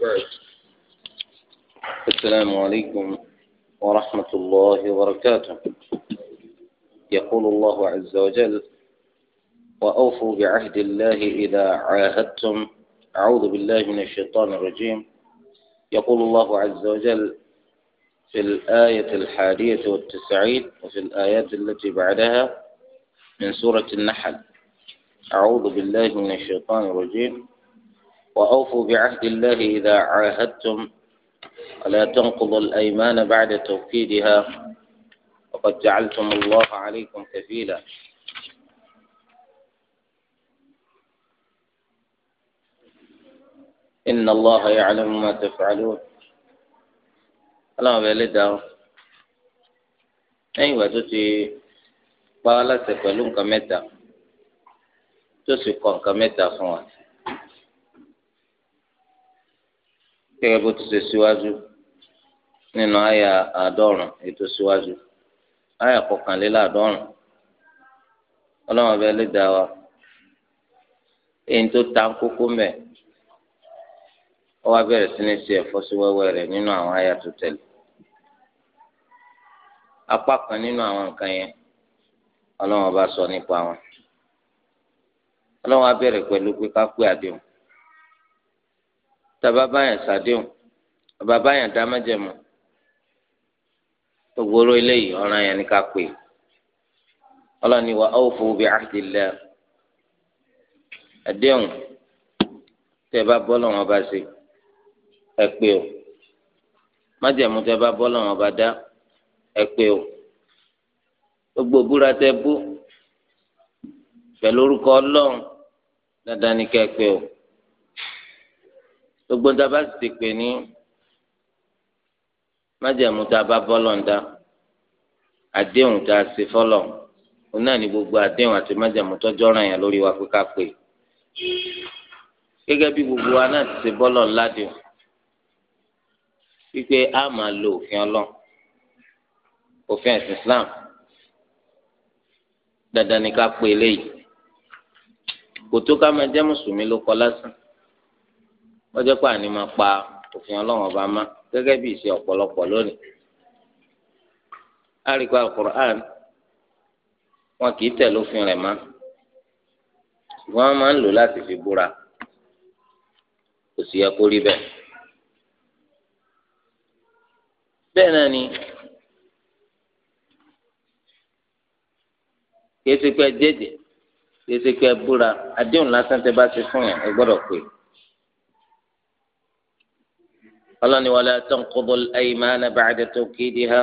وبعد السلام عليكم ورحمة الله وبركاته يقول الله عز وجل وأوفوا بعهد الله إذا عاهدتم أعوذ بالله من الشيطان الرجيم يقول الله عز وجل في الآية الحادية والتسعين وفي الآيات التي بعدها من سورة النحل أعوذ بالله من الشيطان الرجيم وأوفوا بعهد الله إذا عاهدتم ولا تنقضوا الأيمان بعد توكيدها وقد جعلتم الله عليكم كفيلا إن الله يعلم ما تفعلون اللهم بلد أيوة تتي قالت فلنك متى تسي قنك متى صوت gẹ́gẹ́ bó ti ṣe síwájú nínú àyà àádọ́rùn ètò síwájú àyà kọkànléláàádọ́rùn ọlọ́run ọbẹ̀ lè dá wa èyí tó ta kókó mẹ́ ọ wá bẹ̀rẹ̀ sí ní ṣe ẹ̀fọ́ sí wẹ́wẹ́ rẹ̀ nínú àwọn àyà tó tẹ̀lé apá kan nínú àwọn nǹkan yẹn ọlọ́run ọba sọ nípa wọn ọlọ́run á bẹ̀rẹ̀ pé ká pé àdéhùn tàbá báyàn sàdéhùn bàbá báyàn dámẹ́jẹ̀mọ́ gbogbo oró eléyìí ọ̀ràn yẹn ni ká pè ọlọ́ni wa awfu bi ahdillah àdéhùn tẹ́ bá bọ́ lọ́wọ́ bá ṣe ẹ pé o májẹ̀mú tẹ́ bá bọ́ lọ́wọ́ bá dá ẹ o gbogbo búra tẹ́ bú pẹ̀lú orúkọ ọlọ́run dandan ni ká ẹ o gbogbo níta bá sì ti pè ní májẹ̀mú tá a bá bọ́lọ̀ ń dá àdéhùn tá a ṣe fọ́lọ̀ òun náà ní gbogbo àdéhùn àti májẹ̀mú tọ́jọ́ ràn yẹn lórí wa pé ká pè gẹ́gẹ́ bí gbogbo wa náà ti ṣe bọ́lọ̀ ńládìí wípé a máa lo òfin ọlọ́ òfin ẹ̀sìn Islam dandan ni ká pè eléyìí kò tó ká máa jẹ́ mùsùlùmí ló kọ lásán ọjọ́ pé àní máa pa òfin ọlọ́run ọba má gẹ́gẹ́ bí ìṣe ọ̀pọ̀lọpọ̀ lónìí. àríkọ́ alukur'an wọn kì í tẹ̀ lófin rẹ̀ má ṣùgbọ́n wọn máa ń lò láti fi búra kò sì yẹ kó rí bẹ́ẹ̀. bẹ́ẹ̀ náà ni kì í ṣe pé jẹ́jẹ́ kì í ṣe pé búra àdéhùn lásán tẹ́ bá ti fún yàn ẹ gbọ́dọ̀ pè ọlọ́ni wala tanqudul aymana ba'da ha,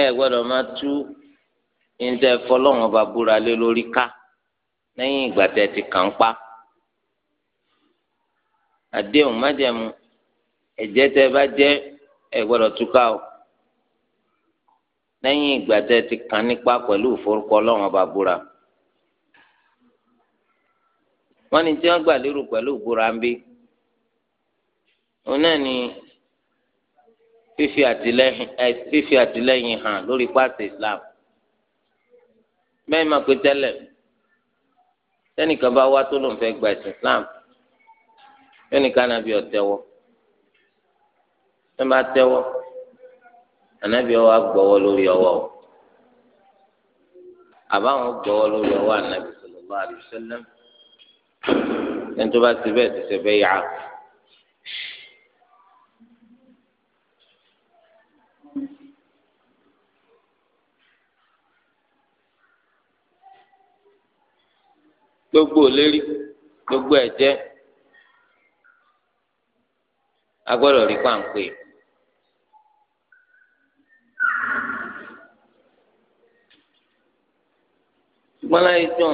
ẹ gbọdọ máa tú níta fọlọ́run ọba búra lé lórí ká lẹ́yìn ìgbà ti kàn pa àdéhùn májẹ̀mú ẹ̀jẹ̀ tẹ́ bá jẹ́ ẹ túká o lẹ́yìn ìgbà ti kàn nípa pẹ̀lú ìforúkọ ọba búra tí gbà lérò pẹ̀lú ìbúra òun náà ni fífi àtìlẹ́yìn fífi àtìlẹ́yìn hàn lórí pàṣẹ islam bẹ́ẹ̀ máa pe tẹ́lẹ̀ tẹ́nìkan bá wá tó lòun fẹ́ gba ẹ̀sìn islam tẹ́nìkan nàbí ọ̀tẹ́wọ́ tẹ́ bá tẹ́wọ́ ànábì ọwọ́ agbọ́wọ́ lórí ọwọ́ o àbáwọn gbọ́wọ́ lórí ọwọ́ ànábì sallallahu alaihi wasallam ẹni tó bá ti bẹ́ẹ̀ ti ṣe yà á. gbogbo lérí gbogbo ẹ̀jẹ̀ agbọ́dọ̀ rí pàǹpẹ. ṣùgbọ́n láyé jọ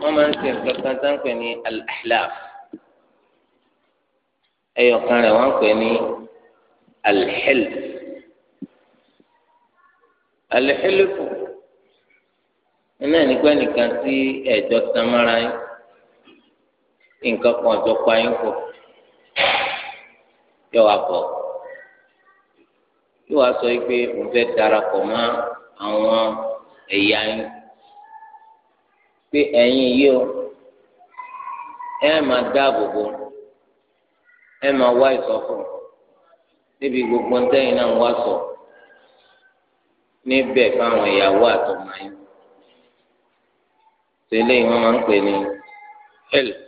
wọ́n máa ń ṣe nǹkan kan tá ń pè ní al ẹyọkan rẹ̀ wọ́n ń pè ní al-hilf iná nígbà nìkan tí ẹ̀jọ́ tamara yín nǹkan kan ọ̀jọ́ pa yín pọ̀ yọ wá bọ̀ yóò wá sọ pé òun fẹ́ darapọ̀ mọ́ àwọn ẹ̀yà yín pé ẹ̀yin yìí o ẹ máa dáàbò bò ẹ máa wá ìsọfún níbi gbogbo ntẹ́yìn náà wá sọ níbẹ̀ fáwọn ìyàwó àtọ̀mọ́ yín ṣe eléyìí wọ́n máa ń pè ní health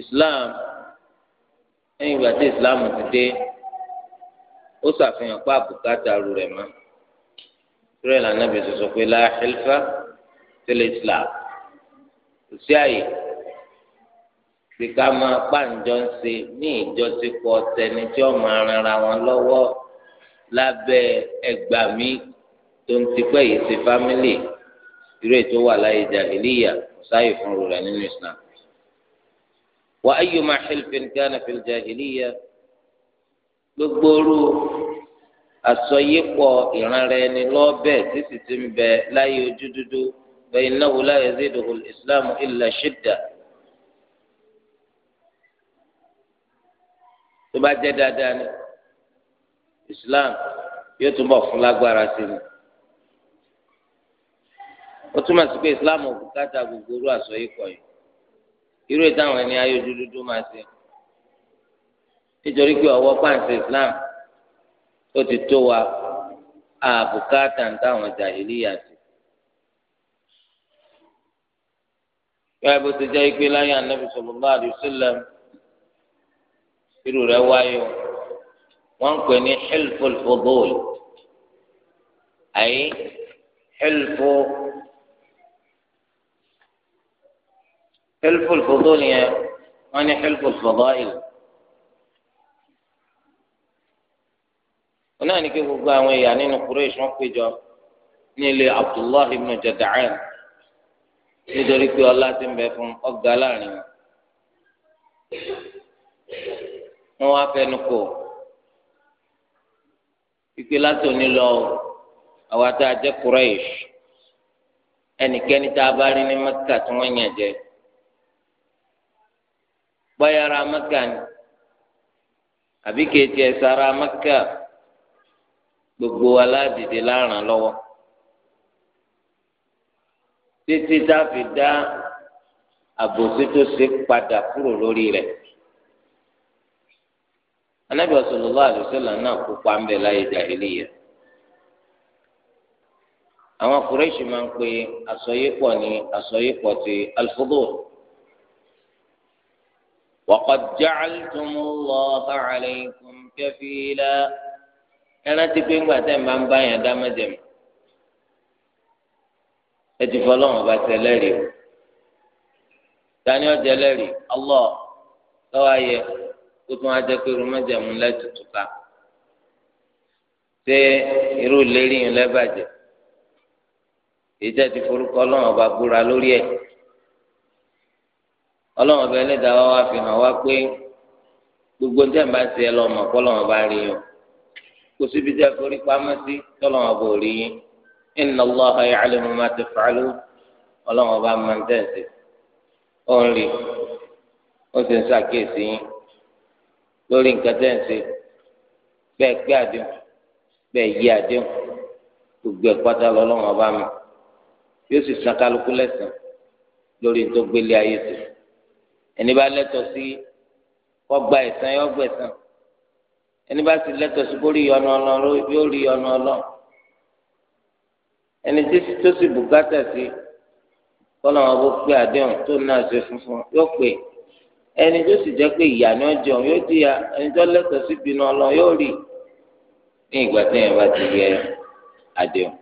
islam lẹ́yìn ìgbà tí islam ti dé ó ṣàfihàn pé àbùkátà ru rẹ̀ mọ́ ìrẹ̀ lànà bẹ̀rẹ̀ sọ pé la hilfa tẹ̀lé islam kò sí àyè bí ká máa pàǹjọ́ ń ṣe ní ìjọ tí kò tẹni tí ó máa ran ara wọn lọ́wọ́ lábẹ́ ẹgbàá tó ń tipẹ́ yìí ṣe fámílì irú ètò wà láyé jahiliya sáyé fún rúra nínú islam wà ayò máa xilfin gánà fil jahiliya gbogbo orú àsọyípọ̀ ìranra ẹni lọ́ọ́bẹ̀ títí ti ń bẹ láyé ojú dúdú bẹ́ẹ̀ náà wò láyé ziduhu islam illa shidda. tó bá jẹ́ dáadáa ni islam yóò túbọ̀ fún lágbára sí ni ó túmọ̀ sí pé islam ò bùkátà gbogbo orú àsọyíkọ̀ yìí irú ìtàwọn ẹni ayé dúdúdú máa ṣe nítorí pé ọwọ́ pàǹtí islam ó ti tó wa àbùkátà ń táwọn jàhìlíyà sí. báyìí bó ti jẹ́ pé láyé anábì sallallahu alaihi irú rẹ̀ wáyé wọ́n ń pè ní hilful fudul àyè hilful. حلف الفضول يا وأنا حلف الفضائل náà ní kí gbogbo àwọn èèyàn nínú Quraysh wọn péjọ ní ilé Abdullah ibn Jada'an nítorí pé ọlá ti ń bẹ fún ọgá láàrin wọn wá fẹnu kò ìpè láti òní lọ àwa tá a jẹ Quraysh ẹnikẹ́ni tá a bá rí ní Mẹ́kà tí wọ́n yàn jẹ. bayara Maka ni àbí kejì ẹ̀ sára maka gbogbo wa ládìde láràn lọ́wọ́ títí tá a fi dá àbòsí tó ṣe padà kúrò lórí rẹ̀ anabi sallallahu alaihi náà kópa ya bẹ láyé jàhílíyà àwọn Kùrẹ́ṣì máa ń pe àsọyépọ̀ ní àsọyépọ̀ ti وقد جعلتم الله عليكم كفيلا ẹran ti pé ńgbà tẹ́ ń bá ń bá yẹn dá mẹ́jẹ̀mú ẹ ti fọlọ́run ọba tẹlẹ́rì o tani ọjà ẹlẹ́rì ọlọ́ lọ́wọ́ ayẹ kó tún á jẹ́ pé irú mẹ́jẹ̀mú lẹ́tùtù ká ṣé irú ìlérí yẹn lẹ́bàjẹ́ èyí tẹ́ ti forúkọ ọlọ́run ọba búra lórí ẹ̀ ọlọ́run ọba ẹlẹ́dàá wa wá fi hàn wá pé gbogbo ní ẹ̀ma ti ẹ lọ́mọ kọ́ lọ́wọ́ bá rí yín kò síbi tí a forí pamọ́ sí tọ́lọ́wọ́ bò rí yín inna Allaha ya'lamu ma taf'alun ọlọ́run ọba máa ń tẹ̀sí ó ń rí ó sì ń ṣàkíyèsí yín lórí nǹkan tẹ̀sí bẹ́ẹ̀ pé àdéhùn bẹ́ẹ̀ yí àdéhùn gbogbo ẹ̀ pátá lọ́lọ́run ọba mi yóò sì san kálukú lẹ́sàn lórí tó gbélé ayé sí ẹni bá lẹ́tọ̀ sí kọ́gba ẹ̀san yọ gbẹ̀san ẹni bá sì lẹ́tọ̀ sí kó rí ọ̀nà ọlọ́run yóò rí ọ̀nà ọlọ́run ẹni tó sì bùkátà sí kọ́nà wọn bó pé àdéhùn tó náà ṣe funfun yóò pè ẹni tó sì jẹ́ pé ìyá ni ó jẹun yóò jìyà ẹni tó lẹ́tọ̀ sí bínú ọlọ́run yóò rí ní ìgbà tí yẹn bá ti yẹ àdéhùn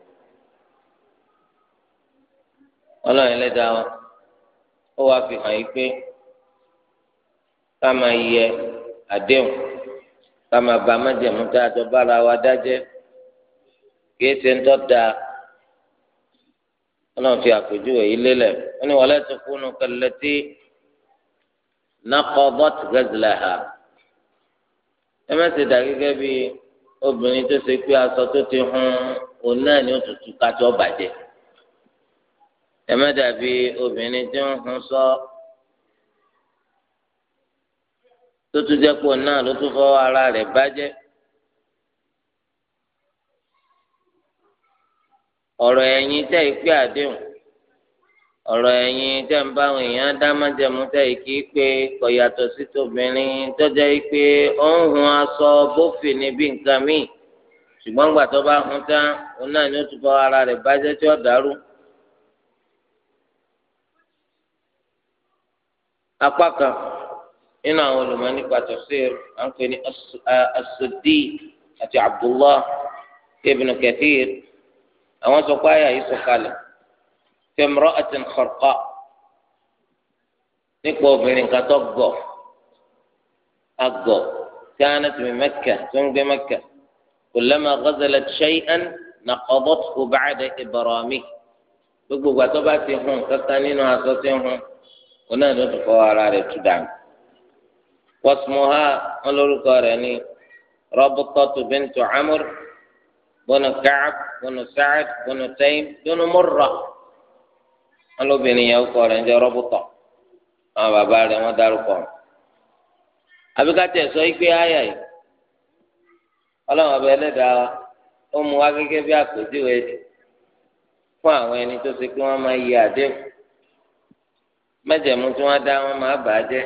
ọlọ́run ẹlẹ́dàá ó wàá fi hàn yí pé ká máa yẹ àdéhùn ká máa ba májẹ̀mú tá a jọ bára wa dájẹ́ kí ẹsẹ ń tọ́ da Ọlọ́run fi àpèjúwe yìí lélẹ̀ wọ́n ní wala takunu kallati naqadat ghazlaha ẹ má ti dà gẹ́gẹ́ bí obìnrin tó ṣe pé aṣọ tó ti hun òun náà ni ó tutù kájọ bàjẹ́ ẹ obìnrin tí ń hun sọ. So, tó tún jẹ́ pọ̀ náà ló tún fọ́ ara rẹ̀ bàjẹ́ ọ̀rọ̀ ẹ̀yin tẹ́ ìpè àdéhùn ọ̀rọ̀ ẹ̀yin tẹ́ ń bá àwọn èèyàn dá tẹ́ pé kò yàtọ̀ sí tòbìnrin tọ́jà ìpè ó ń hun aṣọ bófin nǹkan míì ṣùgbọ́n gbà ni ó ara rẹ̀ tí ó dàrú. nínú àwọn olùmọ̀ nípa tafsir à ń pè ní asodi àti abdullah ibn kathir àwọn sọ pé àyà yìí sọ̀kalẹ̀ fẹmúrọ àti nkọrọkọ nípa obìnrin kan tó gọ̀ agọ̀ كانت من مكة ثم بمكة كلما غزلت شيئا نقضته بعد إبرامه gbogbo gbàtọ́ bá ti hun kankan nínú aṣọ tí ń hun onáà ló ti fọ ara rẹ̀ tú dànù. واسمها ولورك راني رابطة بنت عمرو بن كعب بن سعد بن تيم بن مرة قالوا بني يوكو رانجا رابطة أما بابا رانجا داركم àbí ká tẹ̀ sọ ikpe ayà yìí ọlọ́run ọba ẹlẹ́dàá ó mú wa gẹ́gẹ́ bí àpèjúwe fún àwọn ẹni tó ṣe pé wọ́n máa yẹ àdéhùn mẹ́jẹ̀mú tí wọ́n dá wọ́n máa bàá jẹ́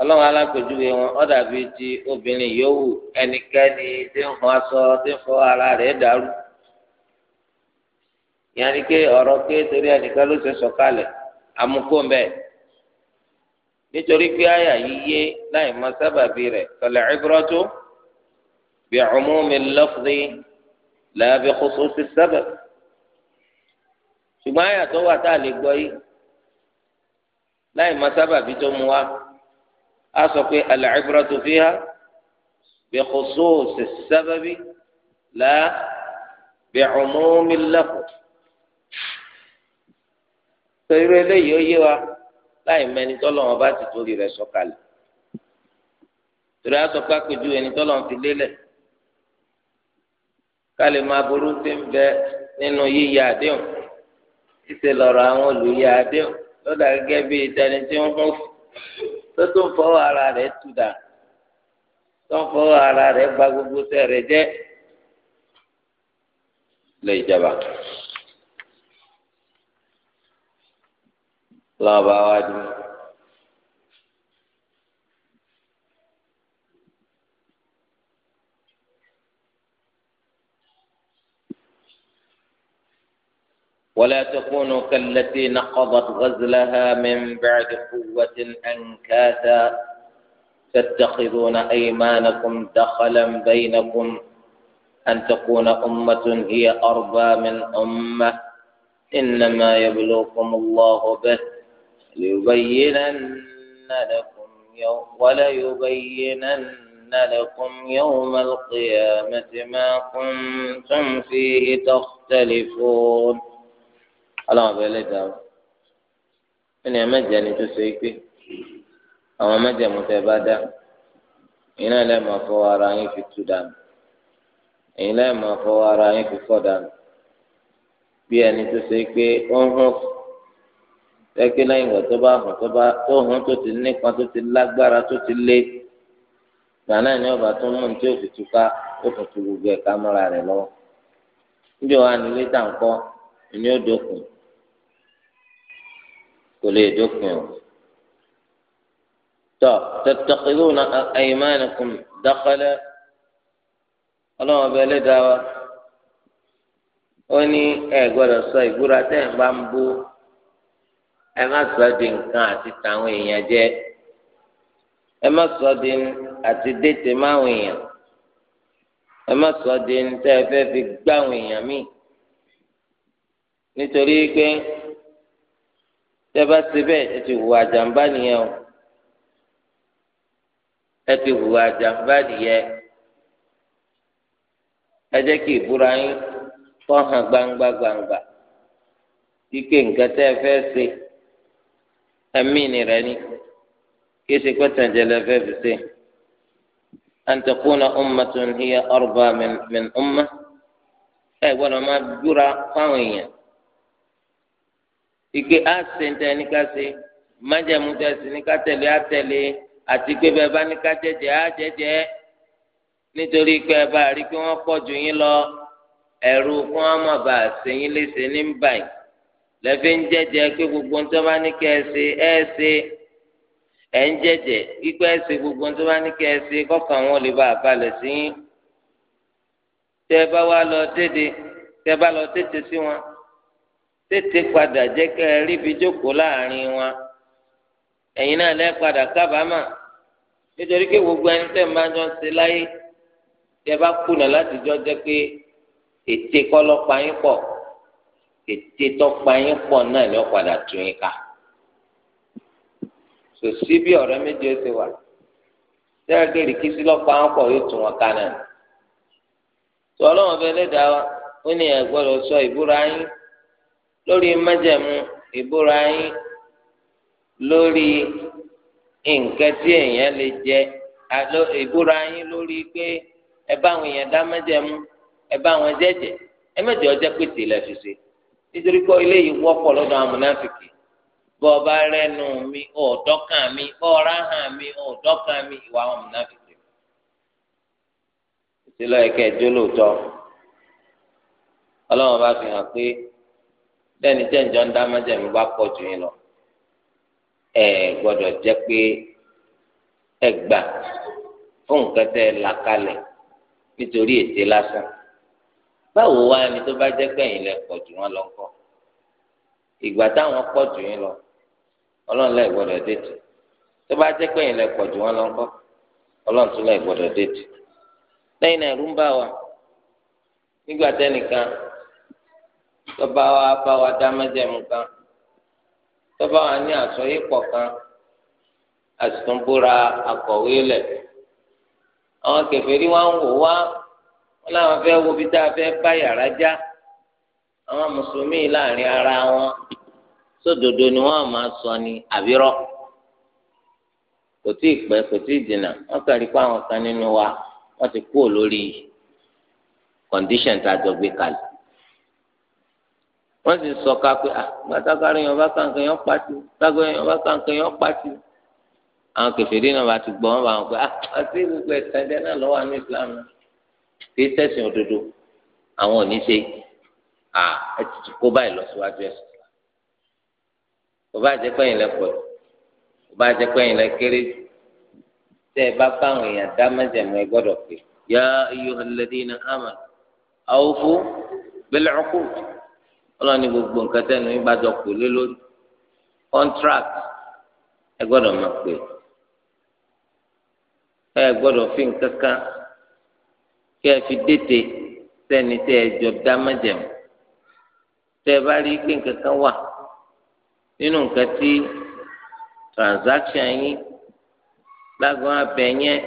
ọlọ́run alákòjúwe wọn ó dàbí ti obìnrin yòówù ẹnikẹ́ni tí ń fọn aṣọ tí ń fọ ara rẹ̀ dàrú ìyẹn ni pé ọ̀rọ̀ pé torí ẹnìkan ló ṣe sọ̀kalẹ̀ amúkóńbẹ nítorí pé àyà yìí yé láì mọ sábàbí rẹ̀ tọ̀lẹ̀ ìbúrọ́tò bí umumi lafzi la bi khususi sábà ṣùgbọ́n àyà tó wà tá a lè gbọ́ yìí láì mọ sábàbí tó mu wá a sọ pé al-ibratu fiha bi khususi as-sababi la bi umumi al-lafz sọ irú eléyìí ó yé wa láì mẹni tọ́lọ́wọ́n bá ti torí rẹ̀ sọ̀kalẹ̀ torí a sọ pé àpèjú ẹni tọ́lọ́wọ́n fi lélẹ̀ kálí máa burú ti ń bẹ nínú yíya àdéhùn ìṣèlọ́rọ̀ àwọn olùyẹ àdéhùn lọ́dà gẹ́gẹ́ bíi tẹni tí ń hùn fún tó tó ń fọwọ́ ara rẹ̀ tù dà tó ń fọwọ́ ara rẹ̀ gba gbogbo sẹ́ rẹ̀ jẹ́ lè jaba. lọ́wọ́ bá wá dùn. ولا تكونوا كالتي نقضت غزلها من بعد قوة أنكاثا تتخذون أيمانكم دخلا بينكم أن تكون أمة هي أربى من أمة إنما يبلوكم الله به ليبينن لكم يوم وليبينن لكم يوم القيامة ما كنتم فيه تختلفون ọlọ́run ọbẹ̀ ẹlẹ́dàá o ẹni ẹ̀mẹ́jẹ ni tó ṣe é pé àwọn ẹ̀mẹ́jẹ̀mú tẹ bá dá èyí náà lẹ́ẹ̀mọ́ fọwọ́ ara yín fi tú dànù èyí lẹ́ẹ̀mọ́ fọwọ́ ara yín fi fọ́ dànù bí ẹni tó ṣe é ó ń hàn tẹ́kí lẹ́yìn ìgbà tó bá hàn tó bá tó hàn ọba tó mú ní ó mọ́ra rẹ̀ lọ́wọ́ o. tọ́ tattakhiduna aymanakum dakhala ọlọ́run ọba ẹlẹ́dàá wa ó oh, ní ẹ ni sọ ìbúra tẹ́ ẹ̀ bá ń bú ẹ má sọ di nǹkan àti tàwọn èèyàn jẹ ẹ má sọ di àti dètè máwọn èèyàn ẹ má sọ di tẹ́ ẹ fẹ́ fi gbáwọn èèyàn nítorí pé. tẹ́bá ti bẹ́ẹ̀ ẹ ti hùwà jàǹbá nìyẹn o ẹ ti hùwà jàǹbá nìyẹn ẹ jẹ́ kí ìbúra yín gbangba gbangba ike nǹkan tẹ́ ẹ fẹ́ ṣe ẹ̀mí ni rẹ ni kí ẹ ṣe pé fẹ́ fi ṣe min min umma ẹ gbọ́dọ̀ máa búra fáwọn èèyàn. ìgbé àṣẹǹtẹ ní ká ṣe májẹmú tẹsí ní ká tẹ̀lé àtẹ̀lé àti pé bẹ́ẹ̀ bá ní ká jẹjẹ àjẹjẹ nítorí pé ẹ bá rí pé wọ́n pọ̀ jù yín lọ ẹ̀rù fún ọmọ bá ṣẹyìn léṣe ní báyìí lẹfi ń jẹjẹ pé gbogbo ntọ́ bá ní kẹ́ ẹ ṣe gbogbo ntọ́ bá ní wọn lè bá a balẹ̀ sí yín tẹ́ ẹ bá wá lọ dédé tẹ́ ẹ wọn tètè padà jẹ́ kẹ́ ẹ ríbi jókòó láàrin wọn ẹ̀yin náà lẹ́ padà kábàámà nítorí pé gbogbo ẹni tẹ́ máa jọ ń ṣe láyé tẹ́ bá kùnà láti jọ jẹ́ pé ète kọ́lọ́pà yín pọ̀ ète tọ́pà yín pọ̀ náà ni ó padà tú yín ká sòsí bí ọ̀rẹ́ méjì ó wà tẹ́lẹ̀kẹ́rì kí sílọ́pà yín pọ̀ yóò tún wọn ká náà tọ́lọ́wọ́n lẹ́dàá ó ní ẹ̀ gbọ́dọ̀ sọ ìbúra yín lórí májẹ̀mú ìbúra yín lórí nǹkan tí èèyàn lè jẹ ìbúra yín lórí pé ẹ bá àwọn èèyàn dá májẹ̀mú ẹ bá àwọn jẹ́jẹ́ ẹ mẹ́jọ ọjọ́ pété lẹ fi ṣe nítorí pé eléyìí wọ́pọ̀ lọ́dọ̀ àwọn mùnáfìkì bọ́ ọba rẹ́nu mi ọ̀ọ́dọ́kàn mi bọ́ ọ̀rá hàn mi ọ̀ọ́dọ́kàn mi ìwà àwọn mùnáfìkì ìṣẹ̀lẹ̀ ẹ̀kẹ́ ìjólóòtọ́ bá fi hàn pé. lẹ́ni tẹ́ ǹjọ́ ń dá bá pọ̀ jù yín lọ ẹ gbọ́dọ̀ jẹ́ pé ẹ gbà fún nǹkan tẹ́ ẹ là kalẹ̀ nítorí ète lásán báwo wá tó bá jẹ́ pé lẹ pọ̀ jù wọ́n lọ kọ́ ìgbà táwọn pọ̀ jù yín lọ ọlọ́run lẹ gbọ́dọ̀ dẹ́tù tó bá jẹ́ pé lẹ pọ̀ jù wọ́n lọ kọ́ ọlọ́run tún gbọ́dọ̀ tọ́ba wa bá wa dá mẹ́jẹ̀mú kan tọ́ba wa ní àsọyípọ̀ kan àsùnbúra akọ̀wé lẹ̀ àwọn kèfèrí wa ń wò wá wọn làwọn fẹ́ wo bí tá a fẹ́ bá yàrá já àwọn mùsùlùmí láàrin ara wọn sódodo ni wọn máa sọ ni àbírọ̀ kò tí ì pẹ́ kò tí ì dìnnà wọn kàn rí pé àwọn kan nínú wa wọn ti kú lórí kọ̀ǹdíṣàn tá kalẹ̀ wọ́n sì sọ ká pé à gbàtàkárẹ yẹn ọba kankan yẹn pàtì gbàgbọ yẹn ọba kankan yẹn pàtì àwọn kẹfìrí náà bá ti gbọ́ wọn bá wọn pé à àti gbogbo ẹsẹ ẹdẹ náà lọ́wọ́ àmì islam náà kì í ṣẹ̀sìn òdodo àwọn òní ṣe à ẹ ti ti kó báyìí lọ síwájú ẹsẹ ọba àjẹpẹ yẹn lẹpọ ọba àjẹpẹ yẹn lẹ kéré jù ẹ bá báwọn èèyàn dá ọlọ́run ní gbogbo nǹkan tẹ́nu yín bá jọ pè lé lórí contract ẹ gbọ́dọ̀ máa pè ẹ gbọ́dọ̀ fi nǹkan kan kí ẹ fi dètè sẹ́ni tẹ́ ẹ jọ dá májẹ̀mú tẹ́ ẹ bá rí pé nǹkan kan wà nínú nǹkan tí transaction yín lágbọn abẹ yẹn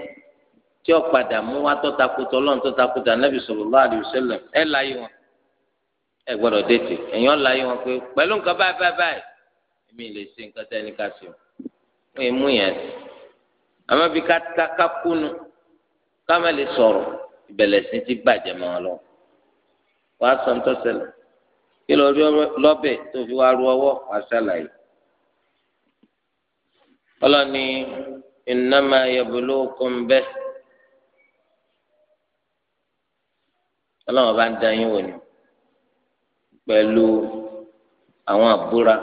tí ó mú wá tọ́takùtà ọlọ́run tọ́takùtà nàbì sallallahu alaihi wasallam láyé wọn ẹ gbọ́dọ̀ dẹ́tẹ̀ ẹ̀yàn la yín wọn pé pẹ̀lú nǹkan báyìí báyìí báyìí èmi lè ṣe nǹkan tẹ́ ẹni ká ṣe o wọ́n yẹn mú yẹn sí àmọ́ bí ká ta ká kúnu ká má lè sọ̀rọ̀ ìbẹ̀lẹ̀ sí ti bàjẹ́ mọ́ ọ lọ wàá sọ tó ṣẹlẹ̀ kí lọ rí lọ́bẹ̀ tó fi wá ru ọwọ́ wàá ṣàlàyé ọlọ́ni ìnáma yẹ̀bùlú kùnbẹ́ ọlọ́run bá ń da yín wò ni pẹ̀lú àwọn àbúra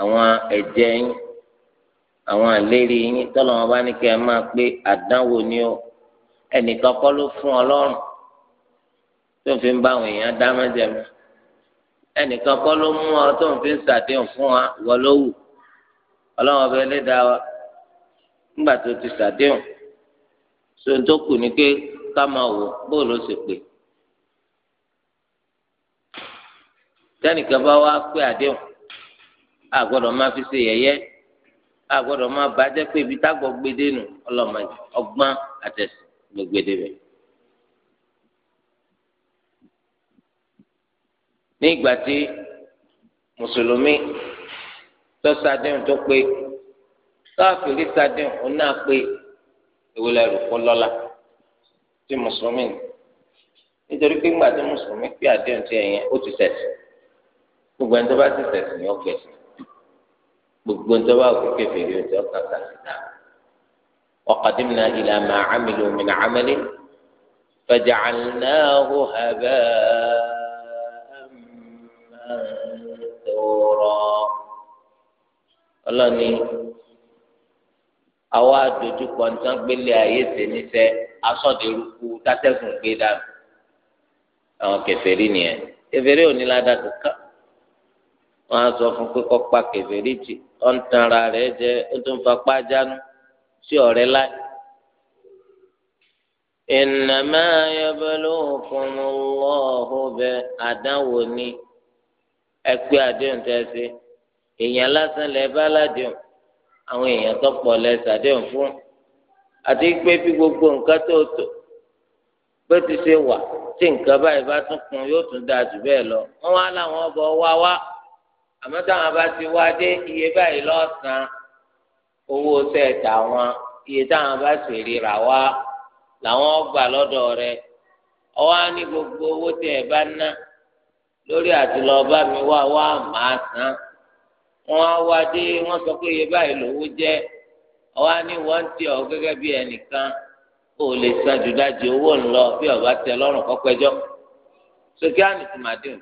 àwọn ẹ̀jẹ̀ yín àwọn àlérí yín tọ́lọ́wọ́n bá ní kẹ́ ẹ máa pé àdánwò ni ó ẹnìkan kọ́ ló fún ọlọ́run tó fi ń bá àwọn èèyàn dá mẹ́jẹ̀mẹ́ ẹnìkan kọ́ ló mú ọ tó fi ń ṣàdéhùn fún wa wọ́n ló wù ọlọ́run ọbẹ̀ lè dá wa nígbà tó ti ṣàdéhùn so tó kù ni pé ká máa wò bóòlù ó sì pè é. tẹnìkan bá wá pé àdéhùn a gbọ́dọ̀ máa fi ṣe yẹ̀yẹ́ a gbọ́dọ̀ máa bàjẹ́ pé ibi tágbọ̀ gbédè nù ọlọ́mọdé ọgbọ́n àtẹ̀sí ló gbédè bẹ̀. ní ìgbà tí mùsùlùmí tó ṣàdéhùn tó pé káfíìrì ṣàdéhùn òun náà pé ìwòlẹ̀ rò kó lọ́la tí mùsùlùmí nítorí pé ńgbà tí mùsùlùmí pé àdéhùn tí ẹ̀yẹn ó ti tẹ̀sí gbogbo ẹni tó bá ti sẹ̀sì ní ọ̀gbẹ̀ gbogbo ẹni tó bá òkú kẹfìrí ọjọ́ kàkà síta ọ̀kadìmínà ìlà máa àmìlò mìnà àmìlì fẹjàlínáhù hàbẹ́ ẹ̀mẹ́tòrọ̀ ọlọ́ni àwa àdójúkọ nǹkan gbélé ayé ṣe níṣẹ́ asọ́dẹ̀rúkú tátẹ́gùn gbé dànù àwọn kẹfẹ́rí nìyẹn kẹfẹ́rí ò ní ládàá kankan wọn á sọ fún pé kọ́pa kẹfẹ́rì tì ọ̀ ń tan ara rẹ̀ jẹ ó tún fa pàjánu sí ọ̀rẹ́ láì. ìnàmá ayọ́bẹ̀lú òkun lọ́ọ̀hún bẹ àdánwò ni ẹ pé àdéhùn tẹ́ ṣe èèyàn lásán lẹ bá ládéhùn àwọn èèyàn tó pọ̀ lẹ ṣàdéhùn fún àti pé bí gbogbo nǹkan tó tò bó ti ṣe wà tí nǹkan báyìí bá tún kún yóò tún dáa jù bẹ́ẹ̀ lọ wọ́n wá láwọn ọbọ̀ wá wá àmọ́ táwọn bá ti wá dé iye báyìí lọ́sàn-án owó sẹ́ẹ̀tà wọn iye táwọn bá sì ríra wá làwọn gbà lọ́dọ̀ rẹ̀ ọwọ́ á ní gbogbo owó tẹ̀ ẹ̀ bá ná lórí àti lọ bá mi wá wá màá san wọn á wá dé wọn sọ pé iye báyìí lówó jẹ́ ọwọ́ á ní wọ́n ti ọ̀ gẹ́gẹ́ bí ẹnìkan ó lè san jù dájú owó ńlọ bí ọba tẹ lọ́rùn kọ́pẹ́jọ́ sókè ànìtìmádìrì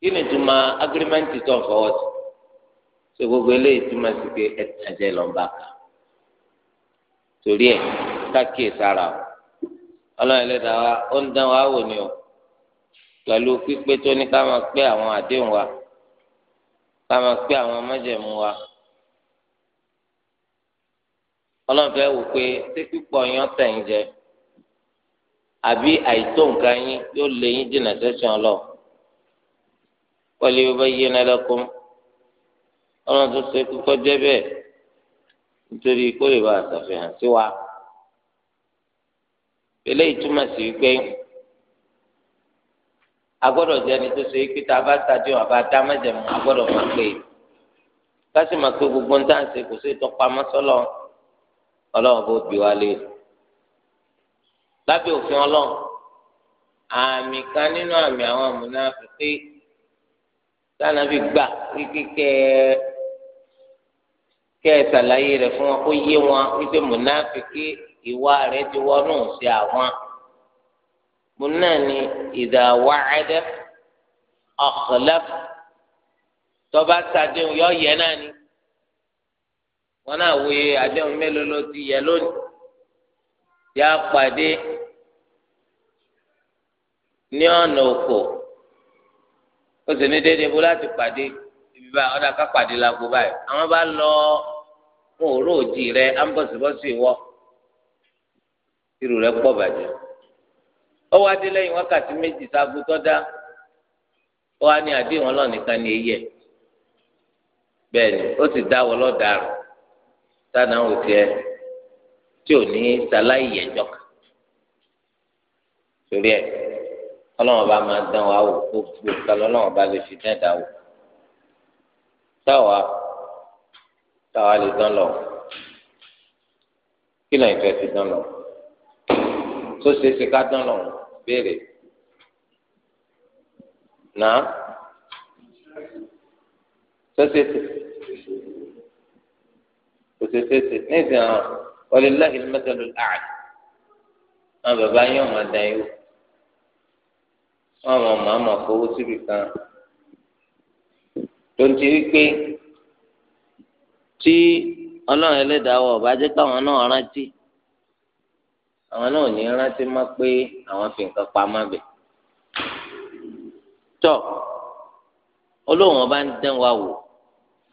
kí ni ìtumọ̀ agirimẹ́ǹtì tó ń fọwọ́ sí ṣe gbogbo eléyìí túmọ̀ sí pé ẹ̀tàn jẹ́ lọ́nba kan torí ẹ̀ káàkiri sára o ọlọ́run ẹlẹ́dàá wa ó ń dán wa wò ni o pẹ̀lú pípé tó ní ká máa pé àwọn àdéhùn wa ká máa pé àwọn májẹ̀mú wa ọlọ́run fẹ́ wò pé ṣé pípọ̀ yán tẹ̀yìn jẹ àbí àìtó nǹkan yín yóò lé yín dènà sẹ́sìn ọlọ́run. وليبين لكم ọlọ́run tó ṣe kókó jẹ́ bẹ́ẹ̀ nítorí kó lè bá àṣàfihàn sí wa eléyìí túmọ̀ sí wípé a gbọ́dọ̀ jẹ́ ẹni tó ṣe wípé tá a bá ṣàdé wọn bá dá mẹ́jẹ̀mú a gbọ́dọ̀ máa pé gbogbo ń ṣe kò sí ìtọ́pamọ́ sọ́lọ́ ọlọ́run bó bí wa lé lábẹ́ òfin ọlọ́run àmì kan nínú àmì àwọn àmúnáfi pé sáà fi gbà kíkẹ́ kẹ́ ẹ ṣàlàyé rẹ̀ fún wọn kó yé wọn wípé mùnáfíkì ìwà rẹ̀ ti wọnú sí àwọn múnà ni ìdá wàcẹ́dẹ́ ọ̀kọ̀lẹ́f tọ́ba sàdéhùn yọ yẹ náà ni wọn náà wòye àdéhùn mélòó ló ti yẹ lónìí yá pàdé ní ọ̀nà òkò ó sì ní déédéé bó láti pàdé ibi báyìí ọ̀dà ká pàdé lágbo báyìí àwọn bá lọ fún òró òjì rẹ á ń bọ̀sibọ́sì wọ irú rẹ pọ̀ bàjẹ́ ó wá dé lẹ́yìn wákàtí méjì sáàbù tó dá ó wá ní àdéhùn ọlọ́ọ̀nìkan ní eyẹ bẹ́ẹ̀ ni ó sì dáwọ́ lọ́dàrú tánà ò tiẹ̀ tí ò ní sáláì yẹjọ́ kan torí ẹ̀ ọlọ́run ọba máa dán wa wò gbogbo nǹkan lọ́lọ́run ọba lè fi dán ẹ̀dá wò táwa táwa lè dán lọ kí lóyún fẹ́ fi dán lọ tó ṣe é ṣe ká dán lọ béèrè náà tó ṣe é ṣe kò ṣe é ṣe ní ìsìn àwọn ọlẹ́láhìn mẹ́tẹ́lú ààrẹ àwọn bàbá yín ọ̀mọ̀ dán yín wò wọn àwọn màmá kówó síbi kan tó ń ti rí pé tí ọlọ́run ẹlẹ́dàá wọ̀ bá jẹ́ káwọn náà rántí àwọn náà ní rántí má pé àwọn fi nǹkan pamọ́ bẹ̀. tọ́ olóhùn ọba ń dán wa wò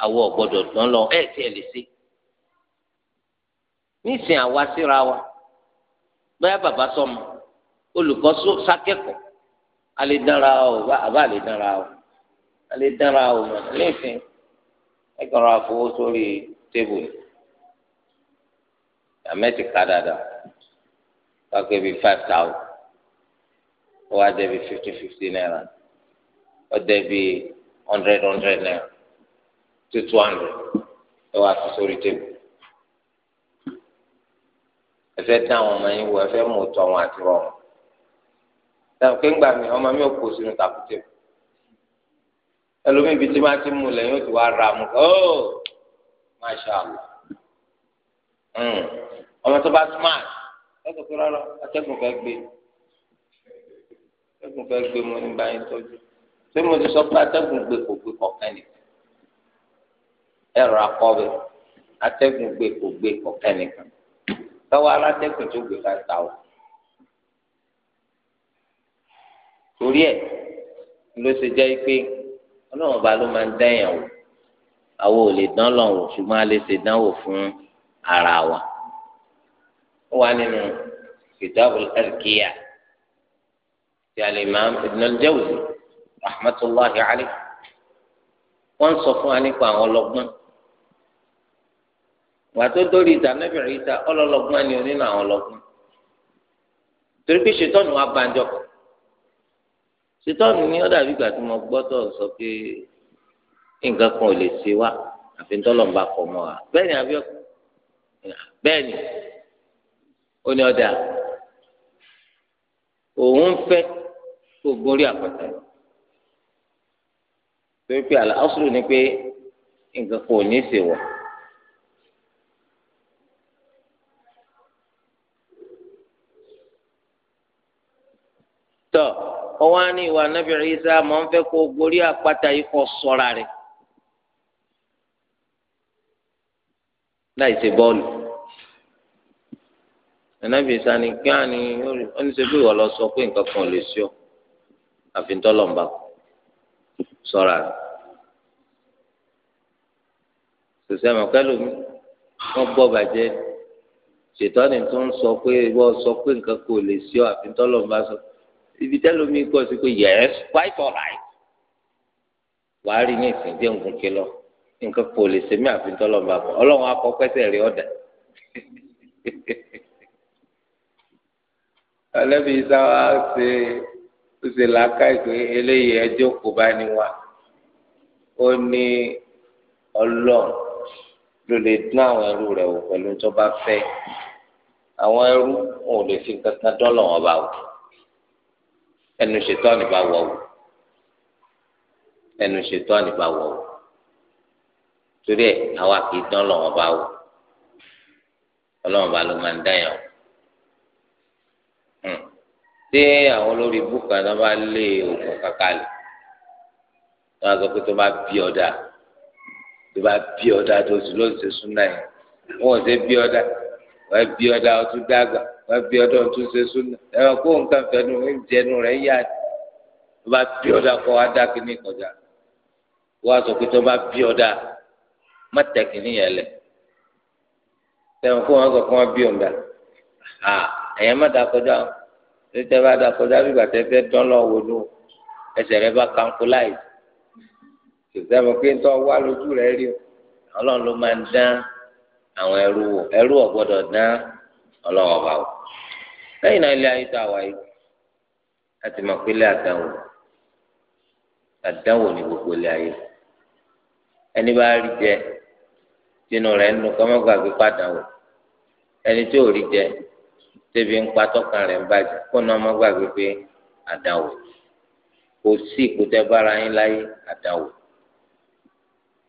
àwọ̀ ọ̀gbọ́dọ̀ dán lọ ẹ̀ tí ẹ lè ṣe. nísìnyí àwa síra wa bóyá bàbá sọmọ olùkọ́ sákẹ́kọ̀ọ́ alẹ́ dánra o àbá alẹ́ dánra o alẹ́ dánra o mọ̀ lẹ́sìn ẹ kàn ra fowó sórí tébù yìí àmẹ́tì ká dáadáa wákò bíi five thousand ó wá jẹ́ bíi fifty fifty naira ó jẹ́ bíi hundred hundred naira two two hundred ẹ wá fi sórí tébù ẹ fẹ́ dá àwọn ọmọ yín wò ẹ fẹ́ mú tọ́ wọn àti rọrùn táwọn kéńgbà mi ọmọ mi ò kó sínú tàkùtẹ̀ ẹlòmíì bíi tí máa ti mú lẹ́yìn ó ti ra mu ó masha allah hmm. ọmọ tó bá smart lọ́sọ̀ tó rárá atẹ́gùn fẹ́ gbé atẹ́gùn fẹ́ gbé mo ní báyìí tọ́jú ṣé mo ti sọ pé atẹ́gùn gbé kò gbé kọ̀ọ̀kan ni ẹ̀rọ akọ́bẹ̀ atẹ́gùn gbé kò gbé kọ̀ọ̀kan nìkan tọ́wọ́ alátẹ́gùn tó gbé ká ta o. torí ẹ̀ ló ṣe jẹ́ pé ọlọ́run ọba ló máa ń dẹ́yàn wò àwọn ò lè dán lọ́wọ́ ṣùgbọ́n a lè ṣe dánwò fún ara wa ó wà nínú kitabul azkiya ti al-imam ibn al-jawzi rahmatulahi alayhi wọ́n sọ fún wa nípa àwọn ọlọ́gbọ́n wà tó dórí ìdá nàbì ìta ọlọ́lọ́gbọ́n ni onínú àwọn ọlọ́gbọ́n torí pé ṣètọ́nù wa gbàǹjọ kan ṣètọ́nù ni ó dàbí ìgbà tí mo gbọ́ tó sọ pé nǹkan kan ò lè ṣe wá àfi tọ́lọ̀ ń bá kọ̀ mọ́ wa bẹ́ẹ̀ ni àbí bẹ́ẹ̀ ni ó ní ọ̀dà òun fẹ́ kó gorí àpáta yìí torí pé àlọ́ ni pé nǹkan kan ò ní ṣe wọ̀. ọwọ́ á ní ìwà anábì Ìsá mọ̀ ń fẹ́ kó o gorí àpáta yìí kọ́ rẹ̀ láì ṣe bọ́ọ̀lù anábì Ìsá ni kí á ní oníṣẹ́ bí ìwọ lọ sọ pé nǹkan kan ò lè ṣe ọ́ àfi tọ́lọ̀ ń bá sọ́ra rẹ̀ sọ̀sẹ́ mọ̀kẹ́lò mi wọ́n gbọ́ bàjẹ́ ṣètọ́ni tó ń sọ pé ìwọ sọ pé nǹkan kan lè ṣe ọ́ àfi tọ́lọ̀ ń bá ibi tẹ́lẹ̀ mi kọ́ sí pé yes quite alright wàá rí ní ìsìn jẹ́ nǹkan kí lọ nǹkan kò lè ṣe mí àfihàn tọ́lọ́mù bá bọ̀ ọlọ́run akọ pẹ́sẹ̀ rí ọ̀dà ọlẹ́bí sáwá ṣe ó ṣe làákà ìpè eléyìí ẹjọ́ kò bá ní wa ó ní ọlọ́run ló lè dín àwọn ẹrú rẹ̀ wò pẹ̀lú tó bá fẹ́ àwọn ẹrú wọn ò lè fi nǹkan dán lọ́wọ́ bá wò ẹnu ṣètò ànìbá wọ o ẹnu ṣètò ànìbá wọ o torí ẹ àwa kì í dán lọ́wọ́ bá wò ọlọ́wọ́ bá ló máa ń dá yàn o hmm. ṣé àwọn olórí búkà náà bá lé oògùn kàkálẹ̀ wọn á sọ pé tó bá bí ọ̀dà tó bá bí ọ̀dà tó sì lóṣìṣẹ́ súnà yẹn wọn ò ṣe bí ọ̀dà wọn bí ọ̀dà ọtún dàgbà wọn bí ọdọ tún ṣe súnà ẹwọn kó nǹkan fẹnu ń jẹnu rẹ yá tó bá bí ọdà kọ adá kìíní kọjá wọn sọ pé tó bá bí ọdà má tẹ kìíní yẹn lẹ ẹwọn kó wọn sọ pé wọn bí ọdà ẹyẹ má dà kọjá o tètè bá dà kọjá bí gbàtẹ fẹ dán lọ wò ló ẹsẹ̀ rẹ bá kanko láì tètè mọ pé tó wá lójú rẹ rí Ọlọ́run ló máa ń dán àwọn ẹrú ẹrú ò dán Ọlọ́run ọba wò lẹ́yìn náà ilé ayé tó àwa yìí láti mọ̀ pé ilé àdánwò àdánwò ni gbogbo ilé ayé ẹni bá rí jẹ tinú rẹ̀ ń nu kọ́mọ́gbàgbé pàdánwò ẹni tí ò rí jẹ tẹbi ń pa tọkàn rẹ̀ ń bàjẹ́ kó náà má gbàgbé pé àdánwò kò sí ìkútẹ bára yín láyé àdánwò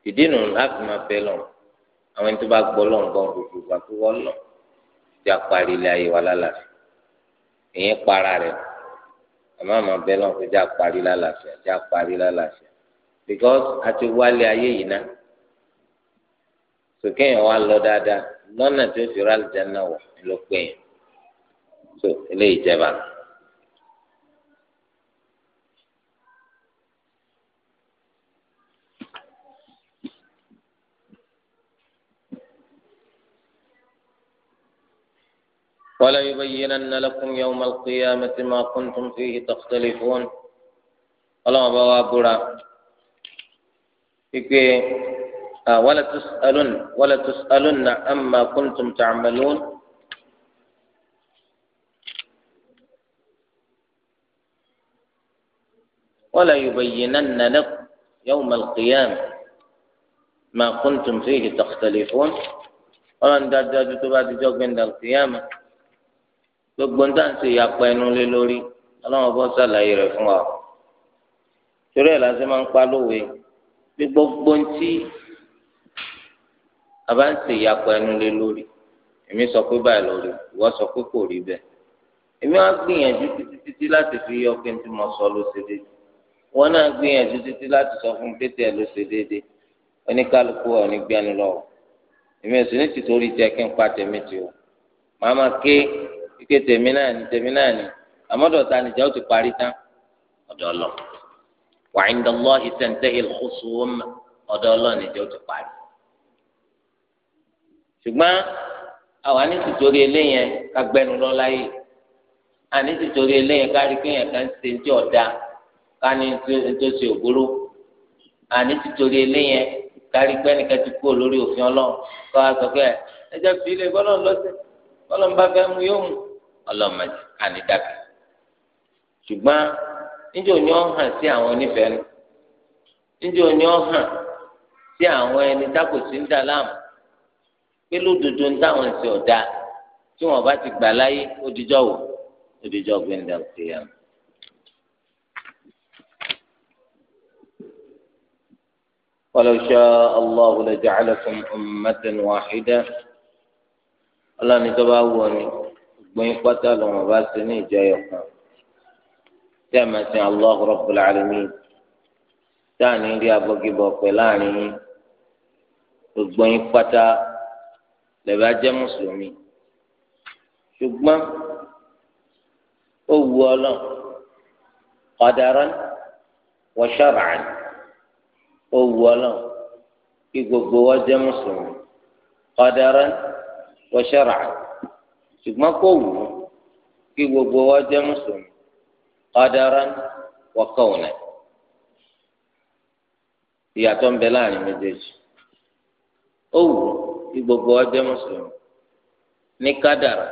ìdí nù láti máa bẹ lọ àwọn ẹni tó bá gbọ́ lọ ń gbogbo gbàgbé wọn lọ tí a ilé ayé wa lálàáfíà èyàn para rẹ̀ àmọ́ àmọ́ bẹ́ẹ̀ náà kó já parí lálàáfíà já parí lálàáfíà because a ti wálé ayé yìí ná sòkè yẹn wá lọ dáadáa lọ́nà tí fi rálẹ̀ jẹ́ náà wọ̀ ló pé yẹn so eléyìí jẹba. وليبينن لكم يوم القيامة ما كنتم فيه تختلفون اللهم بابا بورا إكي آه، ولا تسألن ولا تسألن عما كنتم تعملون ولا يبينن لكم يوم القيامة ما كنتم فيه تختلفون ولن تجدوا بعد جوك من القيامة gbogbo nǹkan ṣe ìyapa ẹnu lé lórí ọlọ́run bọ́ sàlàyé rẹ̀ fún wa torí ẹ̀ lásán máa ń pa lówe bí gbogbo ń tí a bá ń ṣe ìyapa ẹnu lé lórí èmi sọ pé báyìí lórí ìwọ sọ pé kò rí bẹ́ẹ̀ èmi wá gbìyànjú títí títí láti fi yọ pé n tí mo sọ ló ṣe déédéé wọn náà gbìyànjú títí láti sọ fún pété ẹ ló ṣe déédéé oníkálukú ọ ní gbẹnu lọ èmi ò sì ní tìtorí jẹ kí n pa tèmi tì o màá máa ké ike tèmi náà ni tèmi náà ni àmọ́dọ̀ ta nìjà ó ti parí tán ọ̀dọ̀ lọ wa inda Allahi tantahi al-khusum ọ̀dọ̀ lọ nìjà ó ti parí. ṣùgbọ́n àwa ní tìtorí eléyẹn ká gbẹnu lọ láyè àní tìtorí eléyẹn ká rí kéèyàn kan ṣe ń tí ọ̀dà ká ní tó ṣe ògbóró àní tìtorí eléyẹn ká rí pẹ́ẹ́nìkan ti kú lórí òfin ọlọ́run ọlọmọba fẹ́ mu yóò mu ọlọmọdé ànídàgbé ṣùgbọ́n níjẹ́ òní ọ̀hàn sí àwọn onífẹ̀ẹ́ nù níjẹ́ òní ọ̀hàn sí àwọn ẹni dákò sí ń dà láàmú pé lódodo ń dáwọn ẹsẹ̀ ọ̀dà tí wọ́n bá ti gbà láyé odijọ́ wò odijọ́ gbẹ̀ndà òkèèyàn. ولو شاء الله لجعلكم أمة واحدة ọlọ́ni tó bá wù ọ ni gbọ́n pátá lọ́mọ bá ṣe ní ìjọ yẹn kan tí a máa sin Allah Rabbul Alamin tá à ní rí abọ́gibọ̀ pẹ̀ láàrin yín gbogbo yín pátá lẹ́bàá jẹ́ mùsùlùmí ṣùgbọ́n ó wù ọ lọ qadaran wa shar'an ó wù ọ lọ kí gbogbo wa jẹ́ mùsùlùmí qadaran wọ́ṣẹ́rà ṣùgbọ́n kò wù ú kí gbogbo wa jẹ́ mùsùlùmí qadaran wa kawnan ìyàtọ̀ ń bẹ láàrin méjèèjì ó wù ú kí gbogbo wa jẹ́ mùsùlùmí ní kádàrá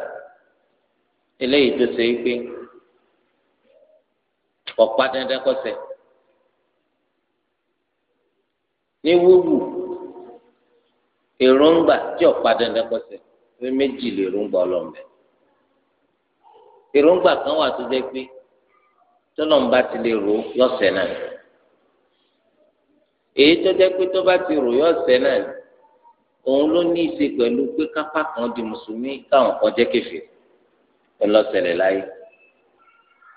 eléyìí tó ṣe é pé ọ̀pá dandan kọsẹ̀ ní wúwù èròǹgbà tí ọ̀pá dandan kọsẹ̀ pé méjì lè rúgbà ọlọ́mọbẹ èròǹgbà kan wà tó jẹ́ pé tọ́lọ́mùbá ti lè rò yọ̀sẹ̀ náà èyí tó jẹ́ pé tó bá ti rò yọ̀sẹ̀ náà òun ló ní í ṣe pẹ̀lú pé kápá kan di mùsùlùmí káwọn kan jẹ́ kẹfìrí ńlọsẹ̀lẹ̀ láyé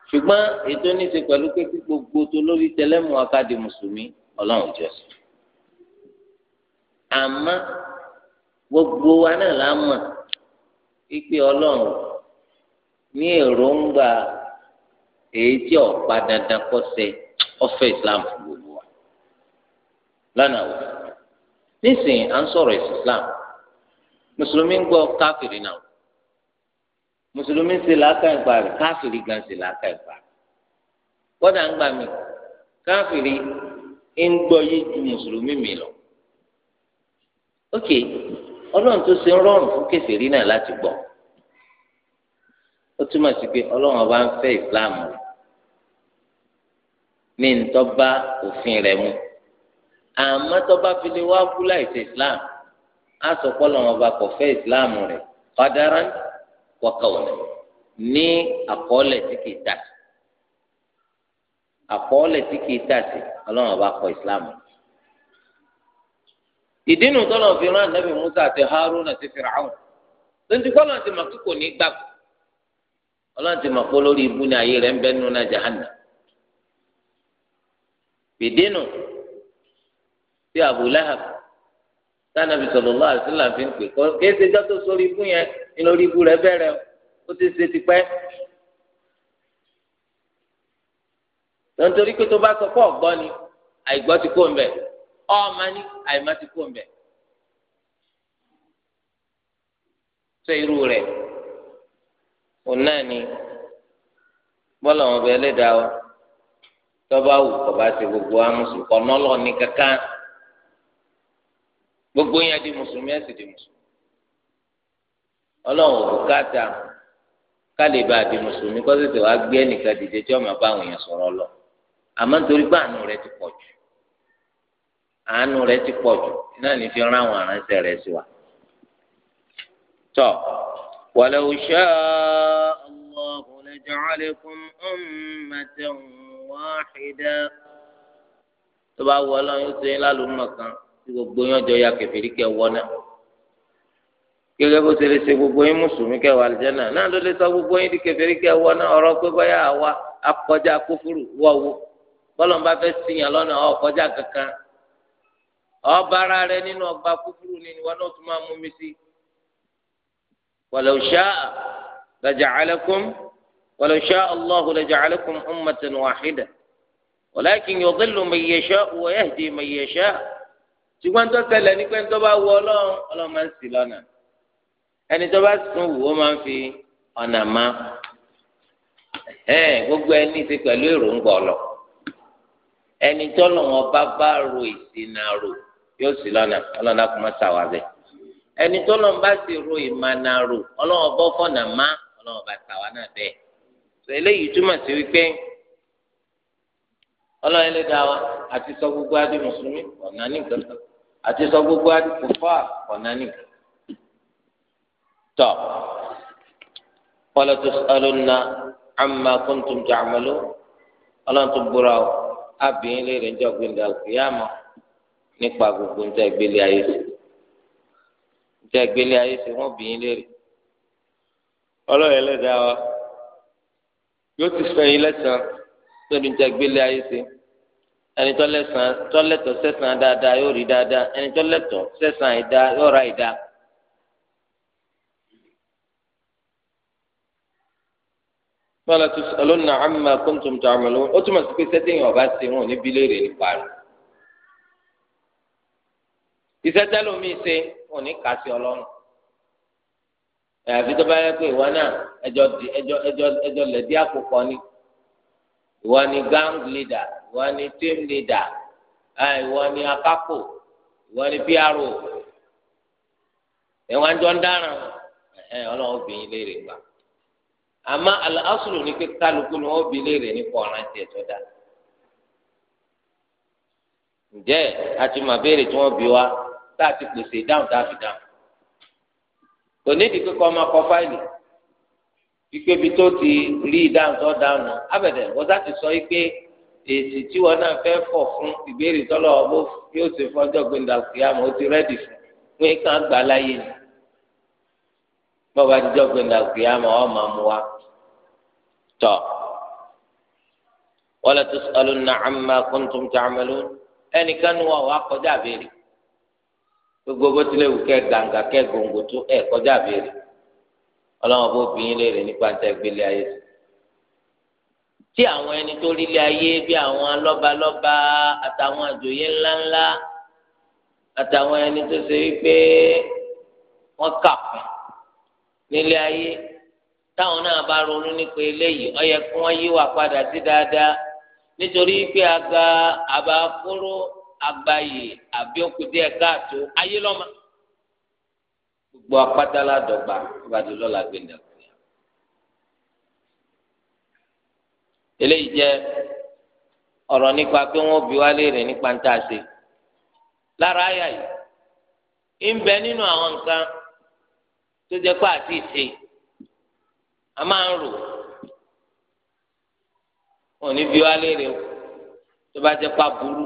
ṣùgbọ́n èyí tó ní í pẹ̀lú pé kí gbogbo tó lórí tẹlẹ́mù aka di mùsùlùmí ọlọ́run jọ sí àmọ́ gbogbo wa náà là mọ̀ ìpè ọlọ́run ní èròǹgbà èyí tí ọ̀pá dandan kọ́ sẹ islam fún gbogbo wa lánàá wò nísìnyí à ń sọ̀rọ̀ islam mùsùlùmí ń gbọ́ káfìrí náà mùsùlùmí ń ṣe làákà ìgbà rẹ̀ káfìrí gan ṣe làákà ìgbà rẹ̀ kọ́dà ń gbà mí káfìrí ń gbọ́ yé mùsùlùmí mi lọ ọlọ́run tó ṣe rọrùn fún kèfèrí náà láti gbọ́ ó túmọ̀ sí pé ọlọ́run ọba ń fẹ́ ìsìláàmù ní ntọ́ba òfin rẹ̀ mu àmọ́ tọ́ba fi lè wá kú láìsí islam á sọ pé ọlọ́run ọba kò fẹ́ islam rẹ̀ kọ́dára wọ́kàwọ́n ní àkọọ́lẹ̀ tí kìí tà sí àkọọ́lẹ̀ tí kìí tà sí ọlọ́run ọba kọ islam rẹ̀. ìdínú tọ́lọ̀ fi rán ànábì Musa àti Haruna àti Fir'aun tonti kọ́ lọ́n ti mọ̀ kíkò ní gbàgbọ́ ti lórí ibú ni ayé rẹ̀ ń bẹ́ jahanna ìdínú tí Abu sanabi sallallahu alaihi fi ń pè kọ́ kéésì jọ́ sórí ibú yẹn ní lórí ibú rẹ̀ bẹ̀rẹ̀ ó ti ṣe tipẹ́ ti kó ń ọmọ ní àyèmá ti kó mbẹ tó irú rẹ òun náà ni bọ́lá wọn bẹ ẹlẹ́dàá o tọ́ba wù kọ́ba ti gbogbo wa mùsùlùmí kọ́ nọ́lọ́ ní kankan gbogbo yẹn di mùsùlùmí ẹ̀sìn di mùsùlùmí ọlọ́run òkú káàtà kálí di mùsùlùmí kọ́ tètè gbé ẹnìkan dìde tí ọmọ bá àwọn èèyàn sọ̀rọ̀ lọ àmọ́ nítorí pé àánú rẹ ti pọ̀ jù àánú rẹ̀ ti pọ̀ jù náà ní fi rán àwọn aránṣẹ́ rẹ̀ sí wa. tọ́ walau sha'a Allahu laja'alakum ummatan wahida tó bá wọ Ọlọ́run yóò ṣe lálùmọ̀ kan tí gbogbo yẹn jọ ya kẹfìrí kẹ wọ náà gẹ́gẹ́ bó ṣe lè ṣe gbogbo yín mùsùlùmí kẹ wà àlùjánnà náà ló lè sọ gbogbo yín di kẹfìrí kẹ wọ náà ọ̀rọ̀ pé báyà wa akọjá kófúrú wọ wo bọlọ bá fẹ́ sìyàn lọ́nà ọkọjá kankan ọba ara rẹ nínú ọgbà kúkúrú ni wọn náà tún máa mú mi sí. walau sha'a laja'alakum walau sha'a Allahu laja'alakum ummatan wahida walakin yudillu man yasha'u wa yahdi man yasha'u. ṣùgbọ́n tó tẹ̀lẹ̀ ní pé tó bá wọ ọlọ́run ọlọ́run máa ń ṣì lọ́nà ẹni tó bá sùn wò ó máa ń fi ọ̀nà má gbogbo ẹni ti pẹ̀lú bá bá ro ìsìn náà rò yóò sì lọ́nà ọlọ́nà kò má sà wá bẹ̀. ẹni tó lọ́n bá sì ro ìmànà rò ọlọ́wọ́ bọ́ fọ̀nà má ọlọ́wọ́ bá sà wá náà bẹ́ẹ̀. sọ eléyìí túmọ̀ sí wípé ọlọ́run ẹlẹ́dàá wa àti sọ gbogbo adé mùsùlùmí ọ̀nà nìkan àti sọ gbogbo adé kòfà ọ̀nà nìkan. tọ́ pọ́lọ́tò alóńnà àmà kóńtùm jàmọ́ló ọlọ́run tó gbúra ọ abìyín lè rìn jọ gbẹ̀ndà nípa gbogbo níta ìgbélé ayé sí níta ìgbélé ayé sí wọn bìín léèrè ọlọ́run ẹlẹ́dàá wa yóò ti fẹ́ yín lẹ́sàn-án lórí níta ìgbélé ayé sí ẹni tọ́lẹ̀sán tọ́lẹ̀tọ̀ sẹ́sàn dáadáa yóò rí dáadáa ẹni tọ́lẹ̀tọ̀ sẹ́sàn ìdá yóò ra ìdá. bọ́lá tó sọ lónìí àmà kóńtùm tó àmà lóhùn ó túmọ̀ sí pé sẹ́tìyàn ọba ṣe wọn ò ní bí léèrè nípa rẹ̀. ìsẹtẹlẹ omi ṣe òní kàṣí Ọlọ́run àfi tó pé ìwọ náà ẹjọ ẹjọ ẹjọ ẹjọ lẹdí àkókò ni ìwọ ni gang leader ìwọ ni team leader ìwọ ni akápò ìwọ ni PRO ìwọ ni jọ ń obi Ọlọ́run obìnrin léèrè gbà àmọ́ asùlù pé kálukú ni wọ́n bi léèrè nípa ọ̀ràn tiẹ̀ tó dáa ǹjẹ́ àti tí wọ́n tá a ti pèsè dáhùn tá a fi dáhùn kò nídìí pé kọ́ máa kọ fáìlì wípé ibi tó ti rí dáhùn tó dáhùn abẹ̀dẹ̀ wọ́n sá ti sọ wípé èsì tí wọn náà fẹ́ fọ̀ fún ìbéèrè tọ́lọ̀ ọ̀bọ yóò ṣe fọ́jọ́ gbẹ̀ndà kìámù ó ti rẹ́dì fún wọn kàn gbà láyé ni bọ́ba jíjọ́ gbẹ̀ndà kìámù ọ̀ máa mú wa tọ̀ wala tusalunna amma kuntum ta'malun ẹnìkan ní wọn wà kọjá béèrè gbogbo bó tilẹ̀ wù kẹ́ gàǹgà kẹ́ gòǹgò tó ẹ̀ kọjá àbẹ̀rẹ̀ ọlọ́wọ́n bó bí yín léèrè nípa ń tẹ́ gbélé ayé sí. tí àwọn ẹni tó rílé ayé bí àwọn lọ́balọ́ba àtàwọn àjòyé ńláńlá àtàwọn ẹni tó ṣe wípé wọ́n kà fún nílé ayé táwọn náà bá ronú nípa eléyìí ó kí wọ́n yíwà padà sí dáadáa nítorí pé àga àbá kúrò agbayè àbí òkùdí ẹ̀ka àtò ayé lọ́mọ. gbogbo apátálá dọ̀gba ìbàdí lọ́la gbẹ̀dẹ̀ kù. eléyìí jẹ́ ọ̀rọ̀ nípa pé wọ́n bi wá léèrè nípa ń tà ṣe. lára àyà yìí ń bẹ nínú àwọn nǹkan tó jẹ́ pé àti ìṣe a máa ń rò òní bi wá léèrè tó bá jẹ́ pé aburú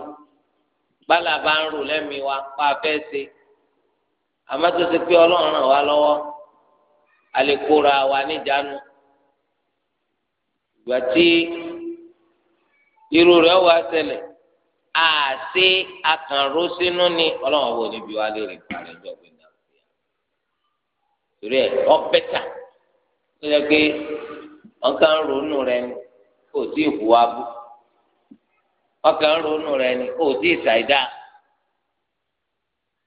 bálà bá ń rò lẹ́mìí wa pa afẹ́ ṣe àmọ́ tó ti pé ọlọ́run ràn wá lọ́wọ́ àlékòrò àwa níjànú ìgbà tí irú rẹ̀ wá ṣẹlẹ̀ àṣe akànró sínú ni ọlọ́run ọ̀bọ níbi wa lè rìn parí ẹjọ́ pé náà torí ẹ ọbẹ̀ tà ó yẹ pé ọ̀gá ń ronú rẹ kò tí ì hùwà bú ọkàn ronú rẹ ni kò tí ì ṣàìdá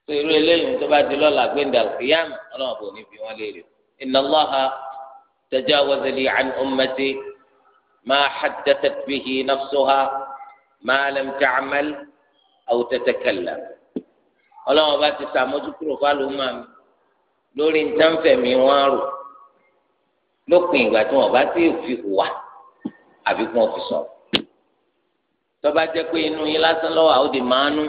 tó irú eléyìí tó bá di lọ́la gbẹ̀ndà òkèèyàn ọlọ́run kò ní fi wọ́n léèrè inna Allaha tajawaza li an ummati ma haddathat bihi nafsuha ma lam ta'mal aw tatakallam ọlọ́run bá ti sàmójúkúrò fálùmọ́ mi lórí ntánfẹ̀mí wọn rò lópin ìgbà tí wọn bá ti fi hùwà àbí kí wọn fi tọba jẹ́ pé inú yín lásán lọ́wọ́ àwọn òde màánú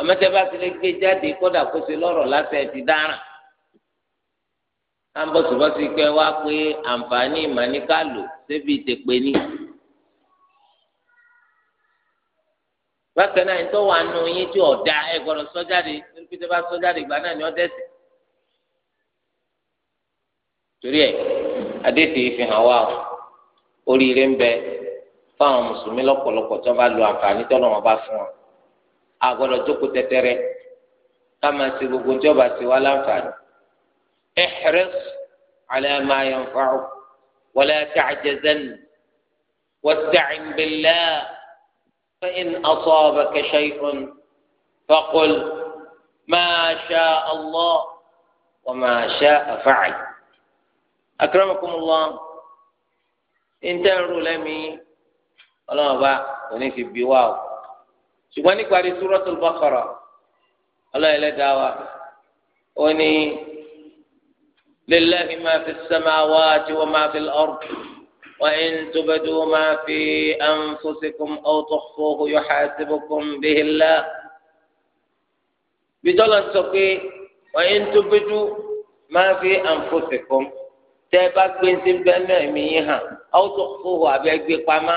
àmọ́tẹ́bá ti lè gbé jáde kódà kó ṣe lọ́rọ̀ lásán ẹ̀ ti dáràn ambọ̀sibọ́sí pé wá pé àǹfààní ìmánìkàlò débi tí ọ̀dà ẹ gbọ́dọ̀ sọ́jáde bá sọ́jáde ni ọ́ dẹ́sẹ̀. o oríire ń fáwọn mùsùlùmí lọ́pọ̀lọpọ̀ tí wọ́n bá lo àǹfààní tọ́lọ́ wọn bá fún wọn a gbọ́dọ̀ jókòó tẹ́tẹ́rẹ́ ká máa ṣe gbogbo tí wọ́n bá ṣe wá láǹfààní. ihris ala ma yanfa'u wala ta'jazan wasta'in billah fa in asabaka shay'un faqul ma sha'a Allah wa ma sha'a fa'al. akramakumullah ń tẹ́ ń lẹ́mìí ọlọ́run bá òní fi bí wá o ṣùgbọ́n níparí Suratul Baqara ọlọ́run ẹlẹ́dàá wa ó ní lillahi ma fi samawati wa ma fi al-ardi wa in tubdu ma fi anfusikum aw tukhfuhu yuhasibukum bihi Allah bitọlọ sọ pé wa in tubdu ma fi anfusikum tẹ́ bá gbé ń ti bẹ́ẹ̀ mẹ́rin mi yín hàn aw tukhfuhu àbẹ́ gbé pamá.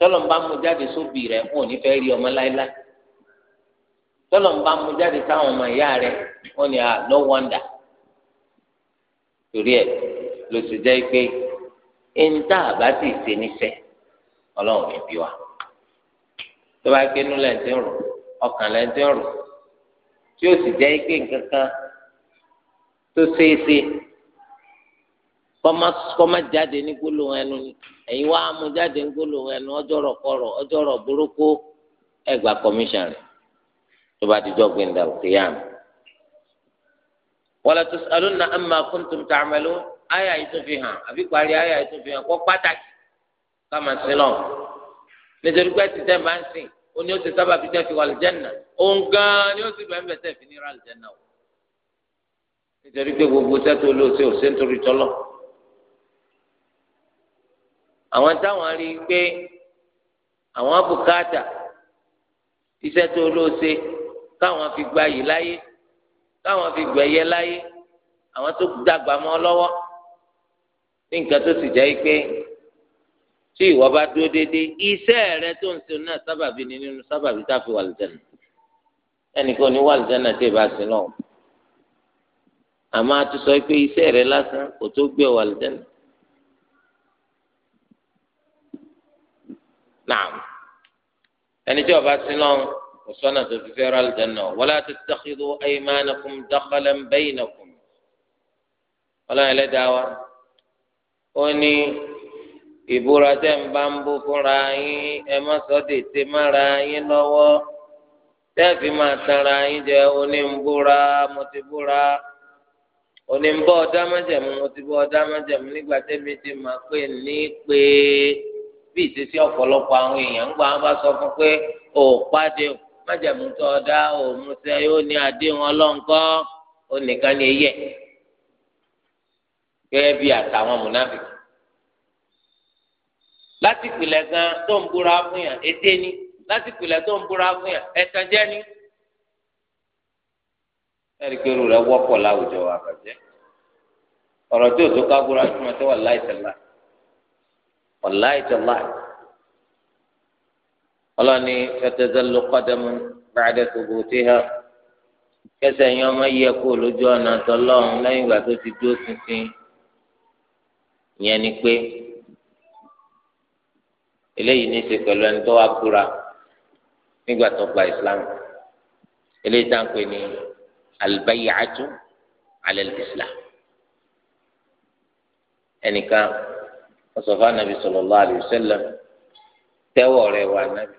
tọ́lọ̀ ń bá mú jáde sóbì rẹ̀ wọn ò ní fẹ́ rí ọmọ láéláé tọ́lọ̀ bá mú jáde sáwọn ọmọ ìyá rẹ̀ wọn ni à no wonder torí ẹ̀ ló sì jẹ́ pé ẹ̀ńtà àbá sì ṣe níṣẹ́ ọlọ́run ní bí wa tó bá gbé núlẹ̀ ń ti rò ọkàn lẹ́ ń ti rò tí ó sì jẹ́ pé nǹkan kan tó ṣeé ṣe kọ́má kọ́má jáde ní gbólóhùn ẹnu ni ẹ̀yin wá mú jáde ní gbólóhùn ẹnu ọjọ́rọ̀ kọ̀rọ̀ ọjọ́rọ̀ burúkú ẹgbà kọmíṣàn rẹ̀ tó bá ti dọ́gbìn ní àwòkéyàn. wala tus'alunna amma kuntum ta'malun àyà yìí tún fi hàn àbí parí àyà yìí tún fi hàn kọ́ pàtàkì káma sí lọ. nítorí pé ti tẹ́ máa ń sìn ó ní ó ti sábà fi tẹ́ fi wà lìjẹ́nà òun gan-an ni ó àwọn táwọn rí i pé àwọn bùkátà iṣẹ́ tó ló ṣe káwọn fi gba yìí láyé káwọn fi gbẹ̀yẹ láyé àwọn tó dàgbà mọ́ lọ́wọ́ ní nǹkan tó sì jẹ́ pé tí ìwọ bá dúró déédéé iṣẹ́ rẹ tó ń ṣe náà sábàbí ni nínú sábàbí tá a fi wà lùjẹ́nà ẹnìkan ní wà lùjẹ́nà tí ì bá sí náà àmọ́ a tún sọ pé iṣẹ́ rẹ lásán kò tó gbé wà lùjẹ́nà naam ẹni tí ọba sí náà kò sọ́nà tó fi fẹ́ ra àlùjánnà wala tattakhidhu aymanakum dakhalan bainakum ọlọ́run ẹlẹ́dàá wa ó ní ìbúra tẹ́ ń bá ń bú fúnra yín ẹ má sọ dètè mára yín lọ́wọ́ tẹ́ẹ̀fì máa tanra yín jẹ onímbúra mo ti búra onímbọ́ ọ̀dá mo ti bọ́ ọ̀dá nígbà tẹ́mi ti máa pè ní pé bí ìṣesí ọ̀pọ̀lọpọ̀ àwọn èèyàn ń gbà wọn bá sọ fún pé ò pàdé májàmú tó ọdá òmùsẹ yóò ní àdéhùn ọlọ́nkọ́ ó nìkan ní eyẹ gẹ́gẹ́ bí àtàwọn mùnáfíkì láti pìlẹ̀ gan tó ń búra fún yàn ète ni láti pìlẹ̀ tó ń búra fún yàn ẹ̀tàn jẹ́ ni ẹ̀rí pé irú rẹ̀ wọ́pọ̀ láwùjọ àgbàjẹ́ ọ̀rọ̀ tí òtún ká búra fún ọ tó wà láìsẹ̀ láì wàláyé tó láì ọlọ́ni fẹtẹ́sẹ́lú kọ́dẹ́mú bàdé gbogbo tí ha kẹsẹ̀ yín ọmọ yẹ kó lójú ọ̀nà tọ́lọ́run lẹ́yìn ìgbà tó ti dúró tuntun ìyẹn ni pé eléyìí ní í ṣe pẹ̀lú ẹni tó wá búra nígbà tó gba ìsìlámù eléyìí tá à ń pè ní albayatu alẹ́ ìsìlámù ẹnìkan ọsọfà nàbì sallallahu alaihi wasallam tẹwọ rẹ wà nàbì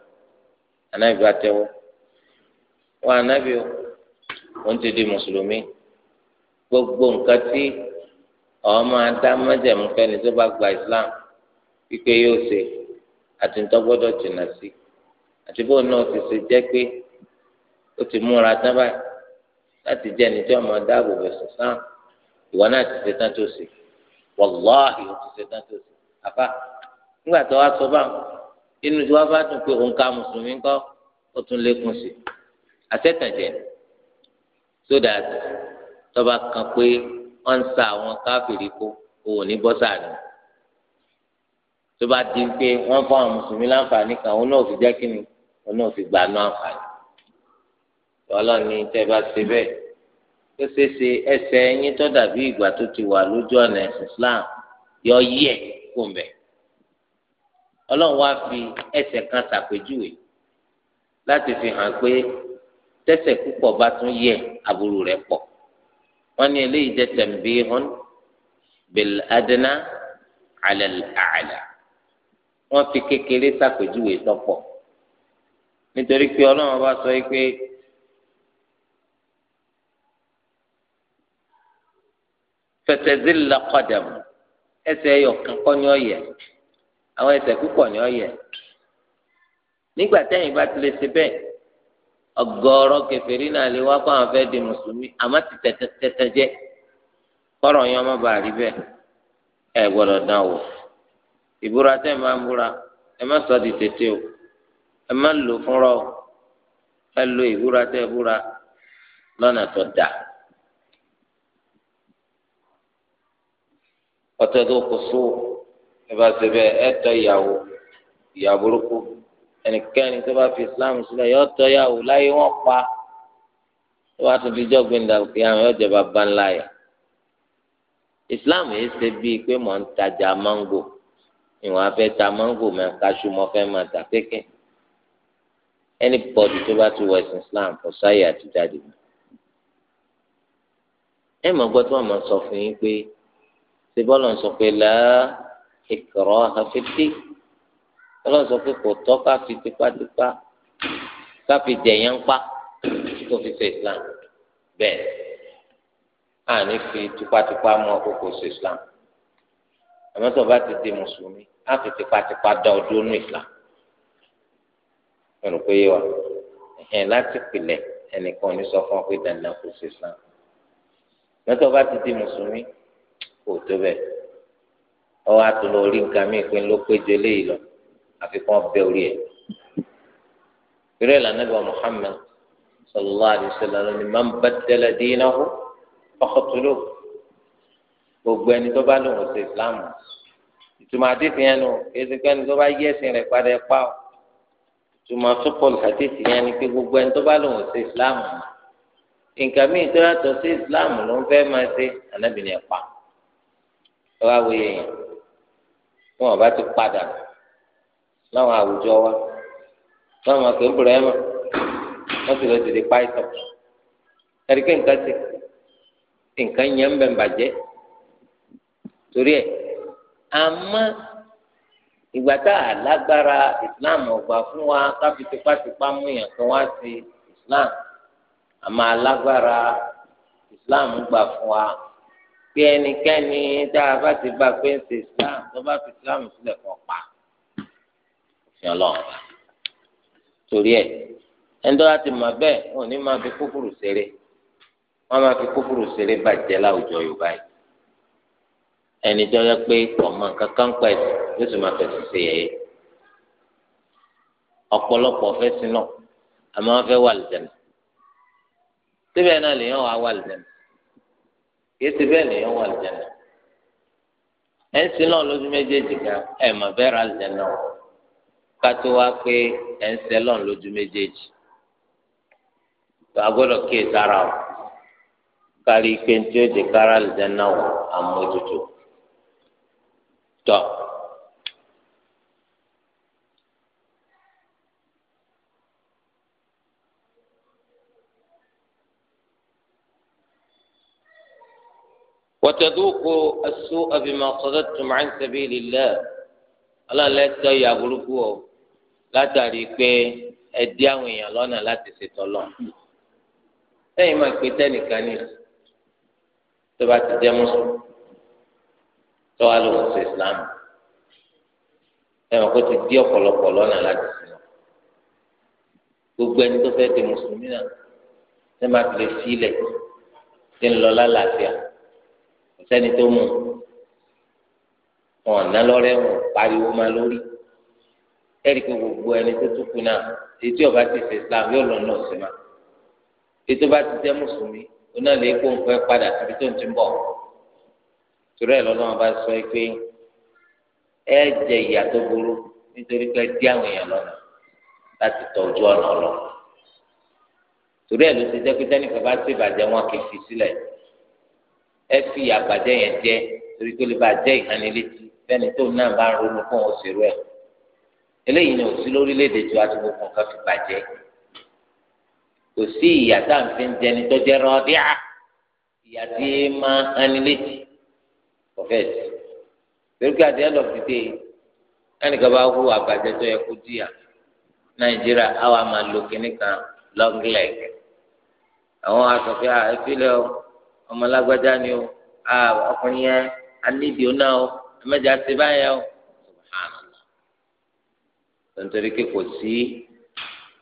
ànàbì bá tẹwọ wà nàbì o wọn ti di mùsùlùmí gbogbo nǹkan tí ọmọ adámẹjẹmú fẹni tó bá gba islam wípé yóò ṣe àti ntọ́gbọ́dọ̀ jìnnà sí àti bóun náà ti ṣe jẹ́ pé ó ti múra tán báyìí láti jẹ́ ẹni tí ọmọ dáàbò bẹ̀sùn sáà ìwọ náà ti ṣe tán tó ṣe wàláhì ó ti ṣe tán tó ṣe àfa nígbà tó wá sọ báwọn inú tí wọ́n bá tún pé òǹkà mùsùlùmí kọ́ ó tún lékún sí àtẹ̀tàjẹ́ so that tọ́ba kan pé wọ́n ń sa àwọn káfíìrì kó òun ní bọ́sà ni tó bá di pé wọ́n fún àwọn mùsùlùmí láǹfààní kan òun náà fi jẹ́ kí ni òun náà fi gbà náà àǹfààní ọlọ́ni tẹ́ bá ṣe bẹ́ẹ̀ tó ṣeé ṣe ẹsẹ̀ ẹyin tó dàbí ìgbà tó ti wà lójú ọ̀nà Islam yọ yí ẹ̀ kó mbẹ Ọlọ́run wá fi ẹsẹ̀ kan ṣàpèjúwe láti fi hàn pé tẹsẹ̀ púpọ̀ bá tún yẹ aburú rẹ̀ pọ̀ wọn ní eléyìí jẹ tẹmbí hàn bil adna ala al wọn fi kékeré ṣàpèjúwe sọpọ nítorí pé Ọlọ́run bá sọ yìí pé. فتزل قدم ese ẹyọ̀kan kọ́ ni ọ̀yẹ̀ àwọn ẹsẹ̀ ni ọ̀yẹ̀ nígbà bá ti lè ṣe bẹ́ẹ̀ ọ̀gọ̀ọ̀rọ̀ kèfèrí náà lè wá fún àwọn kọrọ yẹn ọmọ bàa rí bẹ́ẹ̀ ẹ gbọ́dọ̀ dán wò ìbúra tẹ́ máa sọ di tètè o ẹ má lo ìbúra tẹ́ búra tó dáa. ọtọdọkọ sọ ẹ bá ṣe bẹ́ẹ̀ ẹ tọ́ ìyàwó ìyà burúkú ẹnikẹ́ni tó bá fi islam sílẹ̀ yọ tọ́ ìyàwó láyé wọ́n pa tó bá tún dijọ́ gbẹ̀ndà kí àwọn yọjọ bá bá islam yìí ṣe bíi pé mò ń tajà mango ìwọ̀n afẹ́ ta mango mọ́ kaṣu mọ́ fẹ́ máa tà kékèké anybody tó bá ti wọ ẹ̀sìn islam kò sáyè àti jáde ẹ mọ̀ gbọ́ tí wọ́n mọ̀ sọ fún yín pé bọ́lá ń sọ pé la ikraha fid-din bọ́lá ń sọ pé kò tọ́ ká fi tipátipá ká fi fi ṣe islam bẹ́ẹ̀ àní fi tipátipá mú ọkọ̀ kó ṣe islam àmọ́ tó bá ti di mùsùlùmí á fi tipátipá dá ojú ọ̀nà islam ẹnu pé wa ẹ̀hìn láti pilẹ̀ ẹnìkan ò ní sọ fún dandan kò ṣe islam mọ́tò bá ti di mùsùlùmí kò tó bẹ́ẹ̀ ọwọ́ àtúnú orí nǹkan mi pé ló péjọ eléyìí lọ àfikún ọbẹ̀ orí ẹ̀ ìrẹ́ ìlànà ìbọn Muhammad sallallahu alaihi wasallam ni man baddala dinahu faqtuluh gbogbo ẹni tó bá lòun ṣe Islam ìtumọ̀ àdìsí yẹn nù ezekwe ẹni tó bá yí ẹ̀sìn rẹ̀ padà ẹ̀ pa ọ́ ìtumọ̀ sọ́pọ̀lù àdìsí yẹn ni pé gbogbo ẹni tó bá lòun ṣe Islam nǹkan mìíràn tó yàtọ̀ Islam ló ń fẹ́ máa ṣe ànábìnrin ẹ̀ pa ẹ wá wo yẹn tí wọn bá ti padà láwọn àwùjọ wa láwọn àti ìbúrẹ́mà wọn ti lọ sí di pàìtàn ẹ̀rí pé nǹkan ti nǹkan yẹn ń bẹ̀ ń bàjẹ́ torí ẹ̀ àmọ́ ìgbà tá a lágbára islam ọgbà fún wa ká fi tipátipá mú yàn kan wá sí islam àmọ́ alágbára islam gbà fún wa pé ẹnikẹ́ni tá a bá ti bá a pé ń ṣe islam tó bá fi islam sílẹ̀ kọ́ pa òfin ọlọ́run bá torí ẹ̀ ẹnitọ́ láti mọ̀ bẹ́ẹ̀ wọn ò ní máa fi kúkúrú ṣeré wọn máa fi kúkúrú ṣeré bàjẹ́ láwùjọ yorùbá yìí ẹni tó yẹ pé ọmọ nǹkan kan pẹ̀ ló sì máa fẹ̀sùn sí ẹ̀yẹ ọ̀pọ̀lọpọ̀ fẹ́ sí náà àmọ́ wọn fẹ́ wà lùdẹ̀nà síbẹ̀ náà lèèyàn wà wà lùdẹ̀nà kìí ti bẹ́ẹ̀ nìyẹn wọ àlùjáná ẹ̀ ń sin náà lójú méjèèjì gan ẹ̀ mọ̀ bẹ́ẹ̀ ra àlùjáná wọ̀ ká wá pé ẹ̀ ń sẹ́ méjèèjì tó a gbọ́dọ̀ o kárí pé ní ó jẹ kára àlùjáná àmójútó tọ́. وتذوقوا السوء بما صددتم عن سبيل الله ọlọ́ọ̀lẹ́ tẹ ìyá burúkú o látàrí pé ẹ dí àwọn èèyàn lọ́nà láti ṣètò lọ. sẹ́yìn máa pe tẹ́nìkan ní tó bá ti jẹ́ mùsùlùmí tó wá lòun ṣe islam ẹ̀wọ̀n kó ti dí ọ̀pọ̀lọpọ̀ lọ́nà láti ṣètò gbogbo ẹni tó fẹ́ di mùsùlùmí náà ṣé máa fi lè sílẹ̀ ṣé ń lọ lálàáfíà sẹ́ni tó mú wọn ọ̀nà lọ́rẹ́ wọn pariwo máa lórí ẹ̀rí pé gbogbo ẹni tó tún kú náà ètò ọba ti ṣe Islam yóò lọ náà sí ma ètò ọba ti jẹ́ mùsùlùmí oná lè kó nǹkan padà síbi tó ń ti bọ̀ torí ẹ̀ lọ́nà ọba sọ pé ẹ jẹ ìyà tó burú nítorí pé dí àwọn èèyàn lọ́nà láti tọ ọ̀nà ọlọ́ torí ẹ̀ ló ti jẹ́ pé tẹ́nìkan bá ṣèbàjẹ́ wọn kì í fi sílẹ̀ yìí ẹ fi àgbàjẹ yẹn jẹ torí tó lè bá jẹ ìhánilétí fẹ́ni tó náà bá ń ronú fún oṣù rẹ eléyìí ni òsì lórílẹ̀èdè tó a ti gbogbo nǹkan fi bàjẹ́ kò sí ìyá tá à ń fi jẹni tó jẹ rọdíà ìyá tí máa hánilétí kọfẹsì torí àti ẹlọ fìdí ẹnìkan bá hu àbàjẹ tó yẹ kó díà nàìjíríà àwa máa lo kínní kan long leg àwọn asọ̀fẹ́ àìfilẹ̀ o ọmọ lágbájá ni o ọkùnrin yẹn anídìí ó náà o ẹmẹjọ àti báyẹn o subhanallah tontori pé kò sí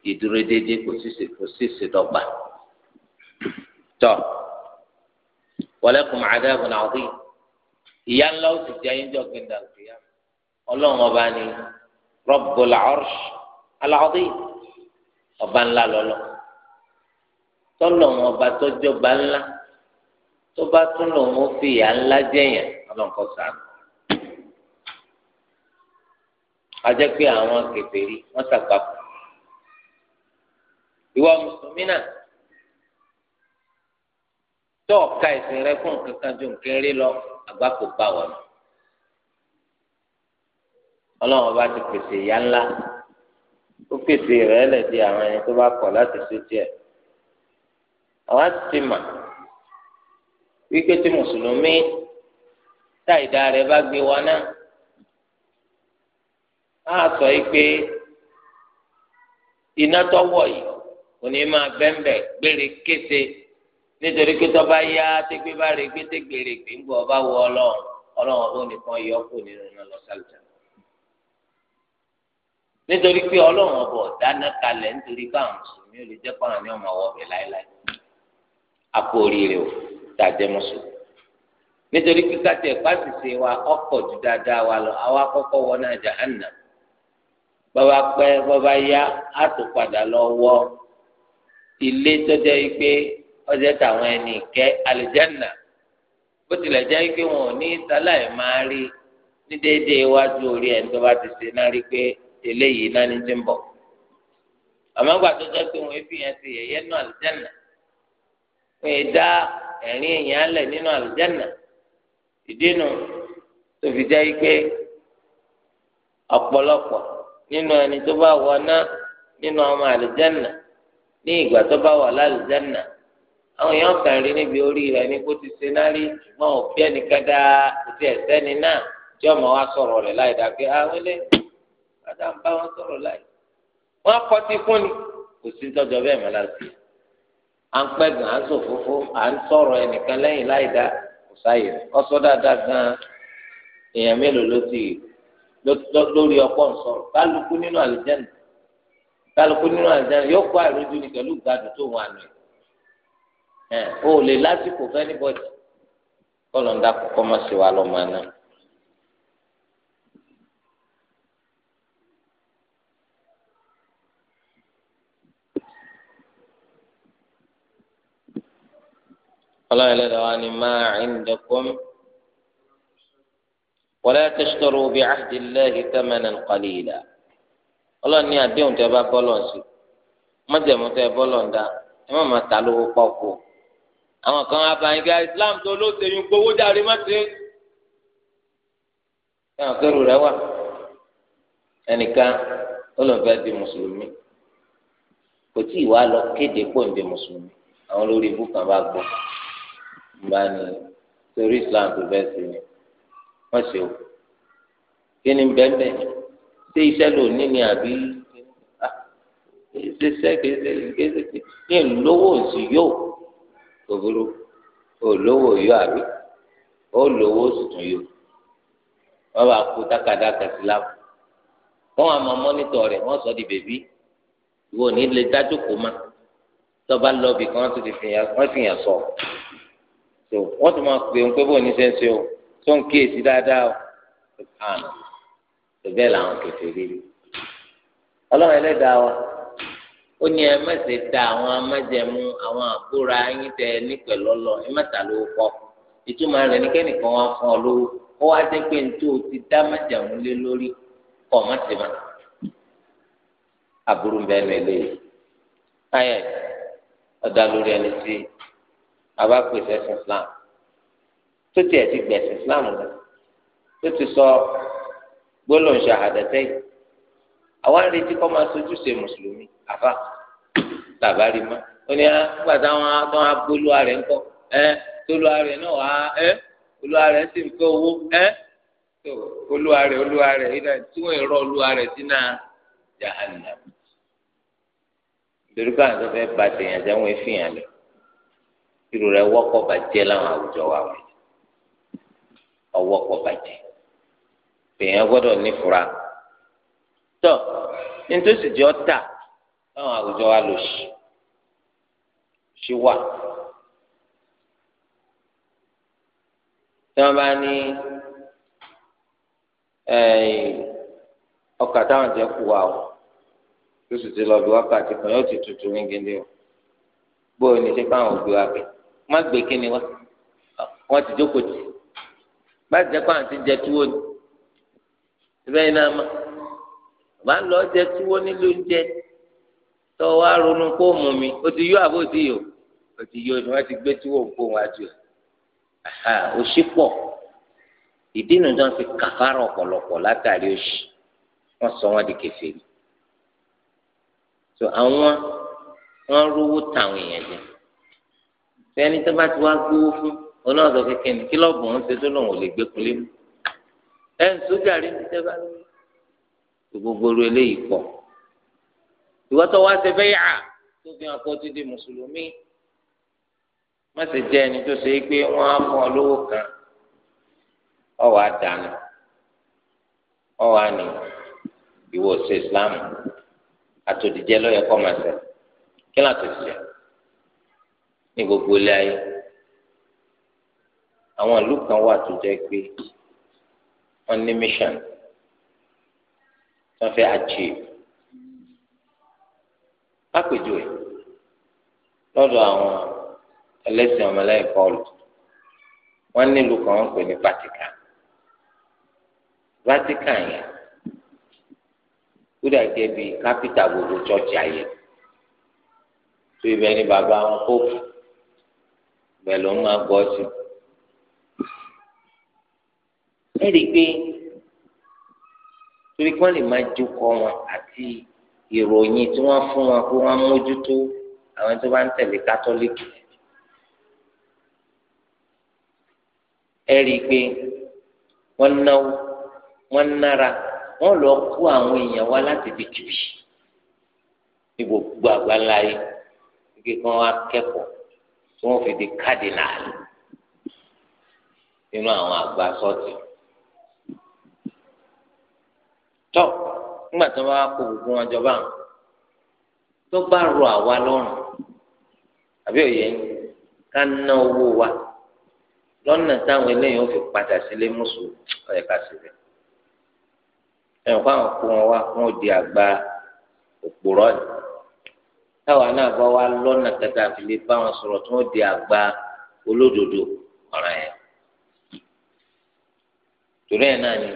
ìdúró déédéé kò sí kò sí ìṣèdọ́gba tọ walakum adhabun adhim ìyá ńlá ó sì jẹ ayéjọ gbẹndà òkèèyà Ọlọ́run ọba ni Rabbul Arsh al ọba ńlá lọlọ tọlọ́run ọba tọjọba ńlá tó bá tún lòun ó fi ìyá ńlá jẹyàn ọlọ́nkọ sàánù. ajẹ́ pé àwọn kèfèrí wọ́n ṣàpapọ̀. ìwà mùsùlùmí náà tó ọ̀ka ìsìn rẹ fún nǹkan kan ju nǹkan eré lọ àgbákò bá wọn. ọlọ́run bá ti pèsè ìyá ńlá ó pèsè rẹ̀ lẹ̀ di àwọn ẹni tó bá kọ̀ láti ṣe tiẹ̀. àwa ti mà wípé tí mùsùlùmí táìdá rẹ̀ bá gbé wa náà á sọ yìí pé iná tọwọ yìí òní máa bẹ́ńbẹ́ gbére kése nítorí pé tọ́ bá yá tégbé bá rè gbé tégbèrè gbé ń bọ̀ ọba wọ ọlọ́run ọlọ́run ọdún nìkan yọ kù nínú iná lọ sálùjá nítorí pé ọlọ́run ọbọ̀ dáná kalẹ̀ nítorí pé mùsùlùmí ò lè jẹ́ pé àwọn ni wọ́n máa láéláé àpò oríire o tá a jẹ́ mùsùlùmí nítorí kíkà tẹ̀ pàṣẹ wa ọkọ̀ ju dáadáa wa lọ àwa kọ́kọ́ wọ náà jahannam bàbá pẹ́ bàbá yá á tún padà lọ wọ ilé tọ́jà yìí pé ọjà táwọn ẹni kẹ́ alìjánà bó tilẹ̀ jẹ́ pé wọn ò ní sáláì máa rí ní déédéé iwájú orí ẹni tó bá ti ṣe náà rí pé eléyìí náà ní ti ń bọ̀ àmọ́ gbà tó jẹ́ pé fi hàn sí ẹ̀yẹ́ náà alìjánà wọn dá ẹ̀rín èèyàn lẹ̀ nínú àlùjánnà ìdínú tó fi jẹ́ pé ọ̀pọ̀lọpọ̀ nínú ẹni tó bá wọ náà nínú ọmọ àlùjánnà ní ìgbà tó bá wà lálùjánnà àwọn èèyàn kàn rí níbi orí rẹ̀ ní kó ti ṣe náà rí ṣùgbọ́n òbí ẹnìkan dá òtí ẹ̀sẹ́ni náà tí ọmọ wa sọ̀rọ̀ rẹ̀ láì dàgbé àwọn ah, ilé bàtà ń bá wọn sọ̀rọ̀ láì wọ́n kọ́ ti fún ni kò sí tọ́jọ́ bẹ́ẹ̀ mọ́ láti à ń pẹ́ gan à ń sòfófó à ń sọ̀rọ̀ ẹnìkan lẹ́yìn láì dá kò sáyè ọsọ dáadáa gan èèyàn mélòó ló ti lórí ọ̀pọ̀ nsọ̀rọ̀ kálukú nínú àlùjẹnì kálukú nínú àlùjẹnì yóò kó àìrójú ni pẹ̀lú gbádùn tó wọn àná ẹ o lè lásìkò fẹ níbọdì kọlọ ń dàpọ kọmọ sí wa lọ náà. ọlọ́run ẹlẹ́dàá wa ni máa indakum wala tashtaru bi ahdi Allahi thamanan qalila ọlọ́run ní àdéhùn tẹ́ bá bọ́lọ̀ sí mọ́jẹ̀mú tẹ́ bọ́lọ̀ ń dá ẹ má máa ta lówó pọ́kú àwọn kan abayín gba ah, Islam tó ló ṣe yín gbowó jáde má ṣe é ẹnì kẹrù rẹ wà ẹnìkan olùfẹ́ di mùsùlùmí kò tí ì wá lọ kéde pò ń di mùsùlùmí àwọn lórí ibú bá gbọ́ ìgbà ni torí islam tó fẹ́ sí ni wọ́n ṣe o kí ni bẹ́ẹ̀ ṣé iṣẹ́ lò ní ni àbí ah, ṣe ṣe kì í ṣe kì í ṣe kì í ṣe lówó sí yóò kò burú o lówó yóò àbí o lówó sì tún yóò wọ́n bá kú tákàdáka sí láàbù wọ́n wà máa mọ́nítọ̀ rẹ̀ wọ́n sọ di bèbí ìwọ ò ní lè dájú kó má tọ́ba lọ́ọ̀bì kan tó ti fìyà sọ so wọ́n tún máa pè ń pé bóun ní ń ṣe o tó ń kíyèsí dáadáa o àná bẹ́ẹ̀ làwọn kẹfẹ́ rí rí ọlọ́run ẹlẹ́dàá wa ó ní ẹ mẹ́sẹ̀ da àwọn amájẹmú àwọn àbúrò ayín tẹ ní pẹ̀lú ọlọ ẹ mẹ́ta lówó kọ́ ìtumọ̀ rẹ̀ nìkẹ́nìkan wá fún ọ lówó ó wá dé pé ní tó o ti dá májẹmú lé lórí kọ́ ọmọ ti mọ̀ àbúrò bẹ́ẹ̀ mẹ́lẹ́ yìí ayẹ ọ̀dà lórí ẹni tí aba pèsè ẹ̀sìn islam tó tiẹ̀ ti gbẹ̀sìn islam gan tó ti sọ gbólóhùn ṣàhàdẹ́tẹ́ yìí àwa ń retí kọ́ máa sojú ṣe mùsùlùmí àfa tàbá rí mọ́ ó ní ah, nígbà táwọn àwọn abolú ààrẹ ń kọ́ ẹ tólú ààrẹ náà wá ẹ olú ààrẹ sì ń fẹ́ owó ẹ tó olú ààrẹ olú ààrẹ ìdá tí wọ́n rọ olú ààrẹ sínú jahannam. torí káwọn tó fẹ́ ba tèèyàn fi hàn lọ irú rẹ̀ wọ́pọ̀ bàjẹ́ láwọn àwùjọ wa wọ̀nyí ọwọ́pọ̀ bàjẹ́ èèyàn gbọ́dọ̀ nífura tọ́ nítòsí jẹ́ ọ́tà láwọn àwùjọ wa lò sí sí wà tí wọ́n bá ní ọkà táwọn jẹ́ kú wa o tó sì ti lọ bí wákàtí kan yóò ti tutù ní gidi o bóyá ní sẹ́kọ̀ àwọn òbí wa bẹ̀rẹ̀ má gbé kíni wá wọ́n ti jókòó tì bá jẹ́ kó àǹtí jẹ túwó ni síbẹ̀ iná ma bá ń lọ jẹ túwó nílò oúnjẹ tó wá ronú kó mú mi ó ti yó àbó ti yó ó ti yó ni wọ́n ti gbé túwó nǹkó wọn àti ẹ̀ òṣì pọ̀ ìdí nu tó ń fi kàfàrà ọ̀pọ̀lọpọ̀ látàrí òṣì wọ́n sọ wọ́n di kèfèrí so àwọn wọ́n rówó tàwọn èèyàn jẹ fẹ́ni tó bá ti wá gbówó fún onáàdọ̀ kékeré ní kílọ̀bù ń ṣe tó lòun ò lè gbé kulé mu ẹ̀ ń sójà rí ní tẹ́ bá lórí gbogbo ru eléyìí pọ̀ ìwọ́tọ̀ wá ṣe fẹ́yà tó fi hàn kó ti mùsùlùmí má ṣe jẹ́ ẹni tó ṣe pé wọ́n á fún ọ lówó kan ọwọ́ àdánù ọwọ́ àní ìwọ ṣe Islam àtòdìjẹ́ lọ́yẹ̀ kọ́ máa ṣe kí ló àtòdìjẹ́ ní gbogbo ilé ayé àwọn ìlú kan wà tó jẹ́ pé wọ́n ní mission wọ́n fẹ́ achieve lápèjúwe lọ́dọ̀ àwọn ẹlẹ́sìn ọmọlẹ́yìn Pọ́ọ̀lù wọ́n nílùú kan wọ́n pè ní Vatican Vatican yẹn kódà gẹ́gẹ́ bí kápítà gbogbo chọ́ọ̀chì ayé tó ibẹ̀ ni bàbá wọn kóòpù pẹ̀lú máa gbọ́ sí. ẹ rí i pé torí kí wọ́n lè máa jókòó wọn àti ìròyìn tí wọ́n fún wọn kó wọ́n mójútó àwọn tó bá ń tẹ̀lé kátólíkì. ẹ rí i pé wọ́n náwó wọ́n nára wọ́n lọ kó àwọn èèyàn wá láti ibi kìbì ní gbogbo àgbáńlá yìí kí wọ́n wá kẹ́kọ̀ọ́ tí wọ́n fi di cardinal nínú àwọn àgbà sọ́ọ̀tì. tọ́ nígbà tí wọ́n bá kó gbogbo wọn jọba tó bá rọ àwa lọ́rùn àbí òye ká ná owó wa lọ́nà táwọn eléyìí ó fi padà sílé mùsùlùmí ọ̀yẹ̀ká síbẹ̀ ẹ̀yìn fáwọn kó wọn wá wọn ò di àgbà òpòrọ́ táwa náà bá wá lọ́nà kẹta fi lè bá wọn sọ̀rọ̀ tí wọ́n di àgbà olódodo ọ̀ràn yẹn. torí ẹ̀ náà ni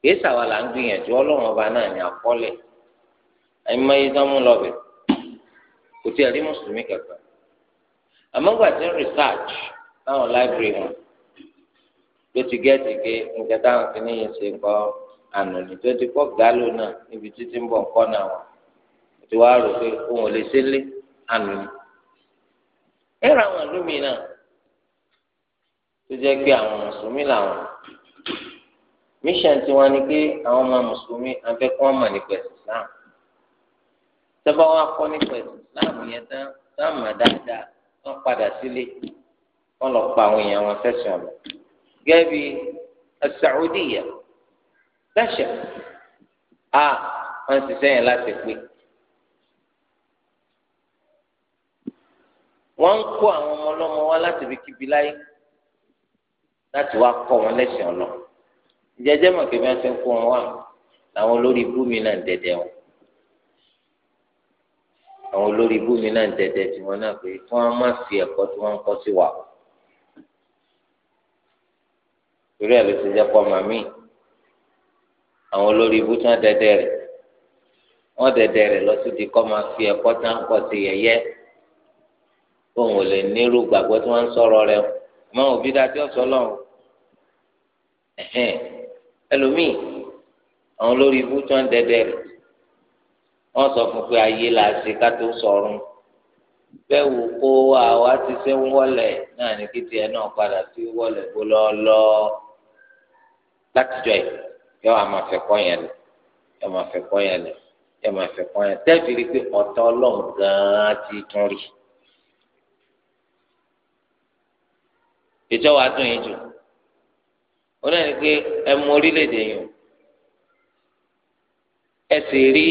kìí sàwa là ń gbìyànjú ọlọ́run ọba náà ni àkọọ́lẹ̀ àìmọye tán mú kò tí ẹ̀ rí mùsùlùmí kankan. àmọ́ gbà ń research táwọn library wọn ló ti gẹ́ẹ̀tì ké nǹkan táwọn fi níyẹn ṣe ń kọ́ àná ni tó ti kọ́ gálò náà níbi títí ń bọ̀ ń kọ́ náà wọn tí wàá rò pé òun ò lè ṣe lé àmì ẹ ra àwọn àlùmí náà tó jẹ́ pé àwọn mùsùlùmí làwọn mission tiwọn ni pé àwọn ọmọ mùsùlùmí afẹ́kọ́ ọmọ nípa ẹ̀sìn Islam tọ́ba wọn akọ́ nípa ẹ̀sìn Islam yẹn tán tán mà dáadáa wọ́n padà sílé wọ́n lọ pa àwọn èèyàn wọn fẹ́sùn ọ̀nà gẹ́gẹ́ bí Saudiya lẹ́sẹ̀ a ah, wọ́n ti sẹ́yìn láti pé. wọ́n ń kó àwọn ọmọ ọlọ́mọ wá láti ibi kíbi láyé láti wá kọ́ wọn lẹ́sìn ọlọ́ jẹjẹ mọ̀ pé bí wọ́n ti ń kó wọn wá làwọn olórí ibú mi náà ń dẹ̀dẹ̀ wọn àwọn olórí ibú mi náà ń dẹ̀dẹ̀ tiwọn náà pé kí wọ́n má fi ẹ̀kọ́ tí wọ́n ń kọ́ sí wa torí ẹ̀ ti jẹ́ pọ́ màmí àwọn olórí ibú tí wọ́n dẹ̀dẹ̀ rẹ̀ wọ́n dẹ̀dẹ̀ rẹ̀ lọ sí di kọ́ máa fi ẹ̀kọ́ tí wọ́n ń kọ́ sí yẹ̀yẹ́ òun ò lè nírú gbàgbọ́ tí wọ́n ń sọ̀rọ̀ rẹ o mọ òbí dá tí ó sọ lọ́wọ́ ẹlòmíì àwọn olórí ibú tí wọ́n ń dẹdẹ rẹ wọ́n sọ fún pé ayé la ṣe ká tó sọ̀rọ̀ bẹ́ẹ̀ wò kó àwa ti ṣe ń wọlẹ̀ náà ní kété ẹ náà padà sí wọlẹ̀ kó lọ látijọ́ ẹ̀ yọ àmọ́ yẹn lọ yọ àmọ́ yẹn lọ yọ àmọ́ yẹn tẹ́ẹ̀fì rí pé ọ̀tọ̀ ọlọ́run gan-an ti tún rí ètò wa dùn yín jù ó náà ní pé ẹ mọ orílẹ̀-èdè yìí o ẹ sì rí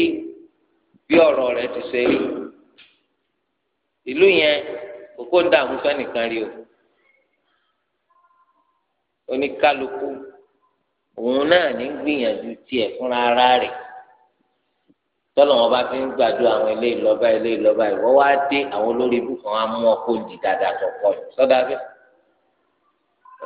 bí ọ̀rọ̀ rẹ ti ṣe rí ìlú yẹn kókó ń dààmú fẹ́nìkan rí o oníkálukú òun náà ní gbìyànjú tiẹ̀ fúnra ara rẹ̀ tọ́lọ̀ wọn bá fi ń gbàdúrà àwọn eléyìí lọ́ba eléyìí lọ́ba ìwọ́ wá dé àwọn olórí ibùkún wa mú ọkọ̀ òdì dáadáa tó pọ̀ yìí sọ́dọ̀ abẹ́.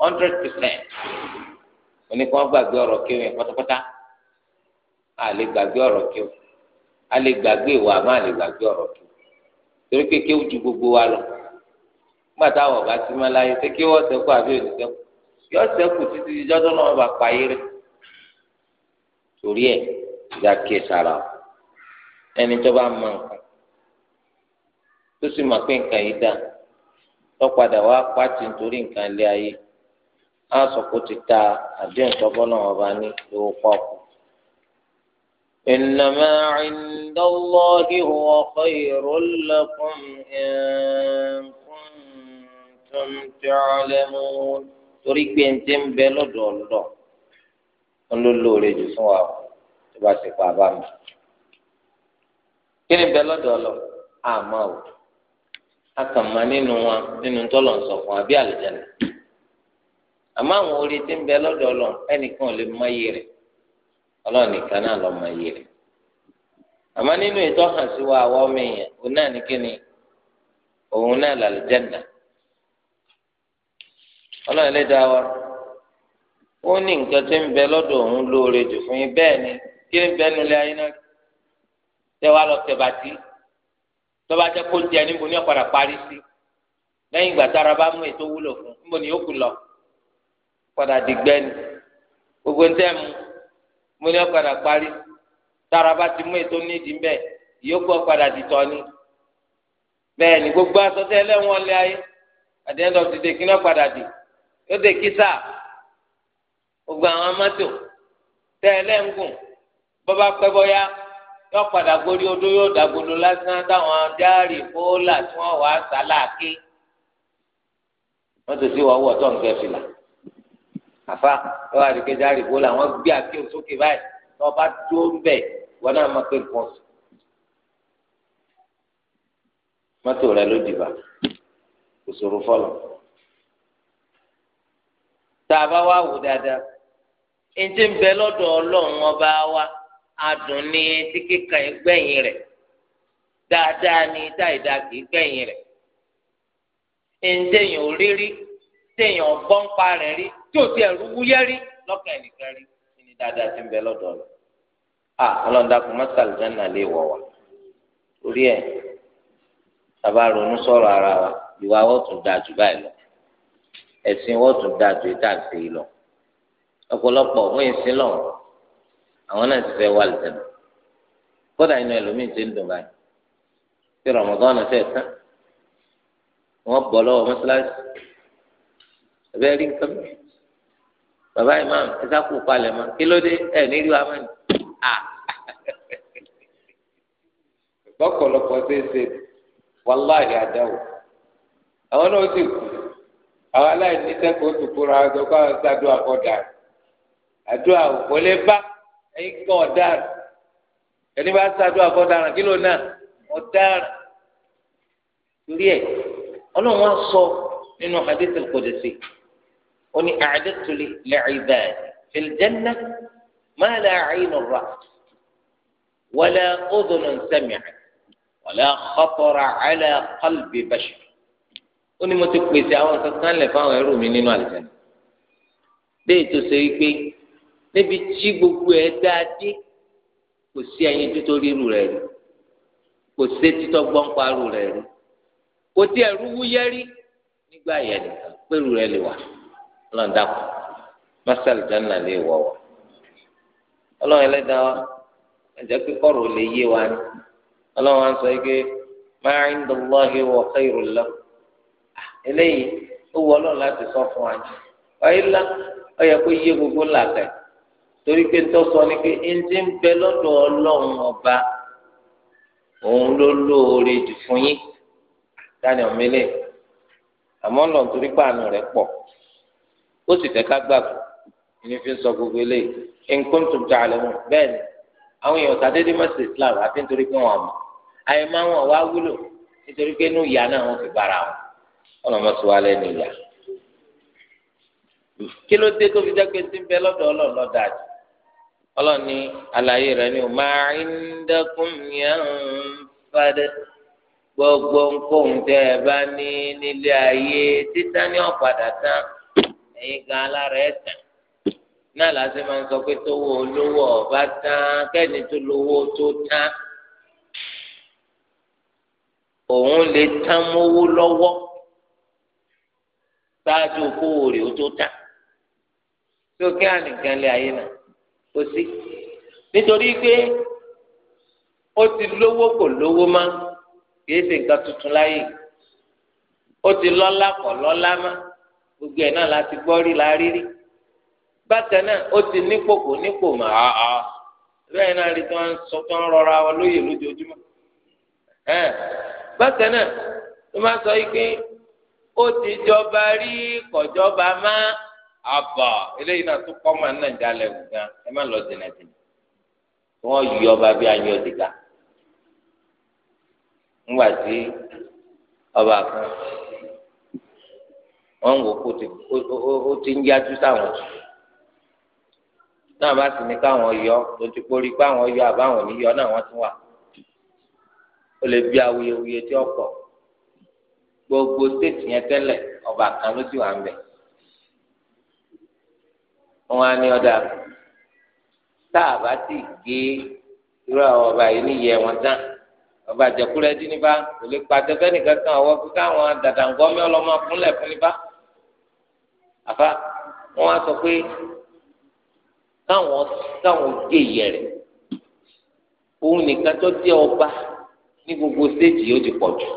hundred percent oníkan gbàgbé ọ̀rọ̀ kí wọn pátápátá a lè gbàgbé ọrọ kí a lè gbàgbé ìwà àmọ́ lè gbàgbé ọ̀rọ̀ kí o torí pé ju gbogbo wa lọ nígbà táwọn ọba ti máa láyé ṣé kí àbí yọ títí náà bá torí ẹ̀ ìjà ẹni tó bá mọ nǹkan tó sì pé nǹkan yìí dá wá pàtì nítorí á sọ pé ó ti ta àdéhùn tọ́gbọ́ náà ọba ní lówó pọ́ọ̀kù. إنما عند الله هو خير لكم إن كنتم تعلمون torí pé ń tẹ́ ń bẹ lọ́dọ̀ ń ló lóore jù fún wa tó bá ti pa bá mi. kí ni bẹ lọ́dọ̀ àmọ́ ò a kàn máa nínú wa nínú tọ́lọ̀ ń sọ fún wa bí àlùjáde àmọ́ àwọn orí tí ń bẹ lọ́dọ̀ lọ ẹnìkan ò lè mọ iye rẹ̀ ọlọ́run nìkan náà lọ mọ iye rẹ̀ àmọ́ nínú ètò hàn sí wa àwọn ọmọ èèyàn òun náà ní kíni òun náà làlùjẹ́nà ọlọ́run lè dá wa ó ní nǹkan tí ń bẹ lọ́dọ̀ òun lóore jù fún yín bẹ́ẹ̀ ni kí ń bẹ nulẹ̀ ayé náà tẹ wá lọ tẹ bàtí tọ́ba jẹ́ kó jẹ níbo ní ọ̀padà parí sí lẹ́yìn ìgbà tára bá mú ètò wúlò fún níbo ni yóò kú lọ padà dìgbẹ́ ni gbogbo ntẹ́ mu mo ní ọ̀padà parí tára bá ti mú ètò nídìí mbẹ́ ìyókù ọ̀padà dìtọ́ ni bẹ́ẹ̀ ni gbogbo asọ́tẹ́ ẹlẹ́wọ̀n lé ayé at the end of the day kí ní ọ̀padà dì yóò dé kísà gbogbo àwọn amátò tẹ́ ẹlẹ́ngùn bọ́bá pẹ́ bọ́yá yóò padà gorí odó yóò dàgbòdo lásán táwọn dáàrí fóòlà tí wọ́n wàá sálà ké wọ́n ti wọ́n wọ̀ tó ń fìlà. Afa, ẹ wá àdìgbé járe bó la wọn gbé àti òsókè báyìí tó bá tó ń bẹ wọn náà máa pé nǹkan sùn mọ́tò rẹ ló dìbà kò fọlọ tá a bá wá wò dáadáa ẹnjẹ ń bẹ lọ́dọ̀ Ọlọ́run ọba wa adùn ní etí kíkà gbẹ̀yìn rẹ dáadáa ní táìdáa kì í gbẹ̀yìn rẹ ẹnjẹ yẹn ò rírí téèyàn bọ́ńpa rẹ̀ rí tí o ti ẹ̀rú wúyẹ́rí lọ́kàn ẹnìkan rí ní dáadáa ti ń bẹ lọ́dọ̀ rẹ̀ a ọlọ́ndàkùn mọ́sálì jẹ́nà lè wọ̀ wá orí ẹ̀ bàbá ronú sọ̀rọ̀ ara wa ìwà wọ́n tún dáa jù báyìí lọ ẹ̀sìn wọ́n tún dáa jù ìta àti ìlọ ọ̀pọ̀lọpọ̀ wọ́n yìí sí lọ́wọ́ àwọn náà ti fẹ́ wà lẹ́nu kódà inú ẹlòmíín ti ń dùn báyìí tí rọmọdọ́nà fẹ́ tán wọ́n bọ̀ lọ́wọ́ mọ́sálásì ẹ̀bẹ́ rí nǹkan mìíràn bàbá imam ẹsẹ kù palẹ mọ kí ló dé ẹ nílùú amẹni à bọkọlọpọ ṣe ṣe wàláhì àdáwò àwọn náà ti kù àwọn aláìní sẹkọọ tó kóra ọjọ kó àwọn sádùn àkọdà àdúrà òkò lè bá ẹyin kan ọ̀daràn ẹni bá sádùn àkọdà kí ló náà ọ̀daràn torí ẹ Ọlọ́run wá sọ nínú hadith al ó ní a'dadtu li'ibadi fil jannah ma la 'aynun ra'at wa la udhunun sami'at wa la khatara 'ala qalbi bashar ó ní mo ti pèsè àwọn kankan lẹ̀ fáwọn ẹrú mi nínú àlùjáde bẹ́ẹ̀ tó ṣe wípé níbi tí gbogbo ẹ̀ dáadé kò sí ẹyin tó tó ríru rẹ̀ kò sí títọ́ gbọ́nparu rẹ̀ rí kò tí ẹ̀rú wúyẹ́ nígbà yẹn nìkan pẹ̀lú rẹ̀ lè wà. ọlọ́run dàpọ̀ mọ́sálì jọ́nà lè wọ̀ wọ́ ọlọ́run ẹlẹ́dàá wa ẹ̀jẹ̀ kíkọ́rọ̀ lè yé wa ni ọlọ́run wa sọ pé wọ xeyìrò lọ eléyìí ó wọ ọlọ́run láti sọ fún wa ni ọyẹ kó yé gbogbo torí pé tó sọ ni pé ọba òun ló lóore jù fún yín torí ó sì fẹ́ ká gbàgbọ́ ìní fi ń sọ gbogbo eléyìí nǹkan tó ta àlẹ́ wọn bẹ́ẹ̀ ni àwọn èèyàn sàdédé mọ́sí islam àti nítorí pé wọn àmọ́ àyè máa wọn wá wúlò nítorí ìyá náà wọn fi bára wọn ọlọmọ sọ wá lẹ́nu ìyá kí ló dé tó fi jẹ́ pé ti ń bẹ lọ́dọ̀ lọ́dà jù ni máa ń yẹn gbogbo nǹkan bá ní nílé ayé ọ̀padà ẹ̀yin gan alára ẹ̀ tàn náà láti máa ń sọ pé tówó olówó ọba tán kẹ́ni tó lówó tó tán òun lè tán mówó lọ́wọ́ ṣáájú kówó rẹ̀ ó tó tán tó kí ànìkan lé ayé náà kò sí nítorí pé ó ti lówó kò lówó má kì í ṣe nǹkan tuntun láyé ó ti lọ́lá kò lọ́lá má. gbogbo ẹ̀ náà láti gbọ́ rí la rí rí bákan náà ó ti nípò nípò mà á á bẹ́ẹ̀ náà rí tí sọ tí ma rọra wọn lóye lójoojúmọ́ bákan náà sọ yìí pé ó ti jọba rí kọjọba má àbà eléyìí náà tó kọ́ máa ń nàjà gan ẹ má lọ wọ́n yí ọba bí ọba kan wọn wò kó ti ó ti ń yájú sáwọn tù náà bá sì ní káwọn yọ tó ti kórí káwọn yọ àbáwọn oníyọ náà wọn tún wà ó lè bí awuyewuye tí ọ̀pọ̀ gbogbo stéètì yẹn tẹ́lẹ̀ ọba kan ló ti wà ń bẹ wọn á ní ọdà tá a bá ti gé irú àwọn ọba yìí níyẹ wọn tán ọba àjẹkúrẹ dín ní bá kò lè pa tẹfẹ kan ọwọ́ pé káwọn dàdàǹgọmí ọlọmọ fúnlẹ fún ní bá àfa wọn wá sọ pé káwọn káwọn gé ìyẹ́ rẹ̀ òun nìkan tó jẹ́ ọba ní gbogbo stéèjì yóò ti pọ̀ jù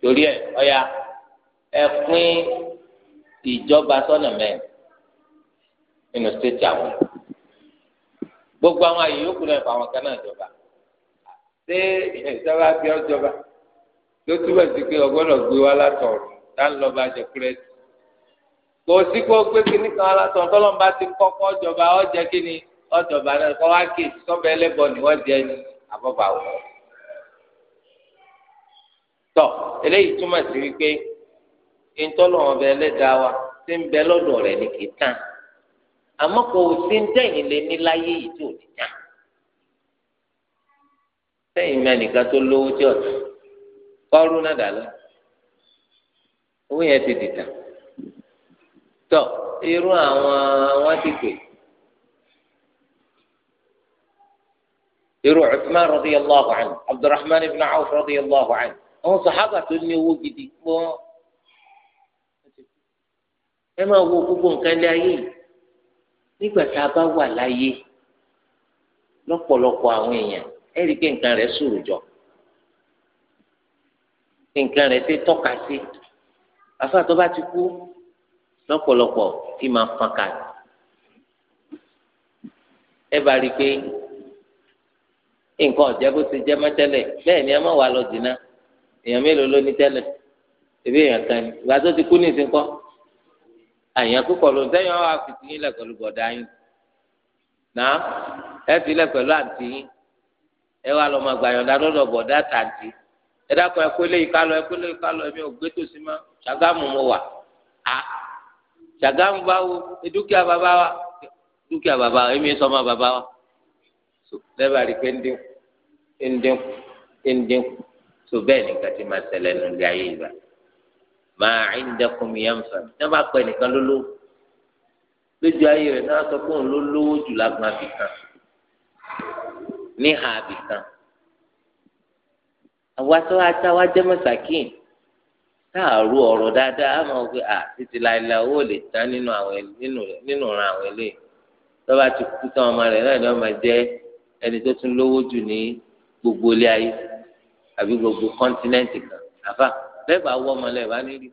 torí ẹ̀ ọ̀ya ẹ pín ìjọba sọ́nà mẹ́rin nínú stéèjì àwọn gbogbo àwọn àyè yòókù náà fáwọn kan náà jọba ṣé ìjọba fi ọjọba tó túbọ̀ sí pé ọgbọ́dọ̀ gbé wa látọ̀rọ̀ tá ń lọ bá jẹ kúrẹ́sì kò sí kó gbé kínní kan alásán tọ́lọ́n bá ti kọ́kọ́ jọba ọ̀jẹ̀ kínní ọ̀jọba náà kọ́ wá kéèjì sọ́bẹ̀ ẹlẹ́bọ̀ ni wọ́n jẹ́ ní àbọ̀bà wọ̀. tọ́ eléyìí túmọ̀ sí wípé ìtọ́lọ̀ ọbẹ̀ ẹlẹ́dàá wa ti ń bẹ lọ́dọ̀ rẹ̀ ní kì í tán àmọ́ kò sí ń dẹ́yìn lé ní láyé yìí tó ti tán. sẹ́yìn mi ànìkan tó lówó tí ọ̀tún kọ́rú náà dà lọ owó yẹn ti dìtàn tọ irú àwọn wọn ti pè irú Uthman radiyallahu anhu Abdurrahman ibn Awf radiyallahu anhu àwọn sàhábà tó ní owó gidi gbọ́ ẹ máa wo gbogbo nǹkan lé ayé yìí nígbà tá a bá wà láyé lọ́pọ̀lọpọ̀ àwọn èèyàn ẹ rí i pé nǹkan rẹ̀ sùrù jọ nǹkan rẹ̀ ti tọ́ka sí àfa tó bá ti kú lọ́pọ̀lọpọ̀ tí máa fọn ká ẹ bá rí i pé nǹkan ọ̀jẹ́ bó ti jẹ́ mọ́tẹ́lẹ̀ bẹ́ẹ̀ ni ẹ má wàá lọ dìná èèyàn mélòó ló ní tẹ́lẹ̀ ebi èèyàn kan ní ìgbà tó ti kú ní ìsìnkọ́ àyàn púpọ̀ ló ń sẹ́yìn wá fìtí yín lẹ̀ pẹ̀lú bọ̀dá yín náà ẹ fi lẹ̀ pẹ̀lú àǹtí yín ẹ wá lọ́ọ́ máa gbàyànjá lọ́dọ̀ bọ̀dá tàǹtí ẹ dákun ẹ kó léyìí ká lọ ẹ kó léyìí ká lọ ẹ̀mí ò gbé tòsí mọ́ ṣàgámù mo wà á Ṣàgámù bá wo dúkìá bàbá wa dúkìá bàbá wa èmi sọmọ bàbá wa lẹ́bàá rí pé ń dínkù ń dínkù ń dínkù tó bẹ́ẹ̀ nìkan ti máa ṣẹlẹ̀ nù lé ayé ìgbà máa ń dẹkùn mi yẹn fà ní bá pẹ́ nìkan ló lójú ayé rẹ̀ náà sọ pé òun ló lówó jù lágbọn abìkan níhà abìkan àwa tó ajá wa jẹ́ mọ́sàkíyìn táàrú ọ̀rọ̀ dáadáa á máa wípé à títí láìláì owó lè tán nínú àwọn nínú ran àwọn eléyìí lọ́ba ti kú tán ọmọ rẹ̀ náà ni wọ́n máa jẹ́ ẹni tó tún lówó jù ní gbogbo ilé ayé àbí gbogbo kọ́ńtínẹ́ǹtì kan àfà lẹ́bà wọ́ ọmọ lẹ́bà nílì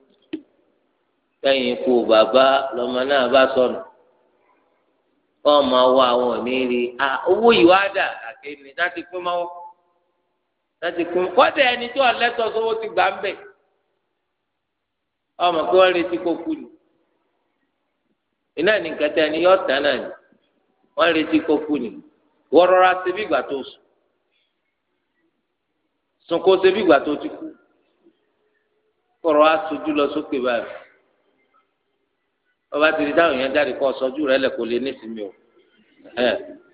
lẹ́yìn ikú bàbá lọ́mọ náà bá sọnù kọ́ ọmọ wa àwọn òní rí i owó yìí wá dà àkéènì láti pín mọ́wọ́ láti pín kọ́dà ẹni tó ọ̀lẹ́tọ̀ sówó ti gbà ń bẹ̀ ọmọ kí wọ́n retí kó kú ni iná nìkan tẹ ni yọ tán náà ni wọ́n retí kó kú ni wọ́n rọra ṣe bí ìgbà tó sùn sùn kó ṣe bí ìgbà tó ti kú kọ̀rọ̀ á sojú lọ sókè báyìí ọba ti di táwọn èèyàn jáde kọ́ sọ́jú rẹ lẹ̀ kò lè ní ìsinmi o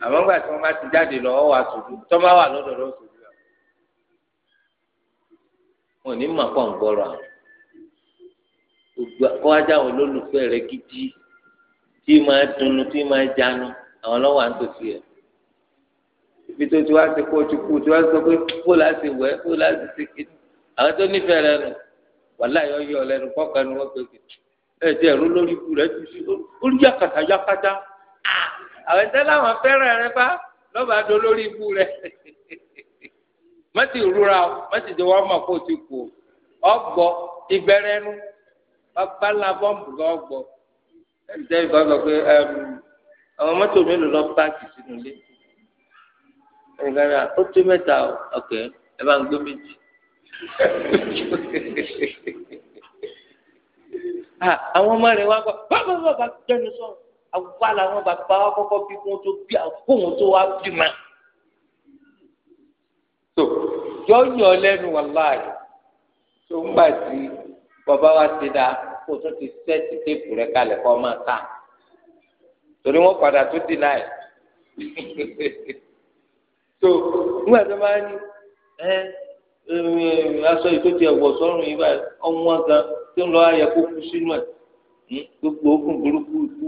àmọ́ gbà tí wọ́n bá ti jáde lọ ọwọ́ àtòjú tọ́ba wà lọ́dọ̀ lọ́sọ̀jú wọn ò ní mọ̀ pọ̀ ń gbọ́rọ̀ àwọn kó wájà wọn lólùfẹ́ rẹ gidi tí máa dùnnú tí máa jánu àwọn lọ́wọ́ à ń tòsí ẹ̀ ibi tó ti wá ti kó ti kú ti wá sọ pé kó láti wẹ̀ kó láti ṣe kiri àwọn tó nífẹ̀ẹ́ rẹ nù wàhálà yọ yọ lẹ́nu kọ́kọ́ ni wọ́n pèsè ẹ̀ tí ẹ̀rú lórí ikú rẹ ti ṣe ó rí yàkàtà yàkàtà àwọn ẹ̀sẹ̀ làwọn fẹ́ràn rẹ bá lọ́ba do lórí ikú rẹ mọ́tì rúra mọ́tì jẹ́ wọ́n mọ̀ kó o ti kú ọgbọ́ ìgbẹ́rẹ́nu bàbá ńlá bọ́ǹbù lọ gbọ́ ẹ̀jẹ̀ ìgbà sọ pé àwọn mọ́tò mélòó lọ páàkì sínú ilé ẹ̀ka ó tó mẹ́ta ọ̀kẹ́ ẹ bá ń gbé méjì àwọn ọmọ rẹ̀ wá gbọ́ bàbá bàbá jẹ́nu sọ àwa làwọn bàbá wa kọ́kọ́ bí kún tó bí àkóhun tó wá bí ma tó yọ yọ lẹ́nu wàláì tó ń gbà tí bàbá wa ti dáa kó o tún ti sẹ́ẹ̀tì téèpù rẹ kalẹ̀ kọ́ máa ta torí wọ́n padà tún dì náà so nígbà tó máa ní ẹ aṣọ ìtòtí ẹ̀wọ̀ sọ́run yìí báyìí ọmọ gan tó ń lọ ayẹ kó kú sínú ẹ̀ hmm? gbogbo ogun burúkú ikú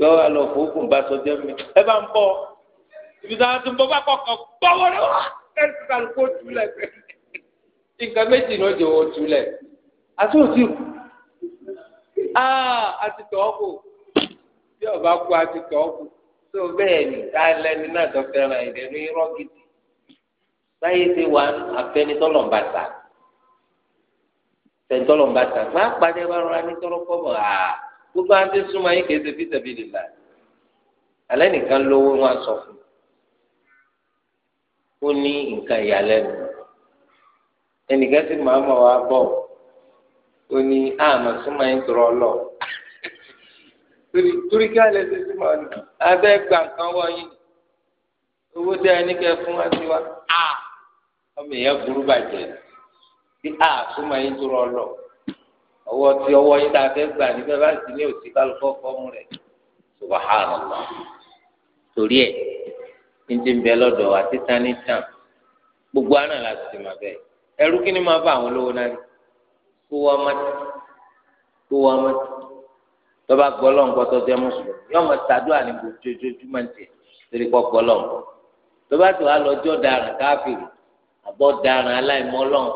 yọ wá lọ fún ogun bá sọ jẹ́ mi ẹ bá ń bọ̀ ibi táwọn tó ń bọ̀ bá kọ̀ọ̀kan gbọ́wọ́ rẹ wá ẹ̀ kàlùkù ó nǹkan méjì ni ó jẹ́ wọ́n túlẹ̀ àti òsì kù. Ah, a ti tọ́ kù bí ọba kú a ti tọ́ kù tó bẹ́ẹ̀ ni káàlẹ́ni náà tó fẹ́ràn ìdẹ́nu irọ́ gidi báyìí ti wà afẹ́nitọ́lọ́mbàtà tẹ̀ntọ́lọ́mbàtà máa pàdé bá rọra nítorọ́ kọ́bọ̀ à gbogbo àwọn tí ń súnmọ́ yín kì í ṣe fi tẹ̀bi lè la alẹ́ nìkan lówó wọn sọ fún ó ní nǹkan ìyàlẹ́nu ẹnìkan sì máa mọ̀ bọ̀ ó ní àmọ́ súnmọ́ yín tọrọ lọ torí kí alẹ́ ṣe súnmọ́ ni abẹ́ gbà nǹkan wọ yín owó tẹ ẹni kẹ fún wa sí wa a ọmọ èèyàn burú bàjẹ́ tí a súnmọ́ yín tọrọ lọ ọwọ́ tí ọwọ́ yín tá a fẹ́ gbà níbẹ̀ bá sì ní òsì kálukọ́ fọ́ọ̀mù rẹ̀ subhanallah torí ẹ̀ ní ti ń bẹ lọ́dọ̀ àti tani tán gbogbo àná la sì máa bẹ̀ ẹrú kí ni máa bá àwọn olówó náà ní kó wọ́n mọ́tì kó wọ́n mọ́tì tọ́ba gbọ́lọ́ nǹkan tó jẹ́ mùsùlùmí yọ ọmọ sàdúrà ní ojoojúmọ́ ní tiẹ̀ torí kọ́ gbọ́lọ́ nǹkan tọ́ba tó wà lọ́jọ́ daràn káfíìrì àbọ̀ daràn aláìmọ́ ọlọ́run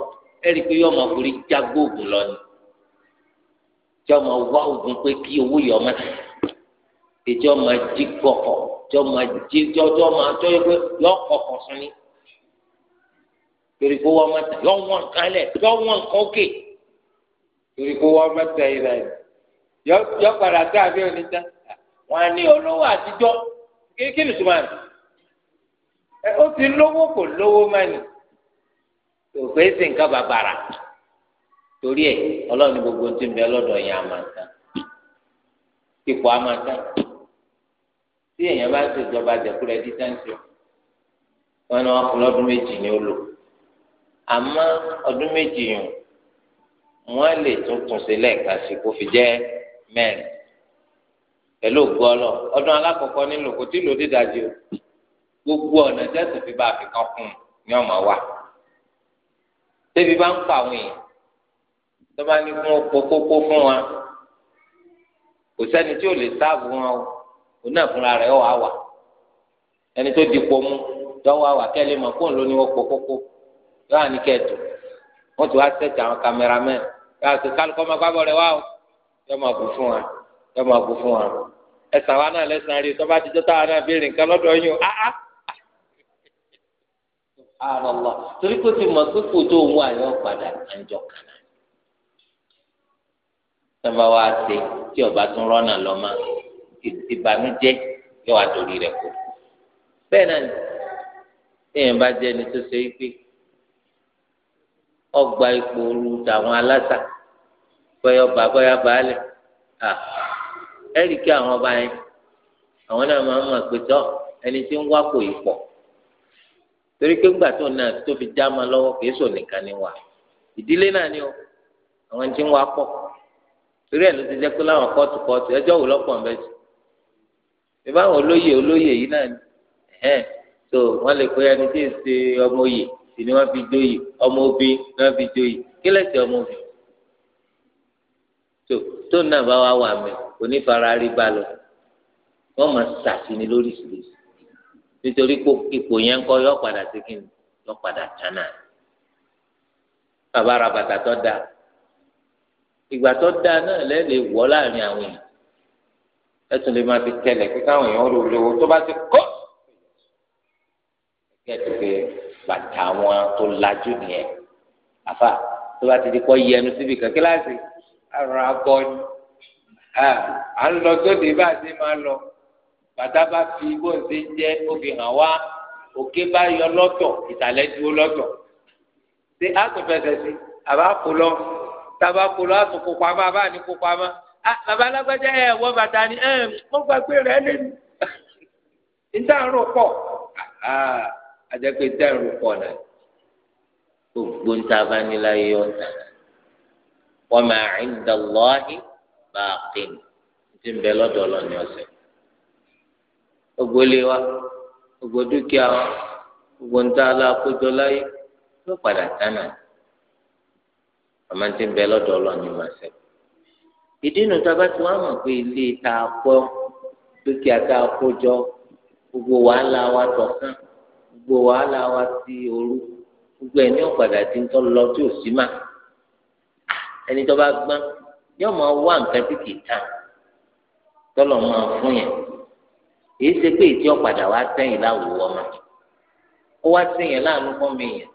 ẹ̀rí pé yọ ọmọ forí jágbó ògùn lọ ni tí ọmọ wá ògùn pé kí owó yọ ọmọ tì ètí ọmọ jí kọkọ tí ọmọ jí tí ọjọ́ ọmọ atọ́ yẹ pé yọ kọkọ sún torí kó wọ́n mọ́ta yọ wọ́n nǹkan yọ wọ́n nǹkan òkè torí kó wọ́n bá tẹ ìlà yìí yọ padà sí àbí oníta wọn ní olówó àtijọ́ kékeré tó máa ní ó ti lówó kò lówó máa ni òfé sì ń kábàá bàrà torí ẹ ọlọ́run ní gbogbo tí ń bẹ lọ́dọ̀ yẹn a máa tán ipò a máa tán tí èèyàn bá ń ṣèjọba jẹkulẹ̀ dídáńsì wọn ni wọn fún lọ́dún méjì ni ó lò àmọ́ ọdún méjì yìí wọ́n lè tún tún ṣe lẹ́ẹ̀kan sí kó fi jẹ́ mẹ́rin pẹ̀lú gbọ́lọ̀ ọdún alákọ̀ọ́kọ́ nílò kò tí ì lòdì dájú o gbogbo ọ̀nà jẹ́sùn fi bá a fi kan kún ní ọmọ wa tẹ́bi bá ń pa àwọn èèyàn tó bá ní fún kókó fún wa kò sẹ́ni tí ò lè sáàbù wọn o òun náà fúnra rẹ̀ ọ̀ àwà ẹni tó di pomú dọ́wọ́ àwà kẹ́lẹ́ mọ̀ kóun ló ní wọ́n kókó yóò hàn ní kẹ́ẹ̀tù wọ́n ti wá sẹ́ẹ̀tì àwọn kámẹ́rámẹ́ẹ̀ káàkiri kálukọ́ máa gbábọ̀ rẹ̀ wá o yọ máa kú fún wa yọ máa kú fún wa ẹ̀sán wa náà lẹ́sàn-án rí tọ́ba àtijọ́ táwa náà béèrè nǹkan lọ́dọ̀ yín o áá ah, àrọ̀lọ́ ah. torí kó ti mọ̀ pé kò tó òun àyọ̀ padà àjọ kan náà tọ́ba wa ṣe tí ọba tún rọ́nà lọ́mọ ìbànújẹ́ yọ àdórí rẹ̀ kó bẹ́ẹ̀ náà ni èèyàn bá jẹ́ ẹni tó ṣe é pé. Ọgba ipò olu tàwọn aláṣà bọyọ bá bọyọ baálé à kí àwọn ọba yẹn àwọn náà máa ń mọ ẹni tí ń wá kò yìí pọ torí pé tó náà tó fi já ma lọ́wọ́ kìí sọ nìkan ni wà ìdílé náà ni o àwọn ń wá pọ torí ẹ ló ti jẹ pé láwọn kóòtù kóòtù wò jù ìbáwọn olóyè olóyè yìí náà ni sì ni wọ́n fi joyè ọmọ obìnrin ni wọ́n fi joyè kí lẹ́sẹ̀ ọmọ obìnrin tó tó náà bá wà wà mí onífararí bá lọ wọ́n mọ̀ sàṣìní lóríṣiríṣi nítorí ipò yẹn ń kọ́ yọ padà sí kí ni yọ padà tánà bàbá ra bàtà tó da ìgbà tó da náà lẹ́lẹ̀ wọ́ láàrin àwọn èèyàn ẹtùn lè máa fi tẹlẹ̀ pé káwọn èèyàn rò lówó tó bá ti kọ́ kẹ́tù pé bàtà wọn tó lajú nìyẹn àfà tó bá ti di kọ́ yẹnu síbi kan kíláàsì àrùn abọ́ ni à ń lọ sóde bá a ti máa lọ bàtà bá fi bó ń ṣe jẹ́ ó fi hàn wá òkè bá yọ lọ́tọ̀ ìsàlẹ̀ dúró lọ́tọ̀ ṣé àtúnfẹsẹ̀ sí àbá kó lọ tàbá kó lọ àtúnkó pamọ́ àbá ní kó pamọ́ bàbá alágbájá ẹ̀ wọ bàtà ni ẹ̀ mo gbàgbé rẹ̀ lẹ́nu níta rò pọ̀ àjẹpẹ dẹrù pọ náà gbogbo ń ta bá nílá wa ma inda Allahi baqin ti ń bẹ lọ́dọ̀ ọlọ́ni ọ̀sẹ̀ gbogbo ilé wa gbogbo dúkìá wa gbogbo ń ta láyé ló padà tánà àmọ́ ti ń bẹ lọ́dọ̀ ọ̀sẹ̀ ìdí gbogbo wàhálà wa ti òru gbogbo ẹni ọ̀padà ti ń tọ́ lọ tí ò sí mà ẹni tó bá gbọ́n yóò máa wá nǹkan tí kì í tà tọ́lọ̀ máa fún yẹn èyí ṣe pé ìtí ọ̀padà wa sẹ́yìn láwùwọ́ ma ó wá sẹ́yìn láàánú fún mi yẹn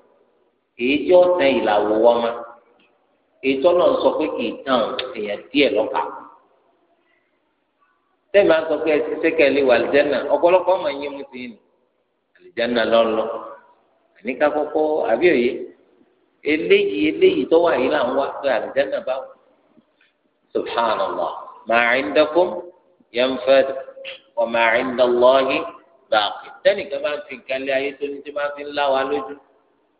èyí tí ọ̀sẹ̀ ìlàwọ̀wọ́ ma èyí tó lọ́n sọ pé kì í tàn èèyàn díẹ̀ lọ́ka sẹ́yìn sọ pé ẹ ti sẹ́kẹ̀ lé ọ̀pọ̀lọpọ̀ ọmọ yín mú sí ni àlìjáná lọ́lọ́ àníká kọ́kọ́ àbí òye eléyìí eléyìí tó wà yìí là ń wá pé àlìjáná báwò subhanallah ma indakum yanfad wa ma indallahi baqi tẹ́nìkan máa ń fi kalẹ̀ ayé tó ní tí máa fi ń lá wa lójú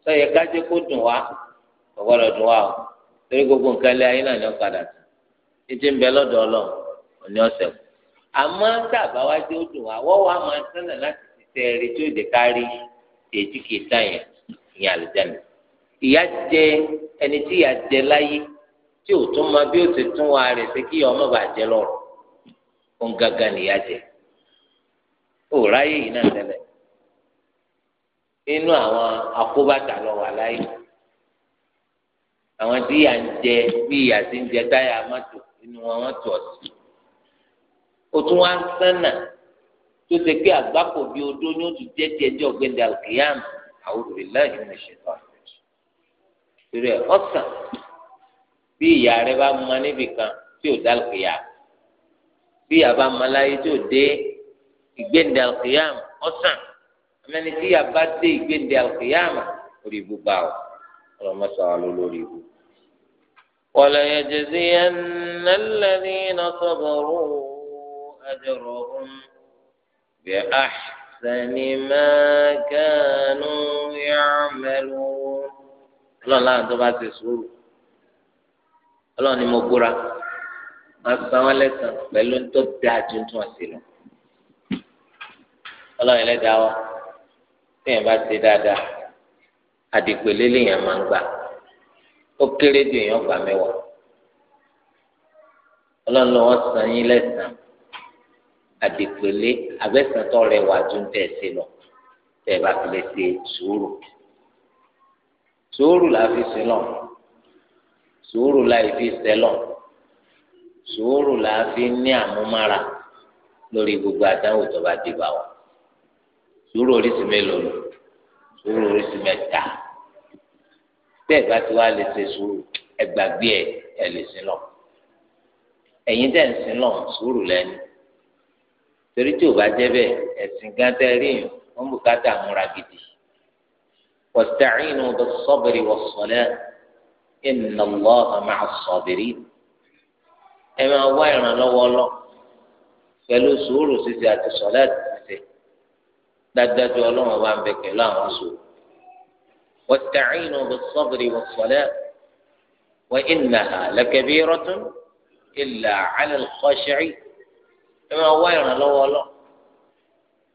sọ̀yẹ kájẹ́ kó dùn wá ọ̀gbọ́dọ̀ dùn wá o torí gbogbo nǹkan ayé náà ni ó padà sí títí ń bẹ lọ́dọ̀ òní ọ̀sẹ̀ kù àmọ́ sábà wá dé ó dùn wá wọ́n wá máa sẹ́lẹ̀ láti tẹ̀rí tó dé kárí èjì kìíta yẹn ìyẹn àlùjáde. ìyá jẹ ẹni tí ìyá jẹ láyé tí ò tún mọ bí ó ti tún wa rẹ̀ ṣe kí ọmọ bàá jẹ lọ́rọ̀ ó ń gángan nìyá jẹ. ó ráyè yìí náà tẹ́lẹ̀ inú àwọn akóbàtà lọ wà láyé àwọn tí ìyá ń jẹ bí ìyá ti ń jẹ táyà mọ́tò inú wọn wọ́n tọ̀ sí. ó tún wá ń sánà tó ṣe pé àgbákò bí odó ni ó tún jẹ́ ti ẹjọ́ gbẹ̀dẹ̀ alkiyam àwọn olùdíláyìn ní ṣètò àfẹ́jù. ìrẹ̀ ọ̀sán bí ìyá rẹ bá mọ níbì kan tí ò dá bí ìyá bá mọ láyé tí ò dé ìgbẹ̀dẹ̀ alkiyam ọ̀sán àmẹ́ni tí ìyá bá dé ìgbẹ̀dẹ̀ alkiyam orí ibú bá ọ ọlọ́mọ sọ̀rọ̀ ló lórí ibú. وَلَيَجْزِيَنَّ الَّذِينَ صَبَرُوا أَجْرَهُمْ بأحسن ما كانوا يعملون ọlọ́run láwọn tó bá ti sùúrù ọlọ́run ni mo búra máa san wọn lẹ́sàn pẹ̀lú tó dáa ju tó wọn sí lọ ọlọ́run ẹlẹ́dàá wa téèyàn bá ti dáadáa àdìpẹ̀lẹ́ lèèyàn máa ń gbà ó kéré ju èèyàn gbà mẹ́wàá ọlọ́run ló wọ́n san yín lẹ́sàn àdèpèlé àbẹ́sẹ̀tọ́ rẹ̀ wà ju ń tẹ̀ ṣe lọ tẹ̀ bá fi lè ṣe sùúrù sùúrù la fi ṣe lọ sùúrù la fi ṣe lọ sùúrù la fi ní àmúmára lórí gbogbo àdánwò tó bá dé bá sùúrù oríṣi mélòó lò sùúrù oríṣi mẹ́ta bẹ́ẹ̀ bá ti wá lè ṣe sùúrù ẹgbàgbé ẹ lè sin lọ ẹ̀yin tẹ́ ń sin lọ sùúrù lẹ́ni torí tí o bá jẹ́ bẹ́ẹ̀ ẹ̀sìn gan tẹ́ rí yìí wọ́n bù ká dààmúra gidi wasta'inu bis-sabri was-salah inna Allaha ma'as-sabirin ẹ máa wá ìrànlọ́wọ́ lọ pẹ̀lú sùúrù ṣíṣe àti sọ̀lẹ́ ṣíṣe dájúdájú ọlọ́run bá ń bẹ pẹ̀lú àwọn sùúrù wasta'inu bis-sabri was-salah wa innaha lakabiratun illa 'ala al-khashi'in ẹ máa wá ìrànlọ́wọ́ ọlọ́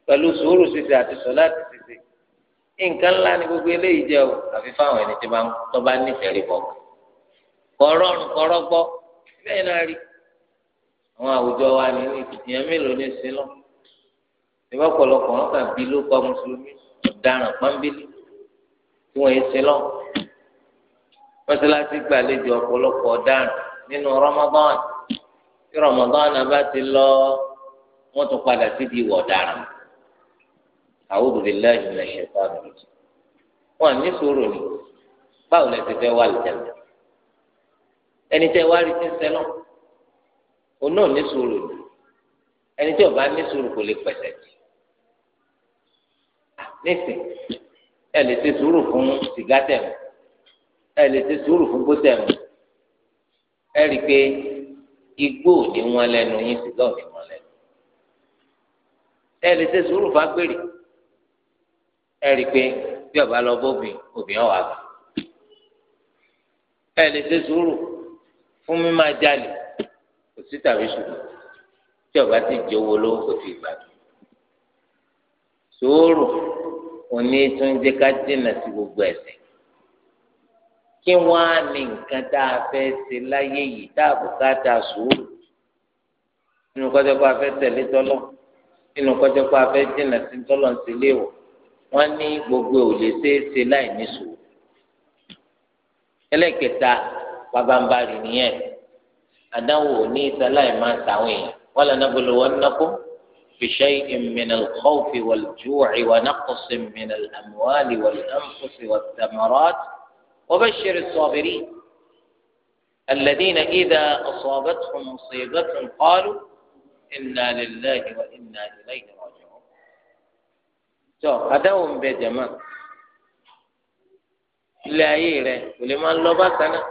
pẹ̀lú sùúrù ṣíṣe àti sọlá ti ṣíṣe nǹkan ńlá ni gbogbo eléyìí jẹ́ o àfi fáwọn ẹni tó bá nífẹ̀ẹ́ rí bọ̀ kọ́rọ́rùn kọ́rọ́gbọ́ bẹ́ẹ̀ náà rí àwọn àwùjọ wa ní ìyẹn mélòó ní sílọ ìwọ ọ̀pọ̀lọpọ̀ wọn kà bí ló kọ mùsùlùmí ọ̀daràn pọ́nbélé tí wọ́n yé sílọ mọ́sálásí gbàlejò ọ̀pọ̀lọpọ̀ ọ̀daràn nínú Ramadan tí Ramadan náà bá ti lọ wọ́n tún padà síbi ìwà ọ̀daràn a'udhu billahi minash shaitanir rajim wọn ní sòrò ni báwo lẹ ti fẹ́ wà lìjẹ̀lẹ̀ ẹni tẹ́ wá rí ti ń sẹ́lọ̀ òun náà ní sòrò ni ẹni tí ọba ní sòrò kò lè pẹ̀sẹ̀ jì nísìn ẹ lè ti sòrò fún sìgá tẹ̀mù ẹ lè ti sòrò fún gbótẹ̀mù ẹ rí i pé igbó ni wọ́n lẹ́nu yín sìgá ò ní wọ́n lẹ́nu ẹ lè ṣe sùúrù fagbèrè ẹ rí i pé bí ọba lọ bóbi obìnrin wà gbà ẹ lè ṣe sùúrù fún mi máa jalè kò sí tàbí ṣùgbọ́n tí ọba ti jẹ owó lówó kò sí ìgbàdùn sùúrù òní tún jẹ ká dènà sí gbogbo ẹ̀ṣẹ̀ kí wọn á ní nǹkan tá a fẹ́ ṣe láyé yìí tá a bùkátà sùúrù nínú kọ́tẹ́kọ́ afẹ́ tẹ̀lé tọ́lọ́ nínú kọjá pé afẹ́ dènà sí tọ́lọ̀ sí léwọ̀ wọ́n ní gbogbo òlè ṣeéṣe láì ní sùúrù. ẹlẹ́kẹta pabambarì nìyẹn àdáwò ní ìsaláì máa tàwọn èèyàn wọ́n lọ náà bolo wọn nákó bìṣẹ́ ìmìnàl kọ́ọ̀fì wọ́n ju ìwà nàkọ́sì ìmìnàl àmúhálì wọ́n ànfọ́sì wọ́n tàmọ́rọ́t wọ́n bẹ́ ṣeré sọ́bìrì. الذين إذا أصابتهم مصيبة قالوا inna lillahi wa inna ilayhi raji'un. tó adáwò ń bẹ jama ilé ayé rẹ kò lè máa lọ bákan náà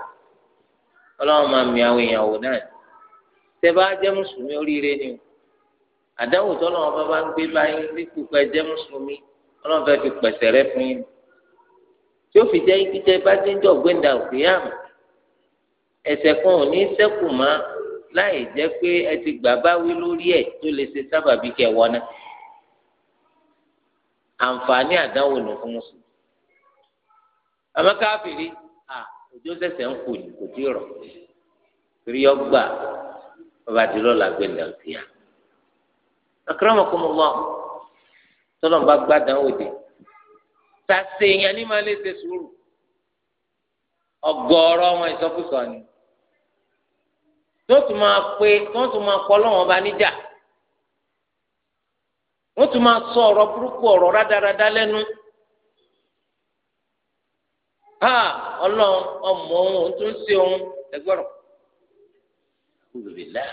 ọlọ́run máa mi àwọn èèyàn wò náà tẹ bá jẹ́ mùsùlùmí oríire ni o àdáwò tọ́lọ́wọ́n bá bá ń gbé báyìí nípò pé jẹ́ mùsùlùmí ọlọ́run fẹ́ fi pẹ̀sẹ̀ rẹ fún yín tí ó fi jẹ́ ibi tẹ bá dé ń jọ gbéńdà òkè yá mi kan ò ní sẹ́kù máa láì jẹ́ pé ẹ ti gbà báwí lórí ẹ̀ tó lè ṣe sábàbí kẹ wọ́n náà àǹfààní àdánwò nù fún mùsùlùmí àmọ́ káfíìrì à òjò ṣẹ̀ṣẹ̀ ń kù ní kò tí ì rọ̀ torí ọgbà bàbá ti lọ́la gbẹ̀lẹ̀ ọ̀tí à. akramakumullah tọ́lọ̀ ń bá gbádàn òde tàṣe èèyàn lè ṣe sùúrù ọgọ́ọ̀rọ̀ wọn ìsọkúsọ ni tí wọ́n tún máa pe wọ́n tún máa kọ́ lọ́wọ́n bá níjà wọ́n tún máa sọ ọ̀rọ̀ burúkú ọ̀rọ̀ rádaràda lẹ́nu ha ọlọ́run ọmọ òun òun tún ṣe òun ẹgbọ́rọ̀ olùbílà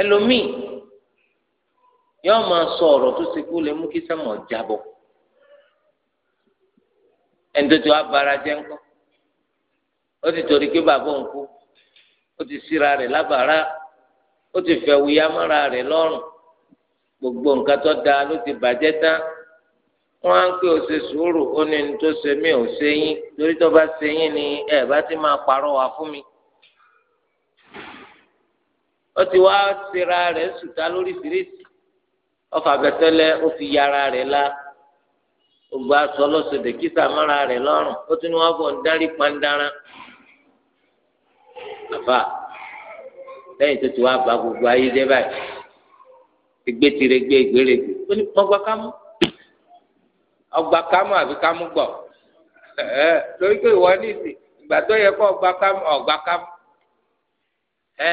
ẹlòmíì yóò máa sọ ọ̀rọ̀ tó ṣe kó lè mú kí sẹ́mọ̀ jábọ̀ ńkọ́ ó ti torí pé bàbá òun ó ti síra rẹ̀ lábàárà ó ti fẹ̀wù yamára rẹ̀ lọ́rùn gbogbo nǹkan tó da ló ti bàjẹ́ tán wọ́n á ń pè ó ṣe sùúrù ó ní ní tó ṣe mí ò ṣe yín torí tó bá ṣe yín ni ẹ bá ti máa parọ́ wá fún mi ó ti wá síra rẹ̀ sùtá lóríṣiríṣi ọfà bẹtẹlẹ ó fi yára rẹ̀ la gbogbo aṣọ ọlọsọdẹ kí sàmárà rẹ̀ lọ́rùn ó tún ní wọn bọ ń darí pandára àfà lẹ́yìn tó ti wá ba gbogbo ayé jẹ́ báyìí egbetirigbe egberegbe ó ní ọgbà kámú ọgbà kámú àbí kámú gbọ ẹ lórí pé ìwọ ní ìsìn ìgbà tó yẹ kó ọgbà kámú ọgbà kámú ẹ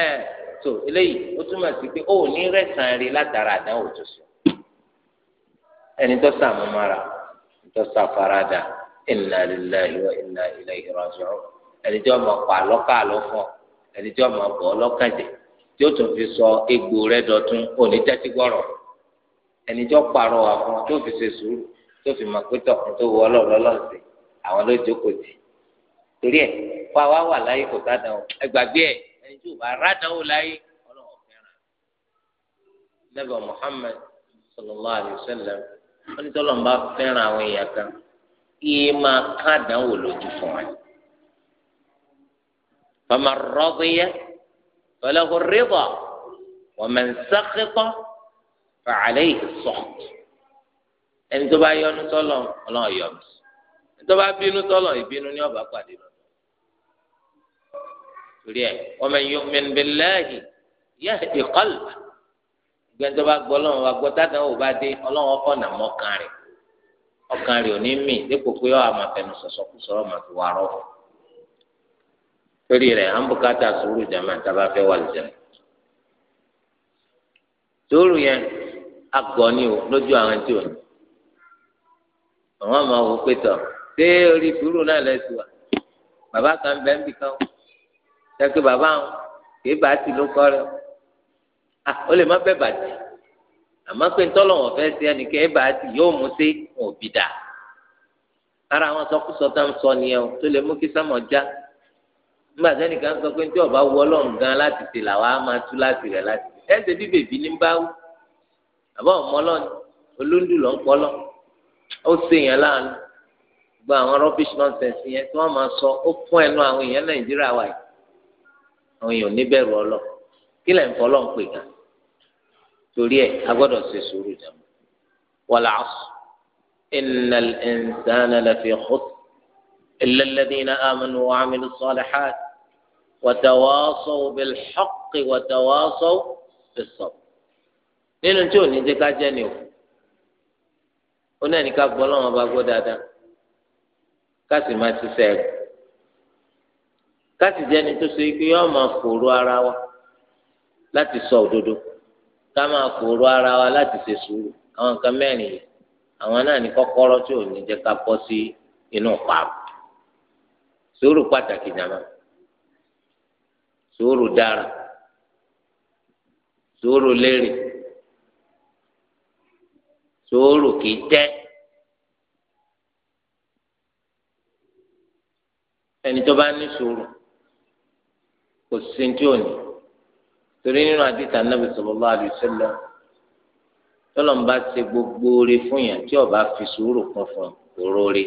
tó eléyìí ó túmọ̀ sí pé ó ní rẹ̀sán rí látara àdánwò tó sùn ẹni tó sàmúmára tó sàfaradà inna lillahi wa inna ilayhi raji'un ẹni tó mọ̀ pa lọ́kàlọ́ fún ọ. ẹni tí ọmọ bọ ọlọ́kàjẹ tí ó tún fi sọ egbò rẹ dọ̀tun òní tẹ́tí gbọrọ ẹni tí ó parọ́ wà tó fi ṣe sùúrù tó fi mọ̀ pé tọkùn tó àwọn ló jókòó torí ẹ̀ wá wá wà láyé kò sádàn o ẹ ẹni tí bá láyé alayhi àwọn èèyàn kan kí máa ká àdánwò lójú fún فمن رضي فله الرضا ومن سخط فعليه السخط ẹni tó bá yọ́nú sọ́lọ̀ Ọlọ́run yọ́nú ẹni tó bá bínú sọ́lọ̀ ìbínú ni ó bá pàdé lọ torí ẹ ومن يؤمن بالله يهدي قلبه gbẹ̀ntọ́ bá gbọ́ lọ́wọ́ wa gbọ́ tádàn ò bá dé ọlọ́wọ́ kọ́ nà mọ́ ọkàn rẹ̀ ọkàn rẹ̀ ò ní mì dípò pé ọ̀ àmọ̀fẹ́nu sọ̀sọ̀kú sọ̀rọ̀ màfi wà rọ̀ fún un torí rẹ̀ à ń bùkátà sùúrù jama taba fẹ́ wà lùjẹmọ sùúrù yẹn agọni o lójú àwọn tí o ní àwọn ọmọ wò pé tọ ṣé orí sùúrù náà lẹsùn wa bàbá kan bẹ ń bì kan ṣẹkẹ bàbá àwọn kì í bá ti ló kọ rẹ ó lè má bẹ bàtì àmọ́ pé ntọ́lọ́wọ̀n fẹ́ sí ẹnì ẹ bá ti yóò mú sí òbí dà ara àwọn sọkúsọ tá ń sọ nìyẹn o tó lè mú kí sámọ̀ já nígbà tí ẹnìkan sọ pé tí ọba wọ Ọlọ́run gan láti tè làwọn á máa tú láti rẹ láti tè ẹsẹ bí bèbí ní bá wù àbá ọmọlọrin olóńdù lọ ń pọlọ ó ṣèyàn láàánú gba àwọn rubbish nonsense yẹn tí wọn máa sọ ó fún ẹnu àwọn èèyàn Nàìjíríà wa yìí àwọn èèyàn níbẹ̀rù ọlọ kí lẹ ń fọlọ ń pè gan torí ẹ a gbọ́dọ̀ ṣe sùúrù jàmọ wàlà ọsù innal insana lafi khusr illa alladhina amanu wa amilu wàtàwọ́sọ بالحق wàtàwọ́sọ بالصبر. nínú tí ò ní jẹ́ ká jẹ́ ni o ó náà ní ká gbọ́ lọ́wọ́ bá gbọ́ dáadáa ká sì máa ṣiṣẹ́ rẹ̀ ká sì jẹ́ni tó ṣe pé yọ́ máa fòrò ara wa láti sọ òdodo ká máa fòrò ara wa láti ṣe sùúrù àwọn nǹkan mẹ́rin yìí àwọn náà ní kọ́kọ́rọ́ tí ò ní jẹ́ ká bọ́ sí inú pààrọ̀ sùúrù pàtàkì jàmáà sùúrù dára sùúrù lérè sùúrù kìí tẹ́ ẹni tó bá ní sùúrù kò sí ní tí ò ní torí nínú àdìtà nàbì sallallahu alaihi wasallam tọlọmba ṣe gbogbo oore fún yàn tí ọba fi sùúrù kún fún òróore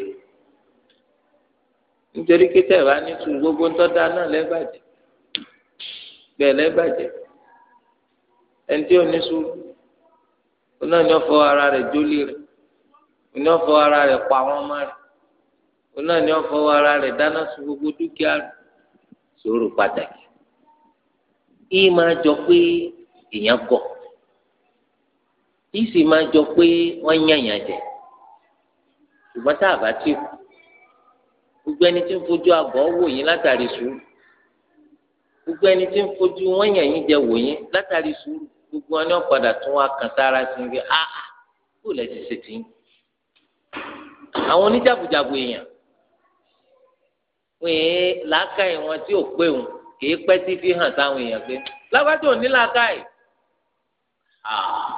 nítorí kíkẹ́ ìbá ní sùúrù gbogbo ń tọ́ da náà lẹ́bàjẹ́ gbẹlẹ bàjẹ́ ẹni tí ò ní sùúrù oná ní ọfọ ara rẹ̀ jólì rẹ̀ oní pa rẹ̀ gbogbo dúkìá rẹ̀ sòrò pàtàkì i máa jọ pé èèyàn gọ̀ yìí sì máa jọ pé wọ́n yànyàn jẹ ṣùgbọ́n tá a bá kú gbogbo ẹni tí ń fojú àgọ́ wò yín gbogbo ẹni tí ń fojú wọn yàn yín jẹ wò yín látàrí sùúrù gbogbo wọn ni wọn padà tún wọn kàn sára sí ibi áá kó lẹ ti ṣe tì í àwọn oníjàbùjàbù èèyàn wọn èé làákàyè wọn tí ò pé òun kìí pẹ́ tí fi hàn sáwọn èèyàn pé lágbájá ò ní làákàyè ah,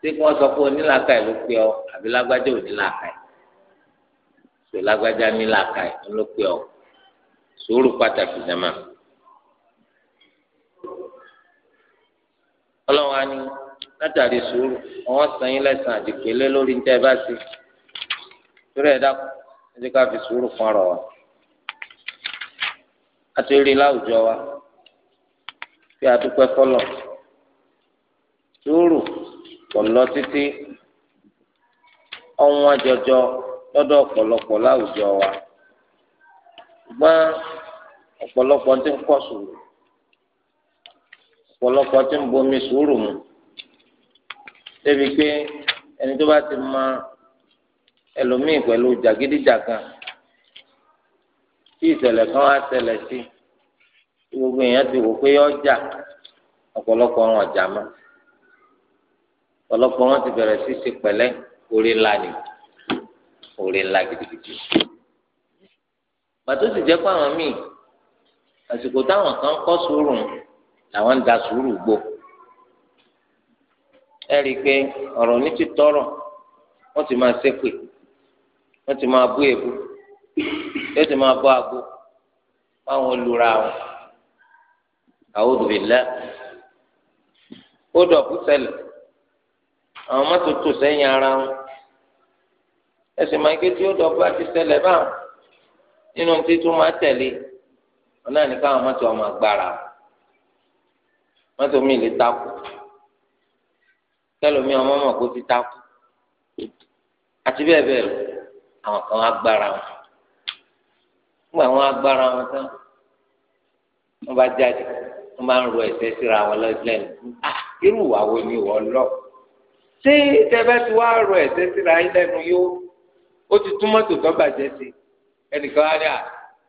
ṣé kí wọ́n sọ pé onílàákàyè ló pé ọ àbí lágbájá ò ní làákàyè ṣé lágbájá ní làákàyè ló pé ọ sùúrù pàtàkì jàmáà. ọlọ́run á ní látàrí sùúrù àwọn sàn yín lẹ́sàn àdìpélé lórí níta ẹ bá ṣe torí ẹ dákun ẹ jẹ́ ká fi sùúrù fún wa a ti rí láwùjọ wa fi àdúpẹ́ fọlọ́ sùúrù kò lọ títí ọ̀wọ́n jọjọ lọ́dọ̀ ọ̀pọ̀lọpọ̀ wa ọ̀pọ̀lọpọ̀ ti ń ọ̀pọ̀lọpọ̀ tí ń bomi sùúrù mu débi pé ẹni tó bá ti ma ẹlòmíì pẹ̀lú jàgídíjàgan tí ìṣẹ̀lẹ̀ kan wá ṣẹlẹ̀ sí tí gbogbo èèyàn ti wò pé ọjà ọ̀pọ̀lọpọ̀ wọn ọjà mọ́ ọ̀pọ̀lọpọ̀ wọn ti bẹ̀rẹ̀ sí ṣe pẹ̀lẹ́ orí ńlá ni orí ńlá gidigidi bàtó sì jẹ́ pé àwọn míì àsìkò táwọn kan kọ́ sùúrù mu làwọn ń da sùúrù gbò ẹ rí i pé ọ̀rọ̀ ní ti tọrọ wọ́n ti máa ṣépè wọ́n ti máa bú èbú yóò ti máa bọ́ àgbo fáwọn olùra wọn a'udhu billah ó dọ̀kú sẹlẹ̀ àwọn mọ́tò tò sẹ́yìn ara wọn ẹsẹ̀ máa ké tí ó dọ̀kú àti sẹlẹ̀ báwọn nínú títún máa tẹ̀lé wọn náà ní káwọn mọ́tò ọmọ agbára wọn mọ́tò mi lè takò kẹlòmí ọmọ mọ̀ kó ti takò àti bẹ́ẹ̀ bẹ́ẹ̀ lọ àwọn kan agbára wọn nígbà wọn agbára wọn tán wọn bá jáde wọn bá ń ro ẹsẹ̀ síra wọn lẹ́nu ah, irú ìwà wo ni wọ́n lọ ṣé tẹ́fẹ́ tí wàá ro ẹsẹ̀ síra yín lẹ́nu yóò ó ti tún mọ́tò tó bàjẹ́ sí ẹnìkan á rí à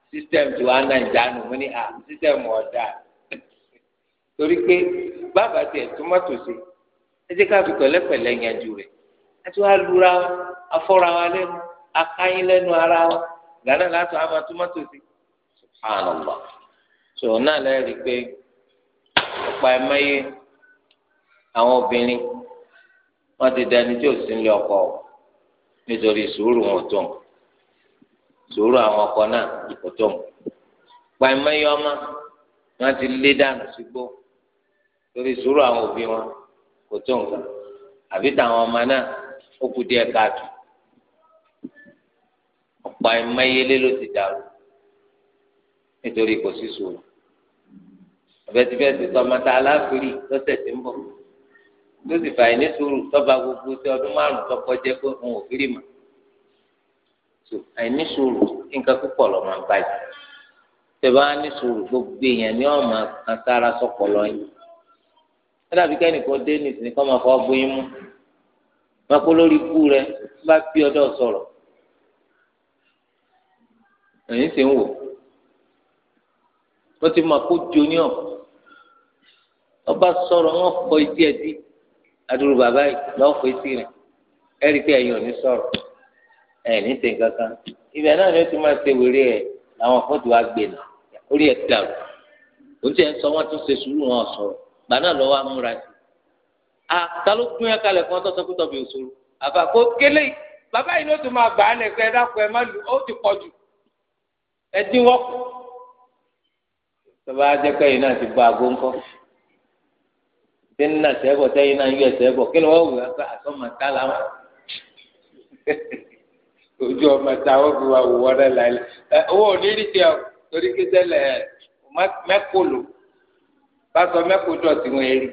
sísítẹ́ẹ̀mù tí wàá nàìjà nù mí ní à ah, sísítẹ́ẹ̀mù ah, ọ̀dà torí pé bàbá tiẹ̀ tó má tòṣe ẹ jẹ́ ká fi pẹ̀lẹ́pẹ̀lẹ́ yanjú rẹ̀ ẹ tún á lura wa afọ́ra wa lẹ́nu akáyín lẹ́nu ara wa gánà látọ̀ àmà tó má subhanallah tó náà lẹ́rìí pé ọ̀pọ̀ ẹ̀mẹ́yẹ àwọn obìnrin wọ́n ti dẹni tí ò sí nílé ọkọ nítorí sùúrù wọn tó ń sùúrù àwọn ọkọ náà kò tó ń pa ọmọ wọn ti lé dànù sígbó. Si torí sùúrù àwọn òbí wọn kò tó nǹkan àbí táwọn ọmọ náà ó kù díẹ̀ káàtó ọ̀pọ̀ ẹ̀mẹ́yẹlé ló ti dàrú nítorí kò sí sùúrù àbẹ̀tìbẹ̀tì tọmọta aláfiri lọ́sẹ̀ tí ń bọ̀ ló sì fà ní sùúrù tọ́ba gbogbo sí ọdún márùn-ún tọkọ jẹ́ pé òun ò firi mà àìní sùúrù nǹkan púpọ̀ lọ́ máa bàjẹ́ tẹ̀ ní sùúrù gbogbo èèyàn ní ọ̀ma kan sára sọ̀pọ̀ lọ́yìn ẹdàbí kẹ́nìkan dé nìsín kọ́ máa fọ́ bóyá mú máa kó lórí ikú rẹ bá bí ọdọ sọ̀rọ̀ ẹ̀yìn sì ń wò wọ́n ti máa kó jo ní ọ̀ ọba sọ̀rọ̀ wọn kọ etí ẹtí adúrú bàbá yìí lọ́ọ́ fọ etí rẹ̀ ẹ̀rí pé ẹ̀yin ò ní sọ̀rọ̀ ẹ̀yìn sì ń kankan ibẹ̀ náà ni ó ti máa ṣe wèrè ẹ̀ làwọn fọ́tò wa gbé nà orí ẹ̀ dàrú òun sọ wọ́n tún ṣe sùúrù wọn sọ̀rọ̀. gbà náà lọ́wọ́ amúra sí a ta ló kún yẹn kalẹ̀ fún ọ tọ́sọ pé tọ́bi àbá kó kélé bàbá yìí ló tún máa gbà á lẹ̀ ẹ ẹ má lu ó ti pọ jù ẹ dínwọ́ kù tọ́ba ajẹ́pẹ́ yìí náà ti gba àgbo ńkọ́ tẹ́ni náà kí ni wù bàtọ mẹkọjọ tí wọn eri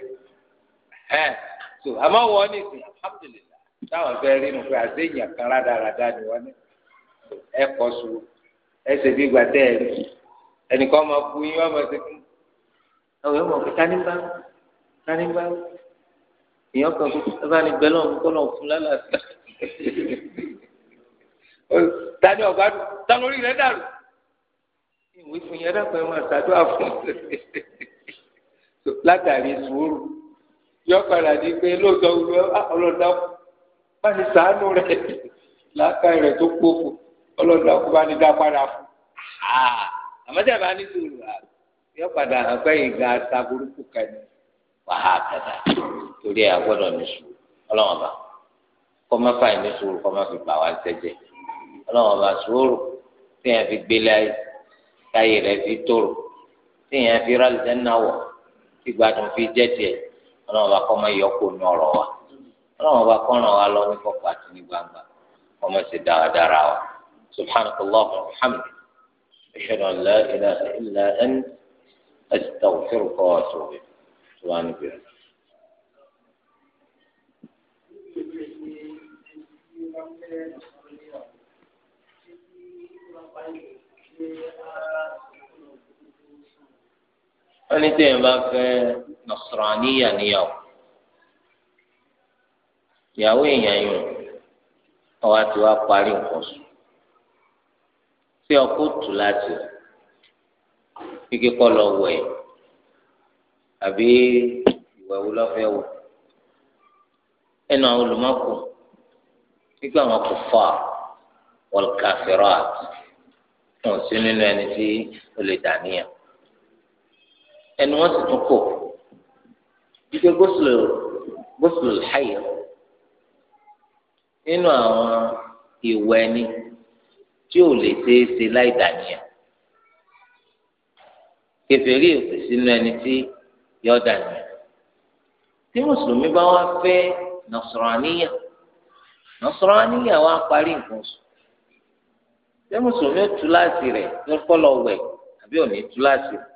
ẹ so àmọ́ wọn ní ìsìn alhamdulilayi táwọn fẹ́ẹ́ rí nu pé àṣeyàn kan rádaràda ni wọn ní ẹ kọ sùn ẹsẹ bí gbàtẹ ẹ rí ẹnìkan máa bu yín wọn máa ṣe kí àwọn yóò mọ pé tani bá tani bá èèyàn kan tó bá ní bẹlọ ń kọlọ fún lálàáfíà tani ọba tani orí rẹ dàrú ìwé fún yẹn dàpọ̀ ẹ máa ṣàdúrà fún un. látàrí sùúrù yọ padà di pé lóòótọ́ wíwẹ́ ah, ọlọ́dà bá ní sàánú rẹ̀ làákàyè rẹ̀ tó kpófò ọlọ́dà kó bá ní dá padà fún àmọ́tí àbá ní sùúrù yọ padà hàn pé ìgbà ta burúkú kan ní wàhálà kàdà torí ẹ̀ àgbọ́dọ̀ ní sùúrù ọlọ́wọ́n bá kọ́má fà ní sùúrù kọ́má fi bà wá sẹ́jẹ̀ ọlọ́wọ́n bá sùúrù téèyàn fi gbélé ayé táyé rẹ̀ fi tòrò téèyàn fi rálẹ̀ kí gbádùn fi jẹ́ tiẹ̀ ọlọ́run bá kọ́ máa yọ kó nu wa ọlọ́run bá kọ́ ràn wá lọ ní kọ̀kọ̀ àti ní gbangba ọmọ sì dáradára wa subhanakallah wa rahmatulahi ashhadu an la ilaha illa ant astaghfiruka wa atubu ilayk Thank wọn ní tẹ̀yìn bá fẹ́ nasraniya níyàwó ìyàwó èèyàn yìí ọwọ́ àti wá parí nǹkan sùn tí ọkọ tù láti kíkẹ́ kọ́ lọ wẹ̀ àbí ìwẹ̀ wo lọ́fẹ́ wọ̀ ẹnu àwọn olùmọ̀kù kíkẹ́ àwọn kò fà wọ́n àti wọn nínú ẹni tí ó lè ẹnu wọn sì tún kò gbígbé gòsùlù gòsùlù láyè nínú àwọn ìwẹ̀ ẹni tí ò lè ṣeé ṣe láì dànìyàn kẹfẹrí òkè sínú ẹni tí yọ dànìyàn tí mùsùlùmí bá wá fẹ́ nasraniya nasraniya wá parí nǹkan sùn tí mùsùlùmí tú láti rẹ̀ lọ́kọ́ lọ àbí òní tú láti rẹ̀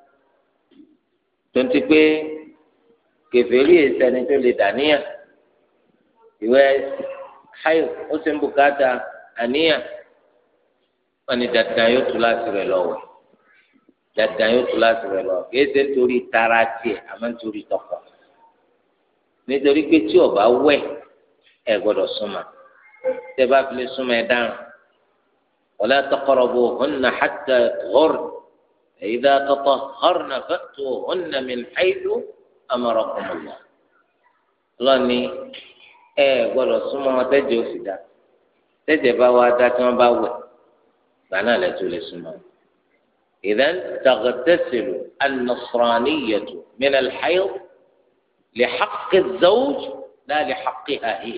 tonti pé kèfèrí ìsẹni tó lè dàníyà ìwẹ̀ hayo ó sì ń bùkátà àníyàn wọn ni dandan yóò tu láti rẹ lọ́wọ́ dandan yóò tu láti rẹ lọ́wọ́ kìí ṣe nítorí tara tiẹ̀ àmọ́ nítorí tọkọ nítorí pé tí o bá wẹ̀ ẹ gbọ́dọ̀ súnmọ́ tẹ́ bá fi lè súnmọ́ ẹ dáràn wala taqrabuhunna hatta ghurna. فإذا تطهرن فأتوهن من حيث أمركم الله lọ́ni ẹ gbọ́dọ̀ súnmọ́ wọn tẹjẹ ó sì dá tẹjẹ bá wá dá tí wọn bá wẹ gbà náà lẹtọ lè súnmọ́ إذا تغتسل النصرانية lè xaqi لحق náà lè xaqi ahi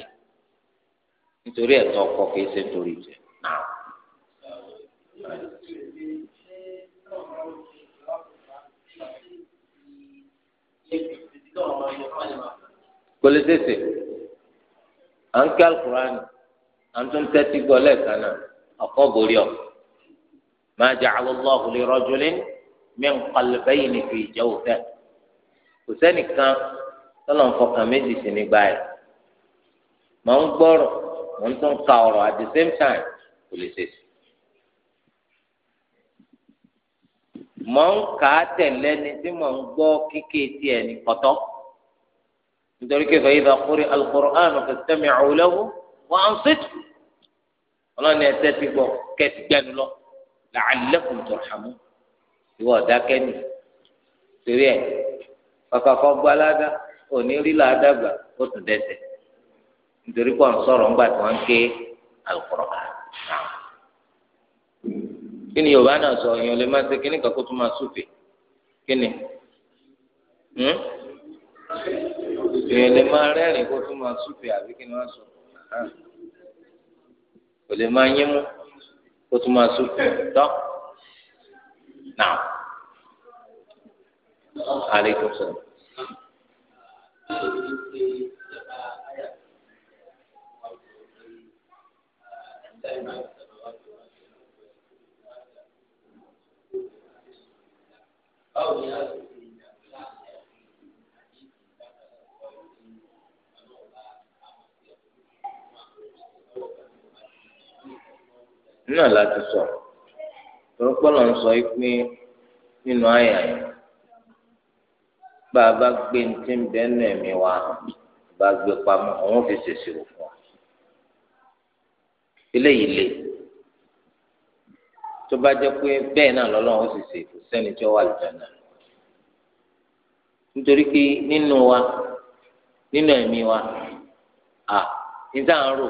nítorí ẹ̀ tọ́ kọ́ kí ẹ ṣe torí jẹ náà. kò lè tètè à ń kí alukurani à ń tún tẹ́tí gbọ́ lẹ́ẹ̀kan náà ọkọ gòrí ọ máa jẹ alọlọ́ọ̀hùn lè rọ́jú lé mí ń palẹ̀ bẹ́yìn ní fi ìjẹ́ òfẹ́ kò sẹ́nìkan tọ́lọ̀ ń fọkàn méjì sí ní báyìí mọ̀ ń gbọ́rọ̀ mọ̀ ń tún ka ọ̀rọ̀ at the same time kò lè tètè. mọ̀ ń kà á tẹ̀lé ni tí mọ̀ ń gbọ́ kíké tiẹ̀ ní kọ́tọ́ nítorí pé fẹ́yìí dàkúrí alukóraánù fẹ́sẹ̀mì àwùlẹ́wò wọ́n á ń sètù ọlọ́ni ẹsẹ̀ ti gbọ́ kẹ́tì gbẹ́nu lọ làálẹ́kùn tó hàmú ìwọ ọ̀dákẹ́ nì torí ẹ̀ kọ̀kọ̀kọ̀ gbọ́ aládá òní rí làádá ó tún dẹ́sẹ̀ nítorí pé ọ̀n sọ̀rọ̀ ńgbà tí wọ́n ń ké alukóraánù kí ni yorùbá náà sọ èèyàn lè má ṣe kíní kan kó tún máa súfè kí ni hmm? èèyàn lè má rẹ́rìn kó tún máa súfè àbí kí ni wọ́n sọ kò lè má yín mú kó tún máa súfè tọ́ náà aleykum salaam. Thank you. báwo ni a lè fi ìyàtọ̀ láti ẹ̀sìn àti ìgbàgbọ́ ọ̀rọ̀ ìlú ọlọ́ọ̀bá àwọn ìyàtọ̀ náà láti sọ torókọ́lọ́ pé nínú àyà yìí bá a bá gbé ní tí ń bẹ́ nù ẹ̀mí wa bá a gbé pamọ́ òun fi ṣèṣirò fún wa eléyìí lè tó bá jẹ́ pé bẹ́ẹ̀ náà lọ́lọ́run ó sì ṣe kò sẹ́ni tí ó wà lùjánà nítorí pé nínú wa nínú ẹ̀mí wa à níta ń rò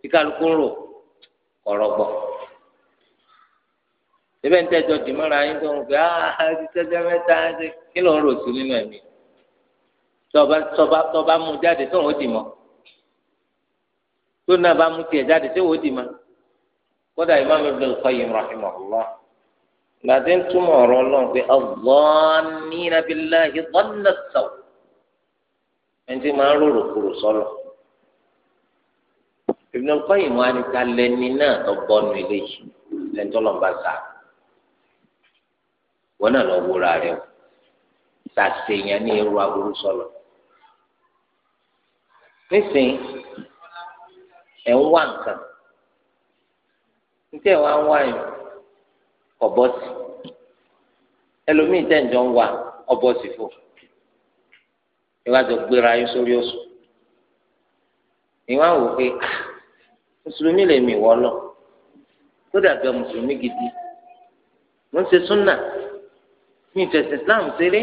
tí kálukú ń rò ọ̀rọ̀ gbọ́ síbẹ̀ ní tẹ́jọ́ dì mọ́ra yín tó ń pè á ti tẹ́jọ́ mẹ́ta ṣe kí ló ń rò sí nínú ẹ̀mí tọba mú jáde tó ń wò dì mọ́ tó náà bá mú tiẹ̀ jáde tó ń wò dì mọ́ kódà imam ibn al-qayyim rahimahullah gbàdé ń túmọ̀ ọ̀rọ̀ ọlọ́run pé adh-dhannina billahi dhanna as-saw ẹni tí máa ń rorò kúrò sọ́lọ̀ ibn al-qayyim wa ni ká lẹni náà tó gbọ́nu eléyìí lẹ́ni tó lọ́n bá sá wọn náà o sàṣeyàn ní irú aburú sọ́lọ̀ nísìnyí ẹ̀ ń wá níta ìwà ń wá yìí ọ̀bọ sí ẹlòmíì tẹ̀jọ́ ń wá ọ̀bọ sí fò ìwádìí gbéra yín sórí oṣù ìwà wò pé ah, mùsùlùmí lè mi wọ́ lọ tó dàgbà mùsùlùmí gidi mo ń ṣe súnà mi ìfẹ̀sẹ̀ Islam ṣeré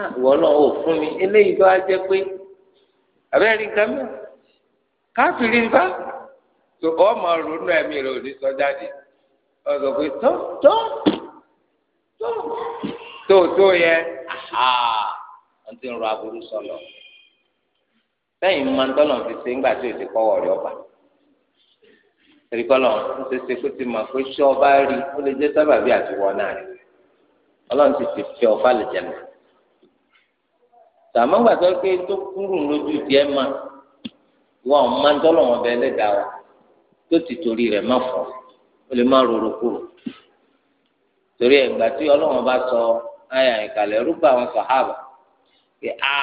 ah, ìwọ náà ò fún mi eléyìí bá jẹ́ pé àbẹ́rẹ́ nǹkan mọ́ káfíìrì bá. So ọ mọ ronú ẹ̀mí rẹ ò ní sọ jáde ọ sọ pé tó tó tó tó tó yẹ àà wọn ti ń ro aburú sọlọ lẹ́yìn máa ń tọ́lọ̀ fi ṣe ńgbà tí o ti kọ́wọ́ rẹ ọba erikọlọ ń ṣeṣe kó ti mọ̀ pé ṣé ọba rí ó lè jẹ́ sábàbí àti wọ náà rí ọlọ́run ti ti fi ọba lè jẹ náà tàmọ́gbà tó pé tó kúrú lójú díẹ̀ máa wọn máa wọn bẹ lẹ́dàá wa tó ti torí rẹ̀ má fọ́ ó lè má rorò kúrò torí ẹ̀gbà tí ọlọ́run bá sọ ayà ìkàlẹ̀ rúbà àwọn sàhábà pé a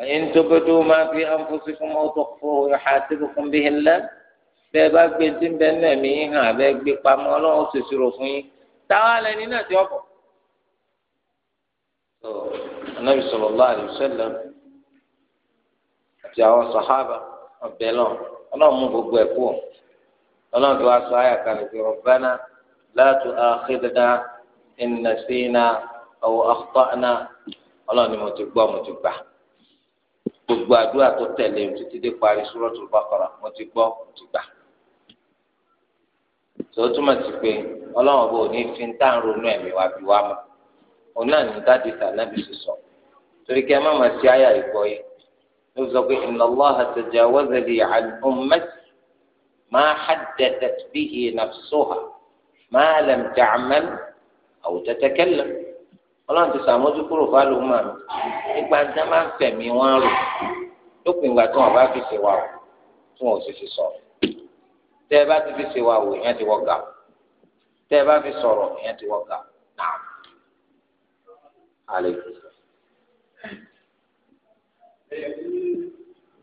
ọ̀yẹ́ nítorí máa fi ànfọ́sí fún ọtọ́ fún ọyọ àti fún bí ńlá bẹ́ẹ̀ bá gbé e tí ń bẹ náà mí hàn abẹ́ gbé pamọ́ ọlọ́run ṣèṣirò fún yín táwa lẹni náà ti ọ̀pọ̀. anabi sallallahu alaihi wasallam àti àwọn sàhábà ọbẹ̀ lọ́wọ́ ọlọ́run mú gbogbo ẹ̀ kú ọ ọlọ́run tó wá sọ ayà kan lè rabbana la tu'akhidhna in nasina aw akhta'na ọlọ́run ni mo ti gbọ́ mo ti gbà gbogbo àdúrà tó tẹ̀lé títí dé parí Suratul Baqara mo ti gbọ́ mo ti gbà tó túmọ̀ sí pé ọlọ́run ọba ò ní fi ń tá à ń ronú ẹ̀mí wa bí wa mọ̀ òun náà ní dáàdì sànàbì sísọ torí kí ẹ má máa ṣe àyà ìgbọ́ yìí ló إن الله تجاوز لي عن li ما ummati ma نفسها ما لم تعمل أو تتكلم aw tatakallam ọlọ́run ti sàmójú kúrò fálùmọ́ nígbà tí wọ́n máa ń fẹ̀mí wọn rò lópin ìgbà tí wọ́n bá fi ṣèwà o tí wọ́n ò sì fi sọ̀rọ̀ tẹ́ ẹ bá ti fi ṣèwà o ìyẹn ti wọ́ gà o tẹ́ ẹ bá fi sọ̀rọ̀ ìyẹn ti wọ́ gà o náà àlejò.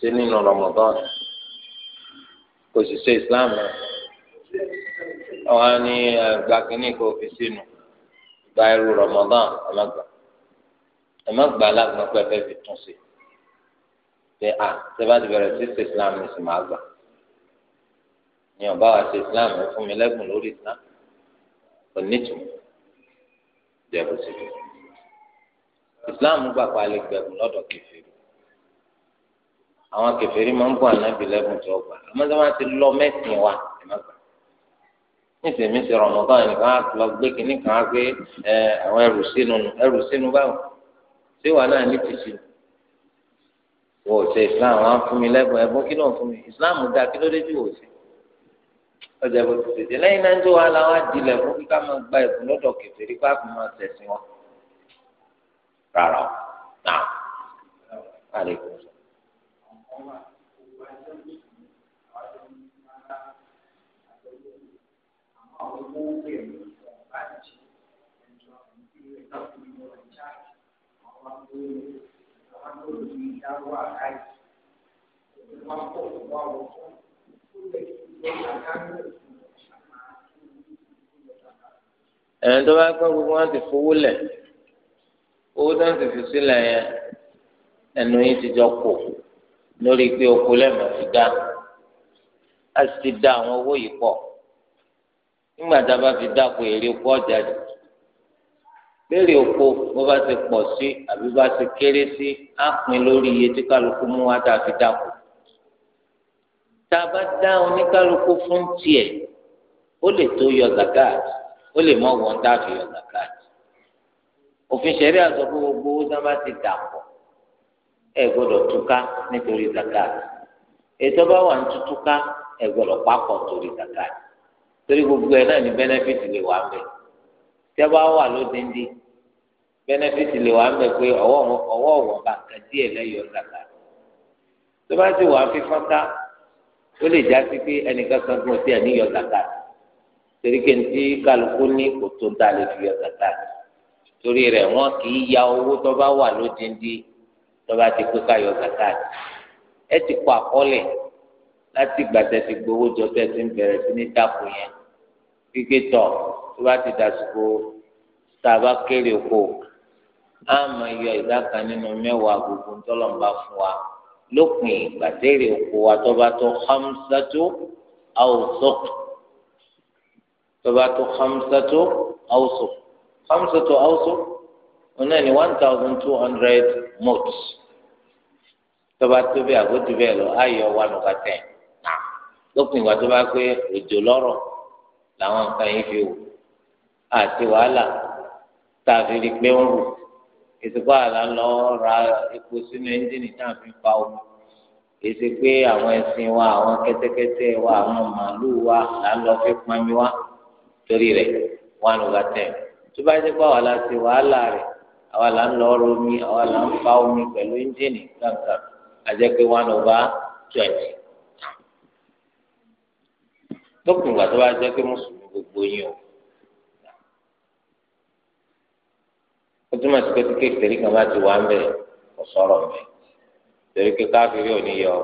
ṣe nínú Ramadan kò sì ṣe Islam rẹ wọn ní gba kínní kò fi sínú gba irú Ramadan ọmọgbà ẹmọgbà alágbọn pẹpẹ fi tún sí ṣe à ṣẹba ti bẹ̀rẹ̀ sí ṣe Islam ní sì máa gbà ní ọba wa ṣe Islam rẹ fún mi lẹ́gùn lórí Islam kò nítumọ̀ jẹ́ bó ṣe fi islam gbà pa alẹ́ gbẹ̀bùn lọ́dọ̀ kẹfẹ́rì àwọn kẹfẹ́rì máa ń bọ̀ ànábì lẹ́bùn tó gbà àmọ́ tí wọ́n ti lọ mẹ́sìn wa ẹ̀ má gbà ní tèmi ti rọmọdán nìkan á lọ gbé kínní kan á gbé àwọn ẹrù sínú ẹrù sínú báwo ṣé wàá náà ní tìṣí wò ṣe islam wọn á fún mi lẹ́bùn ẹ̀bùn kí náà fún mi islam dá kí ló dé tí wò ó ṣe ọjà ìbò ti tètè lẹ́yìn náà ń tó wàhálà wá dilẹ̀ fún kíkà máa gba ẹ̀bùn lọ́dọ̀ kẹfẹ́rì pàápàá máa tẹ̀sìn wọn rárá o náà bá gbọ́ gbogbo wọn ti fowó lẹ̀ owó tó ń fìfì sílẹ̀ yẹn ẹnu yín ti jọ kù lórí pé oko lẹ́mọ̀ ti dá a sì ti da àwọn owó yìí pọ̀ nígbà tá a bá fi dáko èrè oko ọjà jù béèrè oko bó bá ti pọ̀ sí àbí bá ti kéré sí á pín lórí iye tí kálukú mú wá tá a fi dáko tá a bá dá oníkálukú fún tiẹ̀ ó lè tó yọ zakat ó lè mọ̀ wọ́n tá a fi yọ zakat òfin ṣẹ̀rí àsọ pé gbogbo owó sábà ti dà pọ̀ ẹ gbọ́dọ̀ túká nítorí zakat ètò bá wà ní tútúká ẹ gbọ́dọ̀ papọ̀ torí zakat torí gbogbo ẹ náà ní bẹ́nẹ́fìtì lè wà bẹ́ẹ̀ tí a bá wà lódindi bẹ́nẹ́fìtì lè wà bẹ́ẹ̀ pé ọwọ́ ọ̀wọ́ bá kà díẹ̀ lẹ́yọ̀ zakat tó bá ti wà fífọ́n ká ó lè já sí pé ẹnìkan kan gbọ́n sí ẹ̀ níyọ̀ zakat torí kẹ́ntì kálukú ní kò tó ń lè fi yọ zakat torí rẹ̀ wọ́n kì í ya owó tó bá wà lódindi tó bá ti pé káyọ zakat ẹ ti kọ àkọọ́lẹ̀ láti ìgbà tẹ́ ti gbowó jọ tẹ́ ti ń bẹ̀rẹ̀ sí ní dàpọ yẹn gbígbé tọ tó bá ti dàsìkò tá a bá kéré oko á máa yọ ìdá nínú mẹ́wàá gbogbo ńtọ́lọ́mbà fún wa lópin ìgbà oko wa tó tó hamsatu awusuk tó tó hamsatu awusuk hamsatu awusu ọ̀nà ni one thousand two hundred mots tọba tó bẹ àgótì bẹ́ẹ̀ lọ ayọ̀ wà lọ́ka tẹ̀ náà lópin ìgbà tó bá pé òjò lọ́rọ̀ làwọn nǹkan yìí fi wò àti wàhálà tá a fi rí pé ń wò ìsìnkú àlà ń lọ ra epo sínú ẹ́ńjìnì tá a fi fa omi èsì pé àwọn ẹṣin wa àwọn kẹ́tẹ́kẹ́tẹ́ wa àwọn màálù wa là ń lọ fi pọnmi wa torí rẹ̀ one over ten. tó bá jẹ́ pé àwa la ṣe wàhálà rẹ̀ la ń lọ omi àwa la ń fa omi pẹ̀lú ẹ́ńjìnì kankan àjẹ́ pé one over twenty. lókùn ìgbà tó bá jẹ́ pé mùsùlùmí gbogbo yín o. ó túmọ̀ sí pé kan bá ti wà ń bẹ̀ kò sọ̀rọ̀ mẹ́. torí pé káfíńrì ò ní yọ